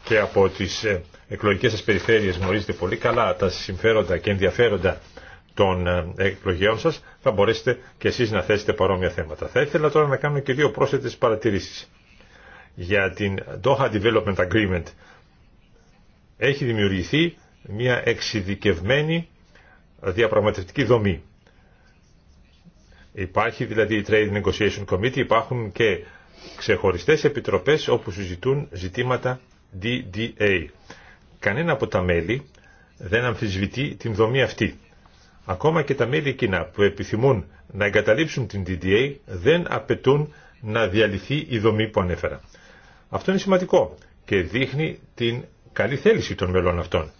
Speaker 1: και από τις εκλογικές σας περιφέρειες γνωρίζετε πολύ καλά τα συμφέροντα και ενδιαφέροντα των εκλογέων σας θα μπορέσετε και εσείς να θέσετε παρόμοια θέματα. Θα ήθελα τώρα να κάνω και δύο πρόσθετες παρατηρήσεις για την Doha Development Agreement έχει δημιουργηθεί μια εξειδικευμένη διαπραγματευτική δομή. Υπάρχει δηλαδή η Trade Negotiation Committee, υπάρχουν και ξεχωριστές επιτροπές όπου συζητούν ζητήματα DDA. Κανένα από τα μέλη δεν αμφισβητεί την δομή αυτή. Ακόμα και τα μέλη εκείνα που επιθυμούν να εγκαταλείψουν την DDA δεν απαιτούν να διαλυθεί η δομή που ανέφερα. Αυτό είναι σημαντικό και δείχνει την καλή θέληση των μελών αυτών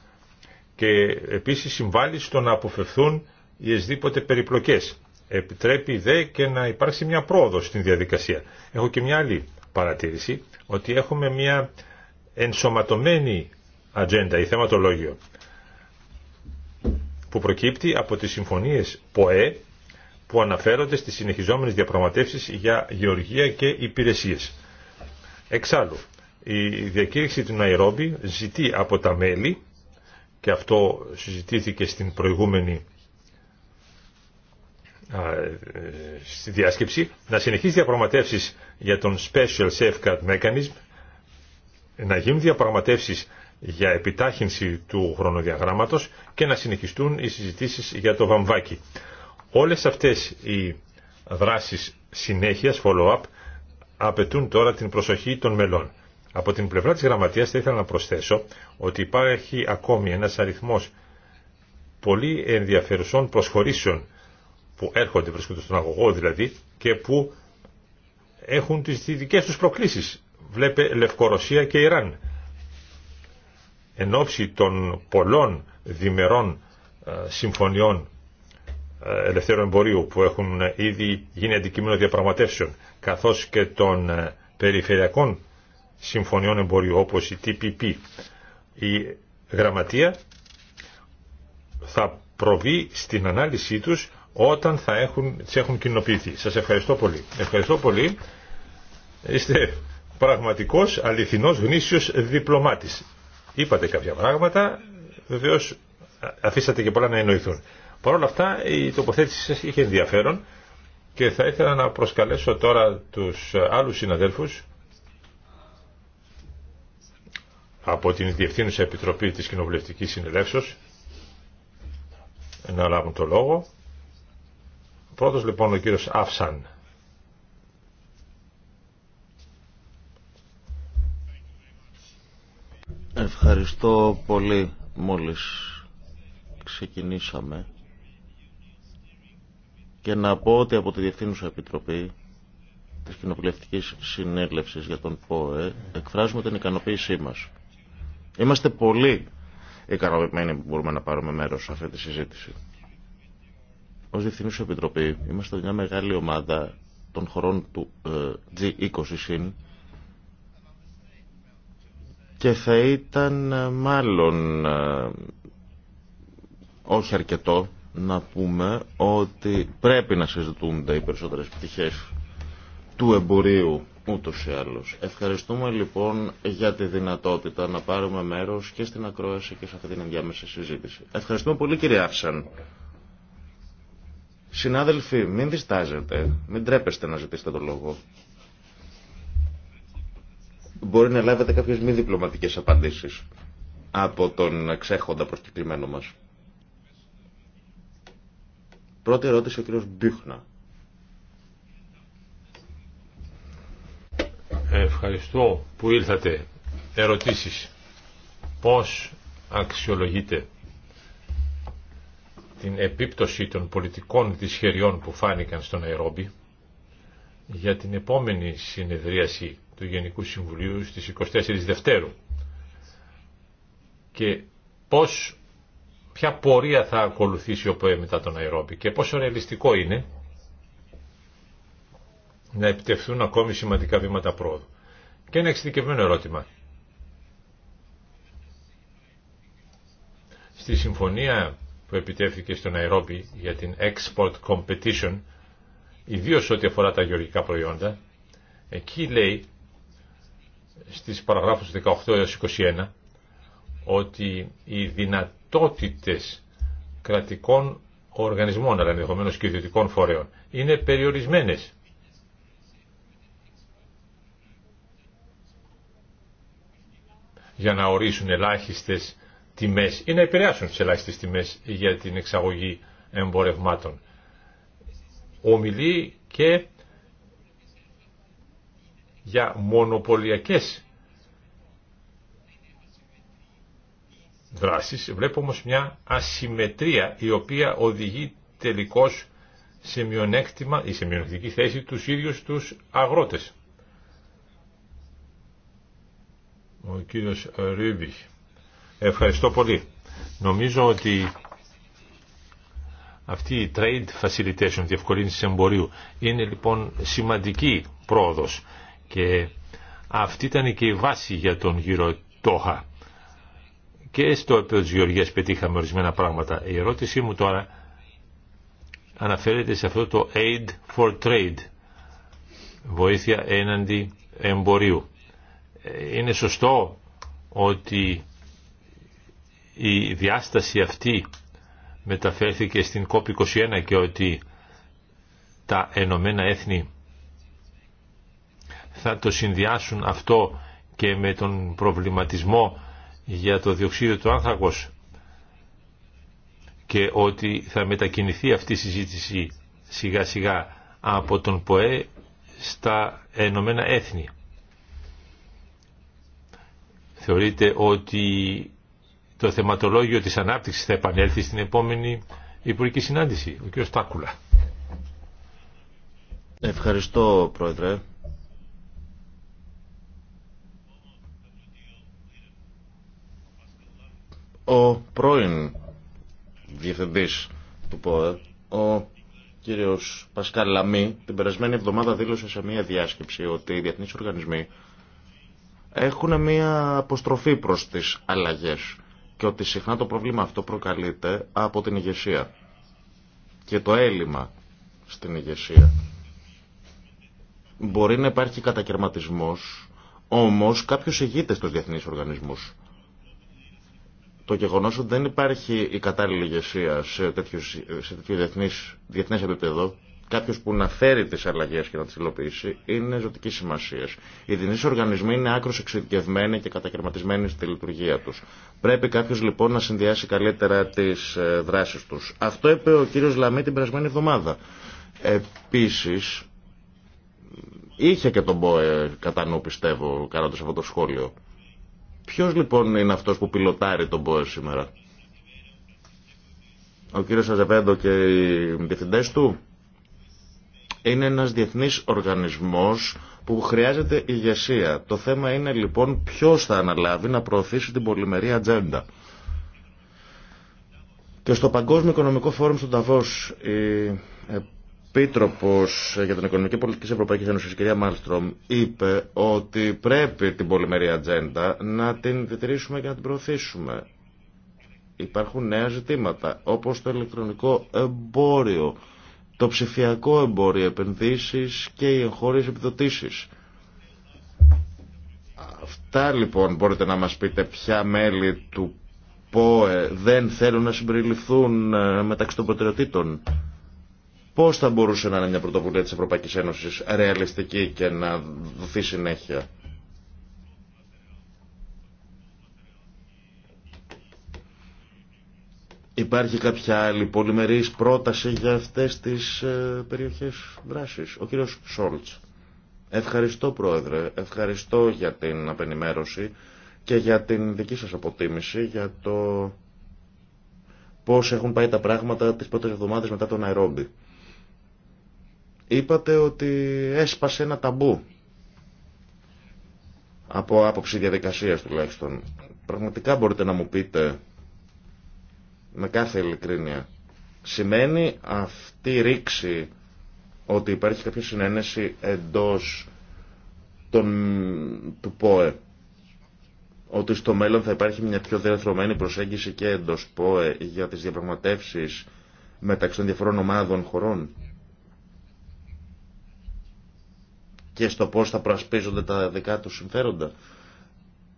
Speaker 1: και επίσης συμβάλλει στο να αποφευθούν οι εσδήποτε περιπλοκές. Επιτρέπει δε και να υπάρξει μια πρόοδο στην διαδικασία. Έχω και μια άλλη παρατήρηση, ότι έχουμε μια ενσωματωμένη ατζέντα ή θεματολόγιο που προκύπτει από τις συμφωνίες ΠΟΕ που αναφέρονται στις συνεχιζόμενες διαπραγματεύσεις για γεωργία και υπηρεσίες. Εξάλλου, η διακήρυξη του Ναϊρόμπι ζητεί από τα μέλη, και αυτό συζητήθηκε στην προηγούμενη στη διάσκεψη, να συνεχίσει διαπραγματεύσεις για τον Special Safeguard Mechanism, να γίνουν διαπραγματεύσεις για επιτάχυνση του χρονοδιαγράμματος και να συνεχιστούν οι συζητήσεις για το βαμβάκι. Όλες αυτές οι δράσεις συνέχειας, follow-up, απαιτούν τώρα την προσοχή των μελών. Από την πλευρά της γραμματείας θα ήθελα να προσθέσω ότι υπάρχει ακόμη ένας αριθμός πολύ ενδιαφερουσών προσχωρήσεων που έρχονται, βρίσκονται στον αγωγό δηλαδή, και που έχουν τις δικές τους προκλήσεις. Βλέπε Λευκορωσία και Ιράν. Εν ώψη των πολλών διμερών ε, συμφωνιών ε, ελευθέρου εμπορίου που έχουν ε, ήδη γίνει αντικείμενο διαπραγματεύσεων καθώς και των ε, περιφερειακών συμφωνιών εμπορίου όπως η TPP. Η γραμματεία θα προβεί στην ανάλυση τους όταν θα έχουν, τις έχουν κοινοποιηθεί. Σας ευχαριστώ πολύ. Ευχαριστώ πολύ. Είστε πραγματικός, αληθινός, γνήσιος διπλωμάτης. Είπατε κάποια πράγματα, βεβαίως αφήσατε και πολλά να εννοηθούν. Παρ' όλα αυτά η τοποθέτηση σας είχε ενδιαφέρον και θα ήθελα να προσκαλέσω τώρα τους άλλους συναδέλφους από την Διευθύνουσα Επιτροπή της Κοινοβουλευτικής Συνελεύσεως να λάβουν το λόγο. Πρώτος λοιπόν ο κύριος Αφσαν.
Speaker 3: Ευχαριστώ πολύ μόλις ξεκινήσαμε και να πω ότι από τη Διευθύνουσα Επιτροπή της Κοινοβουλευτικής Συνέλευσης για τον ΠΟΕ εκφράζουμε την ικανοποίησή μας. Είμαστε πολύ ικανοποιημένοι που μπορούμε να πάρουμε μέρος σε αυτή τη συζήτηση. Ως Διευθύνουσα Επιτροπή είμαστε μια μεγάλη ομάδα των χωρών του ε, G20 συν και θα ήταν ε, μάλλον ε, όχι αρκετό να πούμε ότι πρέπει να συζητούνται οι περισσότερες πτυχές του εμπορίου ούτως ή άλλως. Ευχαριστούμε λοιπόν για τη δυνατότητα να πάρουμε μέρος και στην ακρόαση και σε αυτή την ενδιάμεση συζήτηση. Ευχαριστούμε πολύ κύριε Άφσαν. Συνάδελφοι, μην διστάζετε, μην τρέπεστε να ζητήσετε το λόγο. Μπορεί να λάβετε κάποιες μη διπλωματικές απαντήσεις από τον ξέχοντα προσκεκλημένο μας. Πρώτη ερώτηση ο κύριος Μπίχνα.
Speaker 1: Ευχαριστώ που ήλθατε. Ερωτήσεις. Πώς αξιολογείτε την επίπτωση των πολιτικών δυσχεριών που φάνηκαν στον Αερόμπι για την επόμενη συνεδρίαση του Γενικού Συμβουλίου στις 24 Δευτέρου και πώς ποια πορεία θα ακολουθήσει ο ΠΟΕ μετά τον Αιρόμπι και πόσο ρεαλιστικό είναι να επιτευχθούν ακόμη σημαντικά βήματα πρόοδου. Και ένα εξειδικευμένο ερώτημα. Στη συμφωνία που επιτεύχθηκε στον Αιρόμπι για την Export Competition, ιδίω ό,τι αφορά τα γεωργικά προϊόντα, εκεί λέει στις παραγράφους 18 έως 21 ότι η δυνατότητα δυνατότητες κρατικών οργανισμών, αλλά ενδεχομένω και ιδιωτικών φορέων, είναι περιορισμένες. για να ορίσουν ελάχιστες τιμές ή να επηρεάσουν τις ελάχιστες τιμές για την εξαγωγή εμπορευμάτων. Ομιλεί και για μονοπωλιακές δράσεις. Βλέπω όμως μια ασυμμετρία η οποία οδηγεί τελικώς σε μειονέκτημα ή σε μειονεκτική θέση τους ίδιους τους αγρότες. Ο κύριος Ευχαριστώ πολύ. Νομίζω ότι αυτή η trade facilitation, διευκολύνση εμπορίου, είναι λοιπόν σημαντική πρόοδος και αυτή ήταν και η βάση για τον γύρο Τόχα και στο επίπεδο της Γεωργίας πετύχαμε ορισμένα πράγματα. Η ερώτησή μου τώρα αναφέρεται σε αυτό το Aid for Trade, βοήθεια έναντι εμπορίου. Είναι σωστό ότι η διάσταση αυτή μεταφέρθηκε στην COP21 και ότι τα Ενωμένα Έθνη θα το συνδυάσουν αυτό και με τον προβληματισμό για το διοξείδιο του άνθρακος και ότι θα μετακινηθεί αυτή η συζήτηση σιγά σιγά από τον ΠΟΕ στα Ενωμένα Έθνη. Θεωρείτε ότι το θεματολόγιο της ανάπτυξης θα επανέλθει στην επόμενη Υπουργική Συνάντηση, ο κ. Στάκουλα.
Speaker 3: Ευχαριστώ, Πρόεδρε. Ο πρώην διευθυντής του ΠΟΕ, ο κύριος Πασκάλ Λαμί, την περασμένη εβδομάδα δήλωσε σε μία διάσκεψη ότι οι διεθνείς οργανισμοί έχουν μία αποστροφή προς τις αλλαγές και ότι συχνά το πρόβλημα αυτό προκαλείται από την ηγεσία και το έλλειμμα στην ηγεσία. Μπορεί να υπάρχει κατακαιρματισμός, όμως κάποιος ηγείται στους διεθνείς οργανισμούς το γεγονό ότι δεν υπάρχει η κατάλληλη ηγεσία σε τέτοιο, σε τέτοιο διεθνής, διεθνές επίπεδο, κάποιο που να φέρει τι αλλαγέ και να τι υλοποιήσει, είναι ζωτική σημασία. Οι διεθνεί οργανισμοί είναι άκρως εξειδικευμένοι και κατακαιρματισμένοι στη λειτουργία του. Πρέπει κάποιο λοιπόν να συνδυάσει καλύτερα τι ε, δράσει του. Αυτό είπε ο κύριο Λαμί την περασμένη εβδομάδα. Επίση, είχε και τον ΠΟΕ κατά νου, πιστεύω, κάνοντα αυτό το σχόλιο. Ποιος λοιπόν είναι αυτός που πιλοτάρει τον ΠΟΕΣ σήμερα. Ο κύριος Αζεβέντο και οι διευθυντές του. Είναι ένας διεθνής οργανισμός που χρειάζεται ηγεσία. Το θέμα είναι λοιπόν ποιος θα αναλάβει να προωθήσει την πολυμερή ατζέντα. Και στο Παγκόσμιο Οικονομικό Φόρουμ στον Ταβός η επίτροπο για την Οικονομική Πολιτική της Ευρωπαϊκής Ένωσης, κυρία Μάλστρομ, είπε ότι πρέπει την πολυμερή ατζέντα να την διτηρήσουμε και να την προωθήσουμε. Υπάρχουν νέα ζητήματα, όπως το ηλεκτρονικό εμπόριο, το ψηφιακό εμπόριο, επενδύσεις και οι εγχώριες επιδοτήσεις. Αυτά λοιπόν μπορείτε να μας πείτε ποια μέλη του ΠΟΕ δεν θέλουν να συμπεριληφθούν ε, μεταξύ των προτεραιοτήτων Πώς θα μπορούσε να είναι μια πρωτοβουλία τη Ευρωπαϊκή Ένωση ρεαλιστική και να δοθεί συνέχεια. Υπάρχει κάποια άλλη πολυμερής πρόταση για αυτές τις ε, περιοχές δράσης. Ο κύριος Σόλτς. Ευχαριστώ πρόεδρε, ευχαριστώ για την απενημέρωση και για την δική σας αποτίμηση για το πώς έχουν πάει τα πράγματα τις πρώτες εβδομάδες μετά τον Αερόμπι. Είπατε ότι έσπασε ένα ταμπού. Από άποψη διαδικασίας τουλάχιστον. Πραγματικά μπορείτε να μου πείτε με κάθε ειλικρίνεια. Σημαίνει αυτή η ρήξη ότι υπάρχει κάποια συνένεση εντός του ΠΟΕ. Ότι στο μέλλον θα υπάρχει μια πιο διαθρωμένη προσέγγιση και εντός ΠΟΕ για τις διαπραγματεύσεις μεταξύ των διαφορών ομάδων χωρών. και στο πώς θα προασπίζονται τα δικά τους συμφέροντα.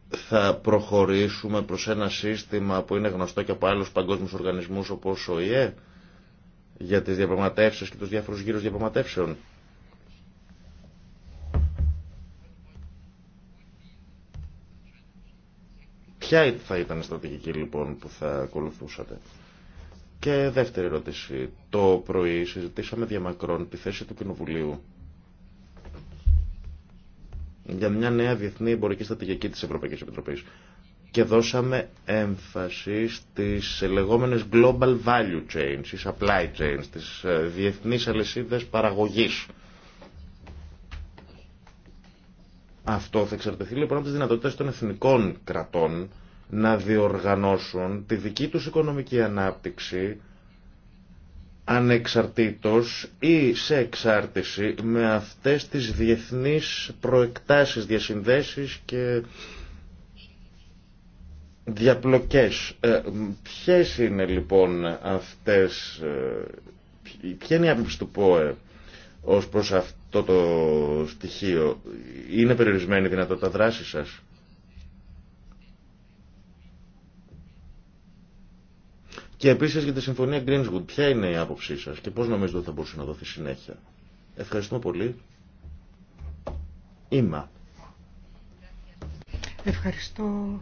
Speaker 3: Θα προχωρήσουμε προς ένα σύστημα που είναι γνωστό και από άλλους παγκόσμιους οργανισμούς όπως ο ΙΕ για τις διαπραγματεύσεις και τους διάφορους γύρους διαπραγματεύσεων. Ποια θα ήταν η στρατηγική λοιπόν που θα ακολουθούσατε. Και δεύτερη ερώτηση. Το πρωί συζητήσαμε διαμακρόν τη θέση του Κοινοβουλίου για μια νέα διεθνή εμπορική στρατηγική της Ευρωπαϊκής Επιτροπής και δώσαμε έμφαση στις λεγόμενες global value chains, οι supply chains, τις ε, διεθνείς αλυσίδες παραγωγής. Αυτό θα εξαρτηθεί λοιπόν από τις δυνατότητες των εθνικών κρατών να διοργανώσουν τη δική τους οικονομική ανάπτυξη ανεξαρτήτως ή σε εξάρτηση με αυτές τις διεθνείς προεκτάσεις, διασυνδέσεις και διαπλοκές. Ε, είναι λοιπόν αυτές, ε, ποια είναι η άποψη του ΠΟΕ ως προς αυτό το στοιχείο. Είναι περιορισμένη η δυνατότητα δράσης σας. Και επίσης για τη συμφωνία Greenwood, ποια είναι η άποψή σας και πώς νομίζετε ότι θα μπορούσε να δοθεί συνέχεια. Ευχαριστούμε πολύ. Είμα.
Speaker 2: Ευχαριστώ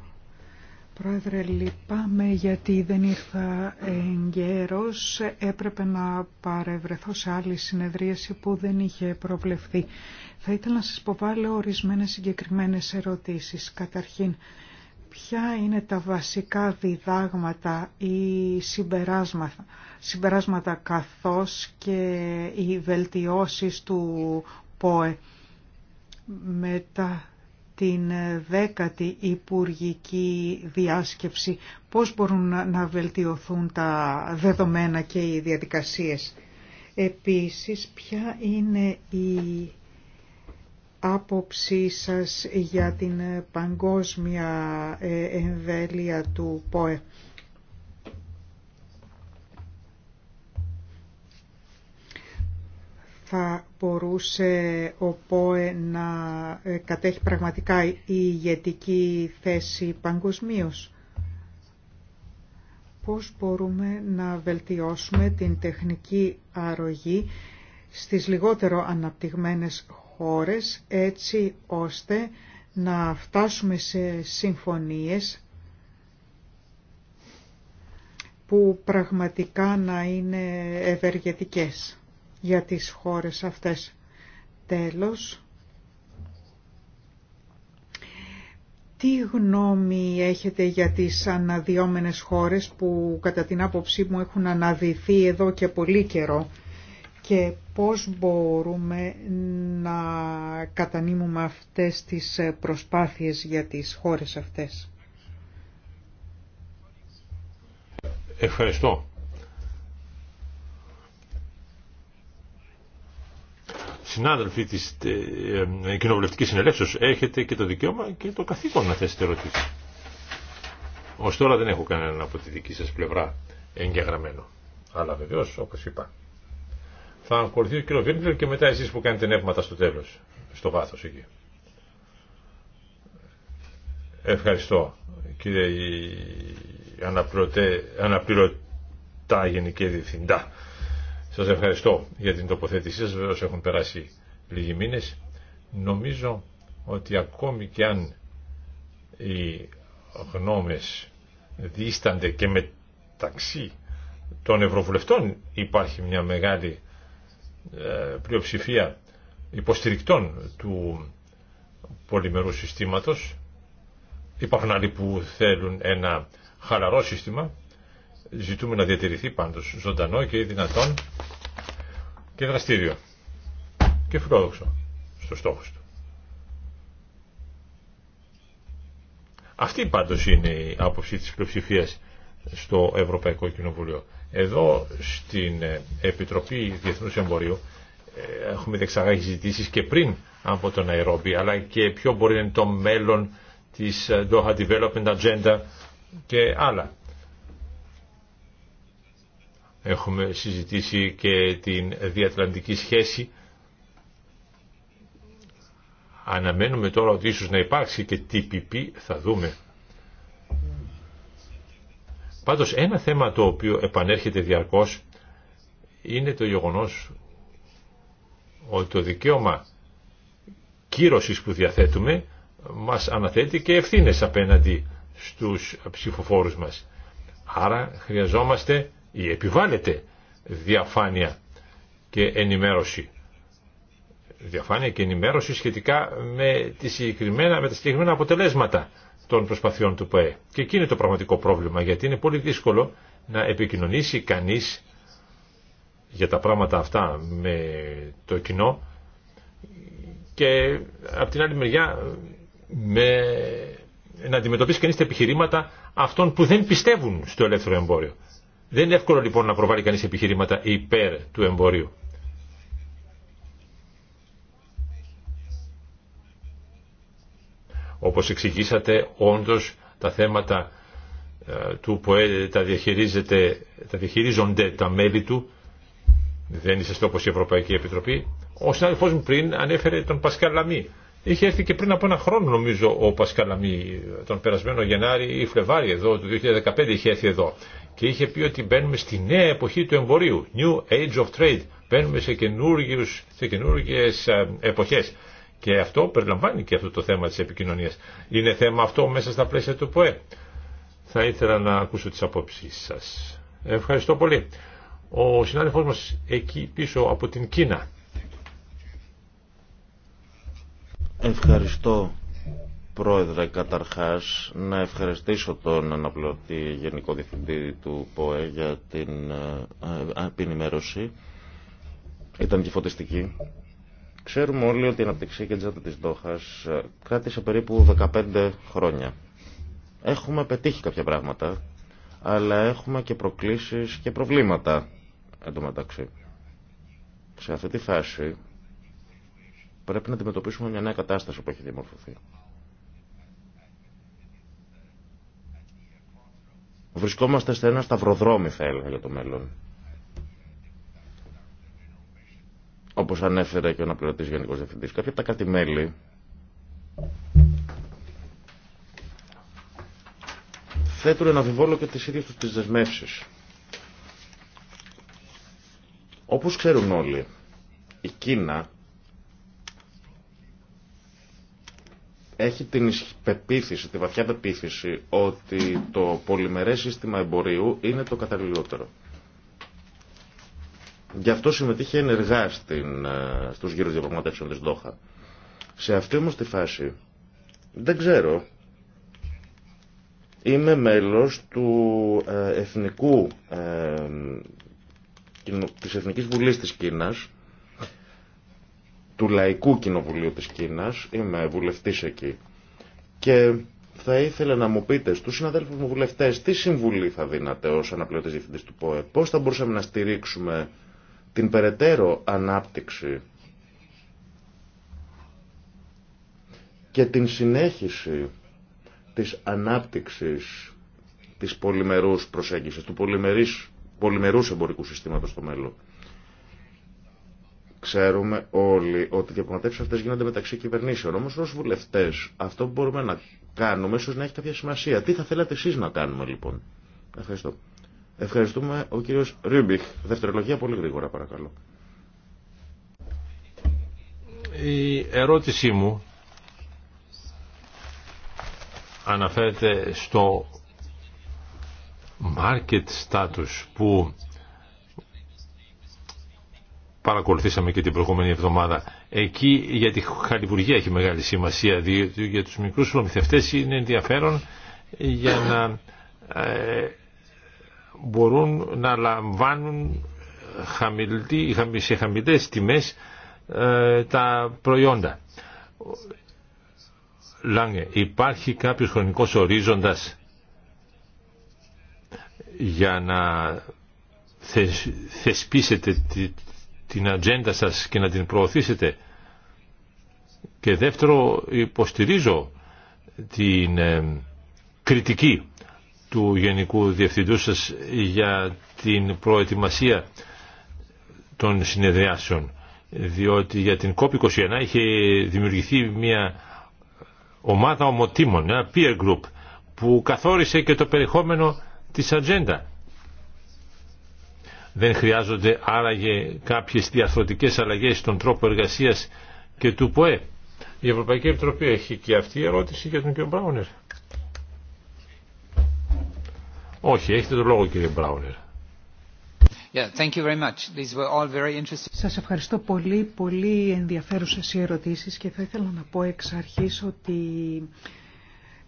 Speaker 2: Πρόεδρε, λυπάμαι γιατί δεν ήρθα εγκαίρως. Έπρεπε να παρευρεθώ σε άλλη συνεδρίαση που δεν είχε προβλεφθεί. Θα ήθελα να σας υποβάλω ορισμένες συγκεκριμένες ερωτήσεις. Καταρχήν, Ποια είναι τα βασικά διδάγματα ή συμπεράσματα, συμπεράσματα καθώς και οι βελτιώσεις του ΠΟΕ μετά την δέκατη υπουργική διάσκεψη, πώς μπορούν να βελτιωθούν τα δεδομένα και οι διαδικασίες. Επίσης, ποια είναι η άποψή σας για την παγκόσμια ε, εμβέλεια του ΠΟΕ. θα μπορούσε ο ΠΟΕ να ε, κατέχει πραγματικά η ηγετική θέση παγκοσμίω. Πώς μπορούμε να βελτιώσουμε την τεχνική αρρωγή στις λιγότερο αναπτυγμένες χώρες έτσι ώστε να φτάσουμε σε συμφωνίες που πραγματικά να είναι ευεργετικές για τις χώρες αυτές. Τέλος, τι γνώμη έχετε για τις αναδιόμενες χώρες που κατά την άποψή μου έχουν αναδυθεί εδώ και πολύ καιρό και πώς μπορούμε να κατανείμουμε αυτές τις προσπάθειες για τις χώρες αυτές.
Speaker 1: Ευχαριστώ. Συνάδελφοι της ε, ε, Κοινοβουλευτικής Συνελεύσεως, έχετε και το δικαίωμα και το καθήκον να θέσετε ερωτήσεις. Ως τώρα δεν έχω κανέναν από τη δική σας πλευρά εγγεγραμμένο. Αλλά βεβαίως, όπως είπα, θα ακολουθεί ο κύριο και μετά εσείς που κάνετε νεύματα στο τέλος, στο βάθος εκεί. Ευχαριστώ κύριε αναπληρωτά γενική διευθυντά. Σας ευχαριστώ για την τοποθέτησή σας, βέβαια έχουν περάσει λίγοι μήνες. Νομίζω ότι ακόμη και αν οι γνώμες δίστανται και μεταξύ των Ευρωβουλευτών υπάρχει μια μεγάλη ε, πλειοψηφία υποστηρικτών του πολυμερού συστήματος. Υπάρχουν άλλοι που θέλουν ένα χαλαρό σύστημα. Ζητούμε να διατηρηθεί πάντως ζωντανό και δυνατόν και δραστήριο και φιλόδοξο στο στόχο του. Αυτή πάντως είναι η άποψη της πλειοψηφίας στο Ευρωπαϊκό Κοινοβουλίο. Εδώ στην ε, Επιτροπή Διεθνούς Εμπορίου ε, έχουμε δεξαγάγει συζητήσει και πριν από τον Αιρόμπι, αλλά και ποιο μπορεί να είναι το μέλλον της ε, Doha Development Agenda και άλλα. Έχουμε συζητήσει και την διατλαντική σχέση. Αναμένουμε τώρα ότι ίσως να υπάρξει και TPP, θα δούμε. Πάντως ένα θέμα το οποίο επανέρχεται διαρκώς είναι το γεγονός ότι το δικαίωμα κύρωσης που διαθέτουμε μας αναθέτει και ευθύνες απέναντι στους ψηφοφόρους μας. Άρα χρειαζόμαστε ή επιβάλλεται διαφάνεια και ενημέρωση. Διαφάνεια και ενημέρωση σχετικά με, τις συγκεκριμένα, με τα συγκεκριμένα αποτελέσματα των προσπαθειών του ΠΟΕ. Και εκεί είναι το πραγματικό πρόβλημα, γιατί είναι πολύ δύσκολο να επικοινωνήσει κανείς για τα πράγματα αυτά με το κοινό και από την άλλη μεριά με... να αντιμετωπίσει κανείς τα επιχειρήματα αυτών που δεν πιστεύουν στο ελεύθερο εμπόριο. Δεν είναι εύκολο λοιπόν να προβάλλει κανείς επιχειρήματα υπέρ του εμπορίου. Όπως εξηγήσατε, όντως τα θέματα ε, του που τα, τα διαχειρίζονται τα μέλη του, δεν είσαστε όπως η Ευρωπαϊκή Επιτροπή. Ο συνάδελφός μου πριν ανέφερε τον Πασκαλαμή. Είχε έρθει και πριν από ένα χρόνο νομίζω ο Πασκαλαμή, τον περασμένο Γενάρη ή Φλεβάρι εδώ, το 2015 είχε έρθει εδώ και είχε πει ότι μπαίνουμε στη νέα εποχή του εμπορίου, New Age of Trade, μπαίνουμε σε, σε καινούργιες ε, εποχές. Και αυτό περιλαμβάνει και αυτό το θέμα της επικοινωνίας. Είναι θέμα αυτό μέσα στα πλαίσια του ΠΟΕ. Θα ήθελα να ακούσω τις απόψεις σας. Ευχαριστώ πολύ. Ο συνάδελφός μας εκεί πίσω από την Κίνα.
Speaker 3: Ευχαριστώ Πρόεδρε, καταρχάς να ευχαριστήσω τον αναπληρωτή Γενικό Διευθυντή του ΠΟΕ για την επινημέρωση. Ήταν και φωτιστική Ξέρουμε όλοι ότι η και τζάτα της Δόχας ε, κράτησε περίπου 15 χρόνια. Έχουμε πετύχει κάποια πράγματα, αλλά έχουμε και προκλήσεις και προβλήματα εντωμεταξύ. Σε αυτή τη φάση πρέπει να αντιμετωπίσουμε μια νέα κατάσταση που έχει διαμορφωθεί. Βρισκόμαστε σε ένα σταυροδρόμι, θα έλεγα, για το μέλλον. Όπως ανέφερε και ο αναπληρωτή Γενικό Διευθυντή, κάποια από τα κράτη-μέλη θέτουν ένα βιβόλο και τις ίδιε του τι δεσμεύσει. Όπως ξέρουν όλοι, η Κίνα έχει την πεποίθηση, τη βαθιά πεποίθηση ότι το πολυμερές σύστημα εμπορίου είναι το καταλληλότερο. Γι' αυτό συμμετείχε ενεργά στην, ε, στους γύρους διαπραγματεύσεων της Δόχα. Σε αυτή όμως τη φάση δεν ξέρω. Είμαι μέλος του ε, εθνικού, ε, της Εθνικής Βουλής της Κίνας, του Λαϊκού Κοινοβουλίου της Κίνας, είμαι βουλευτής εκεί. Και θα ήθελα να μου πείτε στους συναδέλφους μου βουλευτές τι συμβουλή θα δίνατε ως αναπληρωτής διευθυντής του ΠΟΕ, πώς θα μπορούσαμε να στηρίξουμε την περαιτέρω ανάπτυξη και την συνέχιση της ανάπτυξης της πολυμερούς προσέγγισης, του πολυμερής, πολυμερούς εμπορικού συστήματος στο μέλλον. Ξέρουμε όλοι ότι οι διαπραγματεύσει αυτέ γίνονται μεταξύ κυβερνήσεων. Όμω, ω βουλευτέ, αυτό που μπορούμε να κάνουμε ίσω να έχει κάποια σημασία. Τι θα θέλατε εσεί να κάνουμε, λοιπόν. Ευχαριστώ. Ευχαριστούμε ο κύριος Ρούμπιχ. Δευτερολογία πολύ γρήγορα παρακαλώ.
Speaker 1: Η ερώτησή μου αναφέρεται στο market status που παρακολουθήσαμε και την προηγούμενη εβδομάδα. Εκεί για τη χαλιβουργία έχει μεγάλη σημασία, διότι για τους μικρούς προμηθευτές είναι ενδιαφέρον για να ε, μπορούν να λαμβάνουν σε χαμηλές τιμές ε, τα προϊόντα. Λάγε, υπάρχει κάποιος χρονικός ορίζοντας για να θεσπίσετε την ατζέντα σας και να την προωθήσετε. Και δεύτερο, υποστηρίζω την ε, κριτική του Γενικού Διευθυντού σας για την προετοιμασία των συνεδριάσεων διότι για την COP21 είχε δημιουργηθεί μια ομάδα ομοτήμων, ένα peer group που καθόρισε και το περιεχόμενο της ατζέντα. Δεν χρειάζονται άραγε κάποιες διαρθρωτικές αλλαγές στον τρόπο εργασίας και του ΠΟΕ. Η Ευρωπαϊκή Επιτροπή έχει και αυτή η ερώτηση για τον κ. Μπράουνερ. Όχι, έχετε το λόγο κύριε Μπράουνερ.
Speaker 2: Yeah, Σας ευχαριστώ πολύ, πολύ ενδιαφέρουσες οι ερωτήσεις και θα ήθελα να πω εξ αρχής ότι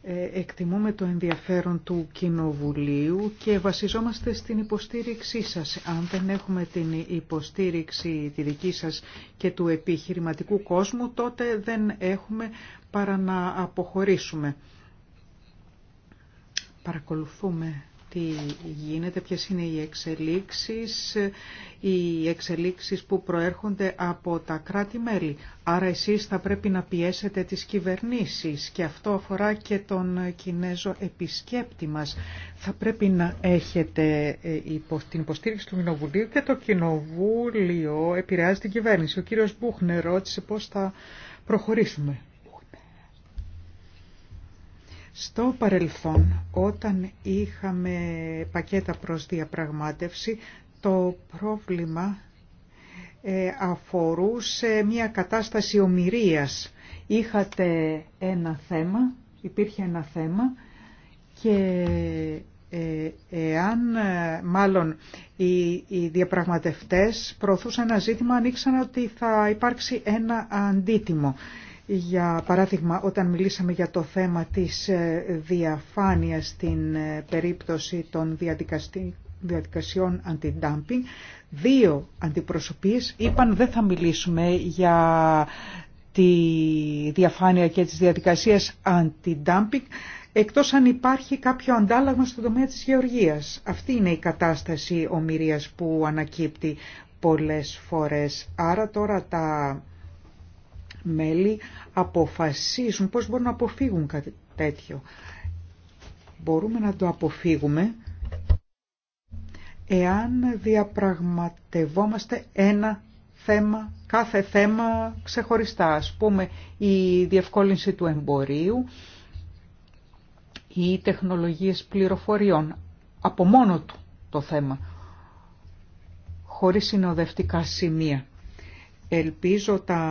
Speaker 2: ε, εκτιμούμε το ενδιαφέρον του Κοινοβουλίου και βασιζόμαστε στην υποστήριξή σας. Αν δεν έχουμε την υποστήριξη τη δική σας και του επιχειρηματικού κόσμου, τότε δεν έχουμε παρά να αποχωρήσουμε. Παρακολουθούμε τι γίνεται, ποιες είναι οι εξελίξεις, οι εξελίξεις που προέρχονται από τα κράτη-μέλη. Άρα εσείς θα πρέπει να πιέσετε τις κυβερνήσεις και αυτό αφορά και τον Κινέζο επισκέπτη μας. Θα πρέπει να έχετε ε, την υποστήριξη του Κοινοβουλίου και το Κοινοβούλιο επηρεάζει την κυβέρνηση. Ο κύριος Μπούχνερ ρώτησε πώς θα προχωρήσουμε. Στο παρελθόν, όταν είχαμε πακέτα προς διαπραγμάτευση, το πρόβλημα ε, αφορούσε μια κατάσταση ομοιρίας. Είχατε ένα θέμα, υπήρχε ένα θέμα και ε, εάν ε, μάλλον οι, οι διαπραγματευτές προωθούσαν ένα ζήτημα, ανοίξαν ότι θα υπάρξει ένα αντίτιμο για παράδειγμα, όταν μιλήσαμε για το θέμα της ε, διαφάνειας στην ε, περίπτωση των διαδικασιών δύο αντιπροσωπείς είπαν δεν θα μιλήσουμε για τη διαφάνεια και τις διαδικασίες εκτός αν υπάρχει κάποιο αντάλλαγμα στον τομέα της γεωργίας. Αυτή είναι η κατάσταση ομοιρίας που ανακύπτει πολλές φορές. Άρα τώρα τα μέλη αποφασίσουν πώς μπορούν να αποφύγουν κάτι τέτοιο. Μπορούμε να το αποφύγουμε εάν διαπραγματευόμαστε ένα θέμα, κάθε θέμα ξεχωριστά. Ας πούμε η διευκόλυνση του εμπορίου ή τεχνολογίες πληροφοριών. Από μόνο του το θέμα, χωρίς συνοδευτικά σημεία. Ελπίζω τα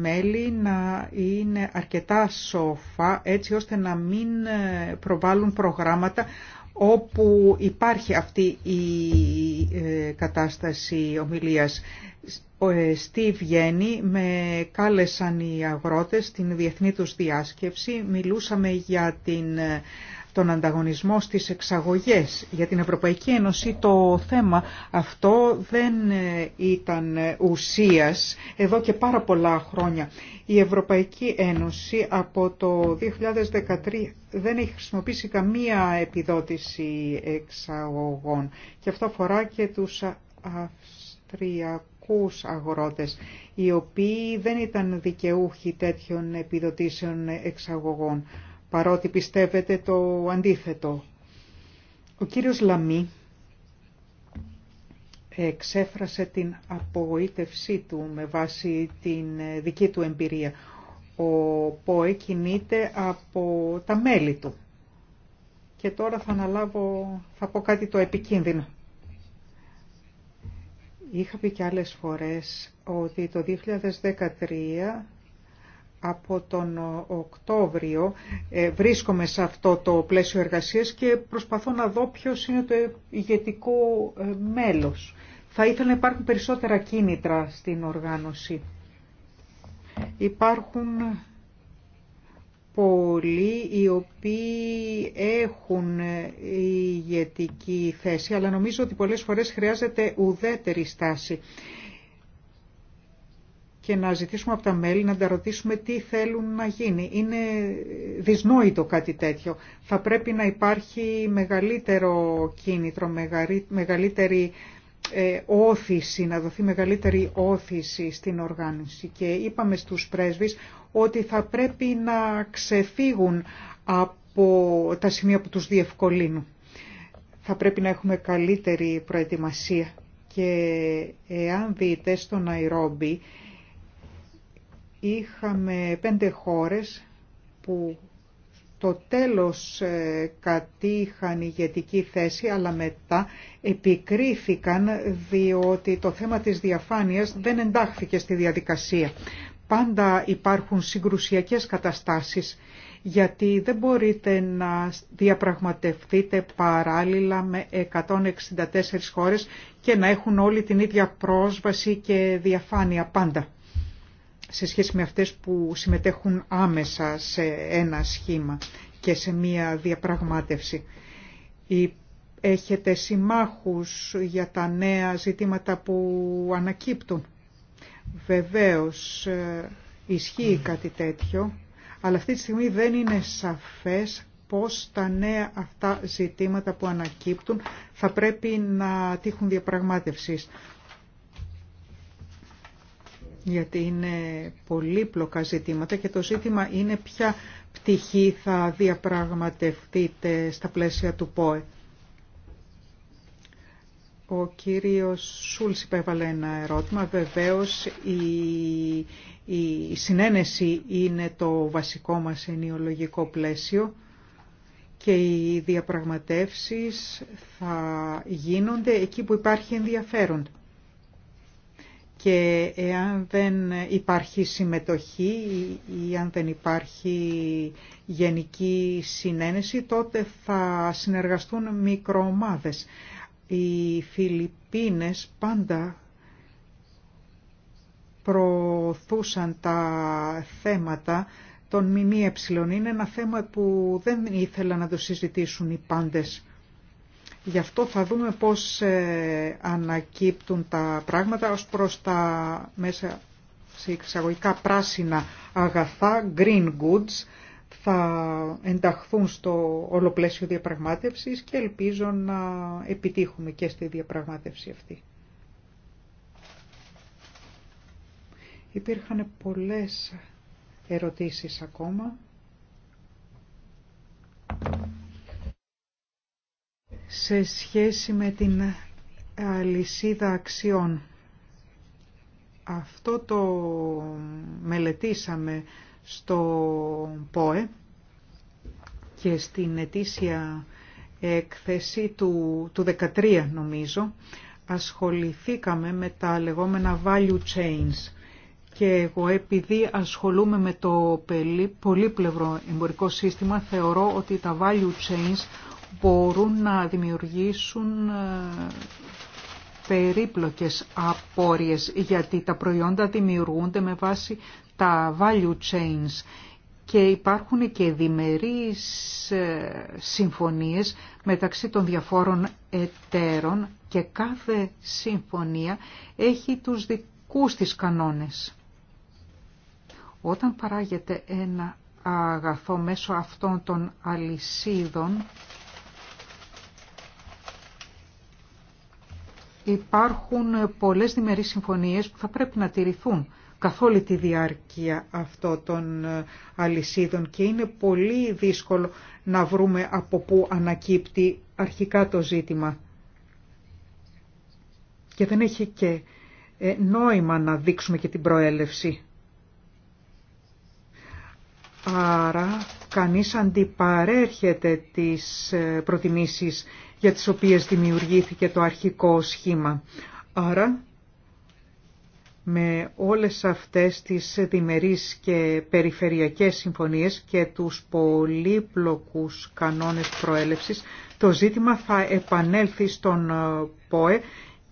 Speaker 2: μέλη να είναι αρκετά σοφά έτσι ώστε να μην ε, προβάλλουν προγράμματα όπου υπάρχει αυτή η ε, κατάσταση ομιλίας. Στη Βιέννη ε, με κάλεσαν οι αγρότες στην διεθνή τους διάσκεψη. Μιλούσαμε για την τον ανταγωνισμό στις εξαγωγές. Για την Ευρωπαϊκή Ένωση το θέμα αυτό δεν ε, ήταν ουσίας εδώ και πάρα πολλά χρόνια. Η Ευρωπαϊκή Ένωση από το 2013 δεν έχει χρησιμοποιήσει καμία επιδότηση εξαγωγών και αυτό αφορά και τους αυστριακούς αγρότες οι οποίοι δεν ήταν δικαιούχοι τέτοιων επιδοτήσεων εξαγωγών παρότι πιστεύετε το αντίθετο. Ο κύριος Λαμή ε, εξέφρασε την απογοήτευσή του με βάση την ε, δική του εμπειρία. Ο ΠΟΕ κινείται από τα μέλη του. Και τώρα θα αναλάβω, θα πω κάτι το επικίνδυνο. Είχα πει και άλλες φορές ότι το 2013 από τον Οκτώβριο ε, βρίσκομαι σε αυτό το πλαίσιο εργασίας και προσπαθώ να δω ποιος είναι το ηγετικό ε, μέλος. Θα ήθελα να υπάρχουν περισσότερα κίνητρα στην οργάνωση. Υπάρχουν πολλοί οι οποίοι έχουν ε, ηγετική θέση, αλλά νομίζω ότι πολλές φορές χρειάζεται ουδέτερη στάση και να ζητήσουμε από τα μέλη να τα τι θέλουν να γίνει. Είναι δυσνόητο κάτι τέτοιο. Θα πρέπει να υπάρχει μεγαλύτερο κίνητρο, μεγαλύτερη ε, όθηση, να δοθεί μεγαλύτερη όθηση στην οργάνωση. Και είπαμε στους πρέσβεις ότι θα πρέπει να ξεφύγουν από τα σημεία που τους διευκολύνουν. Θα πρέπει να έχουμε καλύτερη προετοιμασία. Και εάν δείτε στο Ναϊρόμπι, είχαμε πέντε χώρες που το τέλος ε, κατήχαν ηγετική θέση, αλλά μετά επικρίθηκαν διότι το θέμα της διαφάνειας δεν εντάχθηκε στη διαδικασία. Πάντα υπάρχουν συγκρουσιακές καταστάσεις, γιατί δεν μπορείτε να διαπραγματευτείτε παράλληλα με 164 χώρες και να έχουν όλη την ίδια πρόσβαση και διαφάνεια πάντα σε σχέση με αυτές που συμμετέχουν άμεσα σε ένα σχήμα και σε μία διαπραγμάτευση. Έχετε συμμάχους για τα νέα ζητήματα που ανακύπτουν. Βεβαίως ε, ισχύει κάτι τέτοιο, αλλά αυτή τη στιγμή δεν είναι σαφές πώς τα νέα αυτά ζητήματα που ανακύπτουν θα πρέπει να τύχουν διαπραγμάτευσης γιατί είναι πολύπλοκα ζητήματα και το ζήτημα είναι ποια πτυχή θα διαπραγματευτείτε στα πλαίσια του ΠΟΕ. Ο κύριος Σούλς υπέβαλε ένα ερώτημα. Βεβαίως η, συνένεση είναι το βασικό μας ενιολογικό πλαίσιο και οι διαπραγματεύσεις θα γίνονται εκεί που υπάρχει ενδιαφέρον και εάν δεν υπάρχει συμμετοχή ή αν δεν υπάρχει γενική συνένεση, τότε θα συνεργαστούν μικροομάδες. Οι Φιλιππίνες πάντα προωθούσαν τα θέματα των ΜΜΕ. Είναι ένα θέμα που δεν ήθελα να το συζητήσουν οι πάντες. Γι' αυτό θα δούμε πώς ε, ανακύπτουν τα πράγματα ως προς τα μέσα σε εξαγωγικά πράσινα αγαθά, green goods, θα ενταχθούν στο ολοπλαίσιο διαπραγμάτευσης και ελπίζω να επιτύχουμε και στη διαπραγμάτευση αυτή. Υπήρχαν πολλές ερωτήσεις ακόμα. σε σχέση με την ε, αλυσίδα αξιών. Αυτό το μελετήσαμε στο ΠΟΕ και στην ετήσια έκθεση του, του 13 νομίζω ασχοληθήκαμε με τα λεγόμενα value chains και εγώ επειδή ασχολούμαι με το πολύπλευρο εμπορικό σύστημα θεωρώ ότι τα value chains μπορούν να δημιουργήσουν ε, περίπλοκες απόρριες γιατί τα προϊόντα δημιουργούνται με βάση τα value chains και υπάρχουν και διμερείς ε, συμφωνίες μεταξύ των διαφόρων εταίρων και κάθε συμφωνία έχει τους δικούς της κανόνες. Όταν παράγεται ένα αγαθό μέσω αυτών των αλυσίδων Υπάρχουν πολλές διμερείς συμφωνίες που θα πρέπει να τηρηθούν καθ' όλη τη διάρκεια αυτών των ε, αλυσίδων και είναι πολύ δύσκολο να βρούμε από πού ανακύπτει αρχικά το ζήτημα. Και δεν έχει και ε, νόημα να δείξουμε και την προέλευση. Άρα κανείς αντιπαρέρχεται τις ε, προτιμήσεις για τις οποίες δημιουργήθηκε το αρχικό σχήμα. Άρα, με όλες αυτές τις διμερείς και περιφερειακές συμφωνίες και τους πολύπλοκους κανόνες προέλευσης, το ζήτημα θα επανέλθει στον ε, ΠΟΕ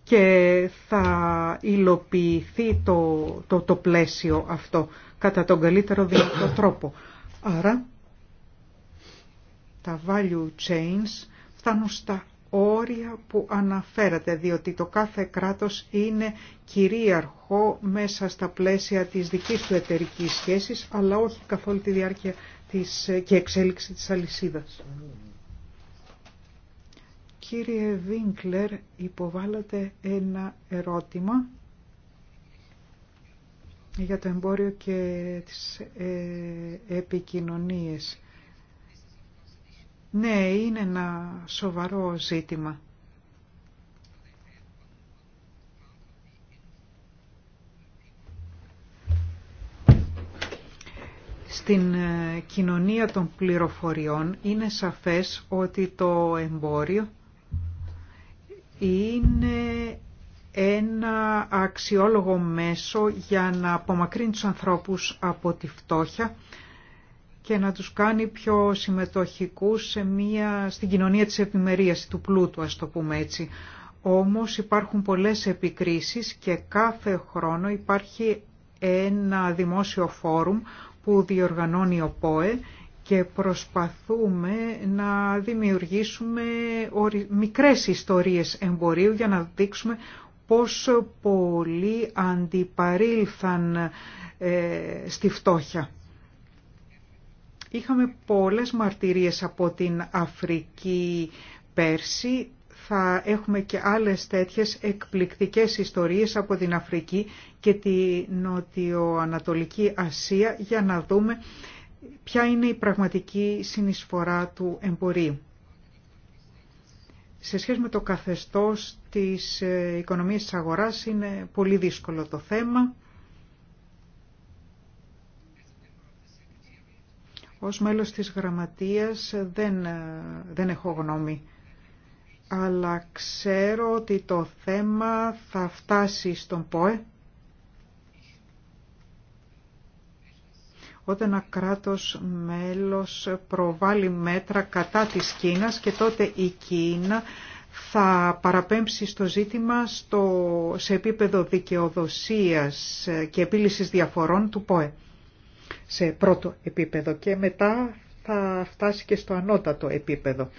Speaker 2: και θα υλοποιηθεί το, το, το πλαίσιο αυτό κατά τον καλύτερο δυνατό τρόπο. Άρα, τα value chains φτάνουν στα όρια που αναφέρατε, διότι το κάθε κράτος είναι κυρίαρχο μέσα στα πλαίσια της δικής του εταιρικής σχέσης, αλλά όχι καθ' όλη τη διάρκεια της, και εξέλιξη της αλυσίδας. Κύριε Βίνκλερ, υποβάλλατε ένα ερώτημα για το εμπόριο και τις ε, επικοινωνίες. Ναι, είναι ένα σοβαρό ζήτημα. Στην ε, κοινωνία των πληροφοριών είναι σαφές ότι το εμπόριο είναι ένα αξιόλογο μέσο για να απομακρύνει τους ανθρώπους από τη φτώχεια, και να τους κάνει πιο συμμετοχικούς σε μια, στην κοινωνία της επιμερίας, του πλούτου ας το πούμε έτσι. Όμως υπάρχουν πολλές επικρίσεις και κάθε χρόνο υπάρχει ένα δημόσιο φόρουμ που διοργανώνει ο ΠΟΕ και προσπαθούμε να δημιουργήσουμε μικρές ιστορίες εμπορίου για να δείξουμε πόσο πολλοί αντιπαρήλθαν ε, στη φτώχεια. Είχαμε πολλές μαρτυρίες από την Αφρική πέρσι. Θα έχουμε και άλλες τέτοιες εκπληκτικές ιστορίες από την Αφρική και τη Νοτιοανατολική Ασία για να δούμε ποια είναι η πραγματική συνεισφορά του εμπορίου. Σε σχέση με το καθεστώς της ε, οικονομίας της αγοράς είναι πολύ δύσκολο το θέμα Ως μέλος της γραμματείας δεν, ε, δεν έχω γνώμη. Αλλά ξέρω ότι το θέμα θα φτάσει στον ΠΟΕ. Όταν ένα κράτος μέλος προβάλλει μέτρα κατά της Κίνας και τότε η Κίνα θα παραπέμψει στο ζήτημα στο, σε επίπεδο δικαιοδοσίας και επίλυσης διαφορών του ΠΟΕ σε πρώτο επίπεδο και μετά θα φτάσει και στο ανώτατο επίπεδο.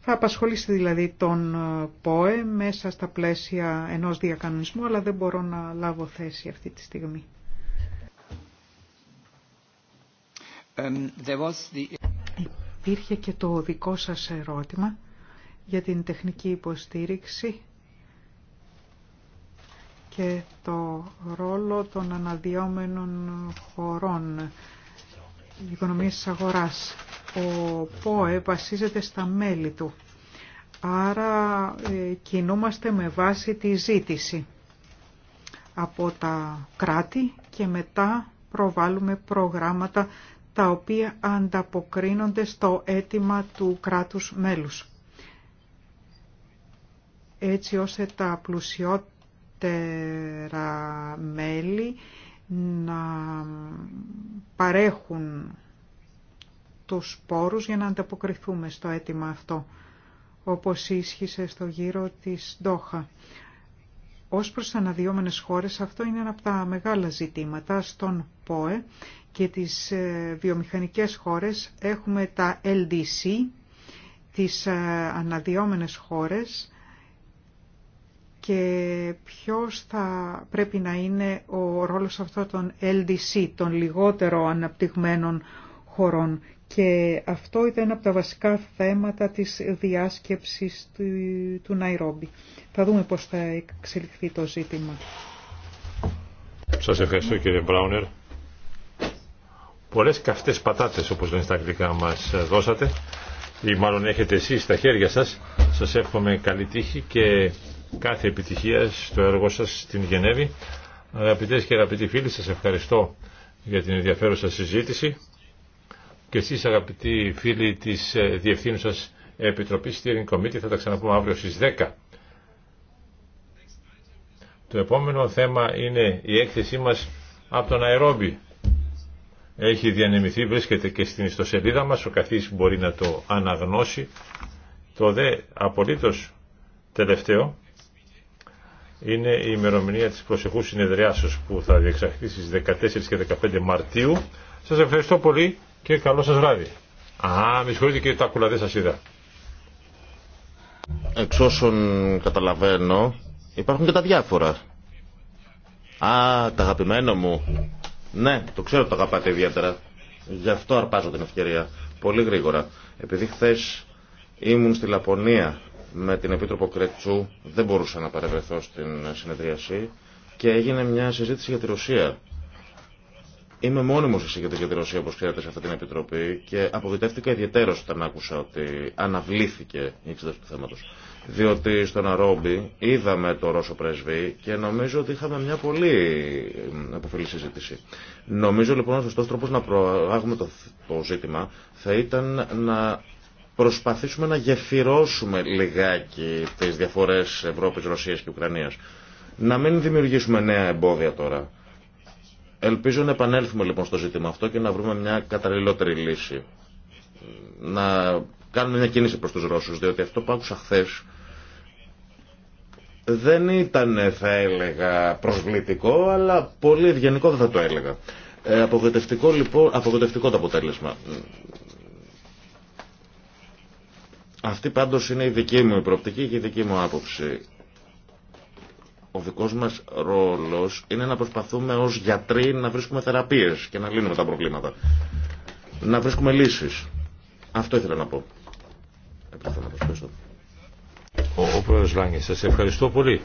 Speaker 2: Θα απασχολήσει δηλαδή τον ε, ΠΟΕ μέσα στα πλαίσια ενός διακανονισμού, αλλά δεν μπορώ να λάβω θέση αυτή τη στιγμή. There Υπήρχε και το δικό σας ερώτημα για την τεχνική υποστήριξη και το ρόλο των αναδυόμενων χωρών οικονομίας της αγοράς. Ο ΠΟΕ βασίζεται στα μέλη του, άρα ε, κινούμαστε με βάση τη ζήτηση από τα κράτη και μετά προβάλλουμε προγράμματα τα οποία ανταποκρίνονται στο αίτημα του κράτους μέλους. Έτσι ώστε τα πλουσιότητα τέρα μέλη να παρέχουν τους σπόρους για να ανταποκριθούμε στο αίτημα αυτό, όπως ίσχυσε στο γύρο της Ντόχα. Ως προς αναδυόμενες χώρες αυτό είναι ένα από τα μεγάλα ζητήματα στον ΠΟΕ και τις ε, βιομηχανικές χώρες έχουμε τα LDC, τις ε, αναδυόμενες χώρες και ποιος θα πρέπει να είναι ο ρόλος αυτό των LDC, των λιγότερο αναπτυγμένων χωρών. Και αυτό ήταν ένα από τα βασικά θέματα της διάσκεψης του, του Ναϊρόμπι. Θα δούμε πώς θα εξελιχθεί το ζήτημα.
Speaker 1: Σας ευχαριστώ κύριε Μπράουνερ. Πολλές καυτές πατάτες όπως λένε στα αγγλικά μας δώσατε ή μάλλον έχετε εσείς στα χέρια σας. Σας εύχομαι καλή τύχη και κάθε επιτυχία στο έργο σας στην Γενέβη. Αγαπητές και αγαπητοί φίλοι, σας ευχαριστώ για την ενδιαφέρουσα συζήτηση και εσείς αγαπητοί φίλοι της ε, Διευθύνουσας Επιτροπής Steering Committee θα τα ξαναπούμε αύριο στις 10. Το επόμενο θέμα είναι η έκθεσή μας από τον Αερόμπι. Έχει διανεμηθεί, βρίσκεται και στην ιστοσελίδα μας, ο καθής μπορεί να το αναγνώσει. Το δε απολύτως τελευταίο είναι η ημερομηνία της προσεχούς συνεδριάσεως που θα διεξαχθεί στις 14
Speaker 3: και 15 Μαρτίου.
Speaker 1: Σας ευχαριστώ πολύ και καλό σας βράδυ. Α, μη συγχωρείτε κύριε Τάκουλα, δεν σας είδα.
Speaker 3: Εξ όσων καταλαβαίνω, υπάρχουν και τα διάφορα. Α, τα αγαπημένο μου. Ναι, το ξέρω ότι το αγαπάτε ιδιαίτερα. Γι' αυτό αρπάζω την ευκαιρία. Πολύ γρήγορα. Επειδή χθε ήμουν στη Λαπωνία με την Επίτροπο Κρετσού δεν μπορούσα να παρευρεθώ στην συνεδρίαση και έγινε μια συζήτηση για τη Ρωσία. Είμαι μόνιμος εσύ για τη Ρωσία, όπως ξέρετε, σε αυτή την Επιτροπή και απογοητεύτηκα ιδιαίτερως όταν άκουσα ότι αναβλήθηκε η εξέταση του θέματος. Διότι στον Αρόμπι είδαμε το Ρώσο πρεσβή και νομίζω ότι είχαμε μια πολύ αποφελή συζήτηση. Νομίζω λοιπόν ο σωστός τρόπος να προάγουμε το, το ζήτημα θα ήταν να προσπαθήσουμε να γεφυρώσουμε λιγάκι τις διαφορές Ευρώπης, Ρωσίας και Ουκρανίας. Να μην δημιουργήσουμε νέα εμπόδια τώρα. Ελπίζω να επανέλθουμε λοιπόν στο ζήτημα αυτό και να βρούμε μια καταλληλότερη λύση. Να κάνουμε μια κίνηση προς τους Ρώσους, διότι αυτό που άκουσα χθε δεν ήταν, θα έλεγα, προσβλητικό, αλλά πολύ ευγενικό δεν θα το έλεγα. Ε, λοιπόν, απογοητευτικό το αποτέλεσμα. Αυτή πάντως είναι η δική μου προοπτική και η δική μου άποψη. Ο δικός μας ρόλος είναι να προσπαθούμε ως γιατροί να βρίσκουμε θεραπείες και να λύνουμε τα προβλήματα. Να βρίσκουμε λύσεις. Αυτό ήθελα να πω. να Ο, ο πρόεδρος Λάγκη, σας ευχαριστώ
Speaker 1: πολύ.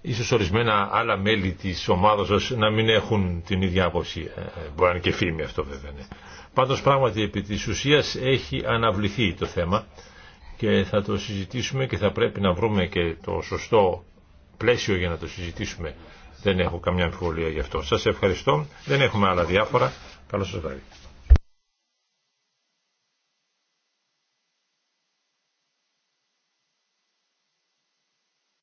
Speaker 1: Ίσως ορισμένα άλλα μέλη της ομάδας σας να μην έχουν την ίδια άποψη. Ε, ε, μπορεί να είναι και φήμη αυτό βέβαια. Ναι. Πάντως πράγματι επί της ουσίας έχει αναβληθεί το θέμα και θα το συζητήσουμε και θα πρέπει να βρούμε και το σωστό πλαίσιο για να το συζητήσουμε. Δεν έχω καμιά αμφιβολία γι' αυτό. Σας ευχαριστώ. Δεν έχουμε άλλα διάφορα. Καλό σας βράδυ.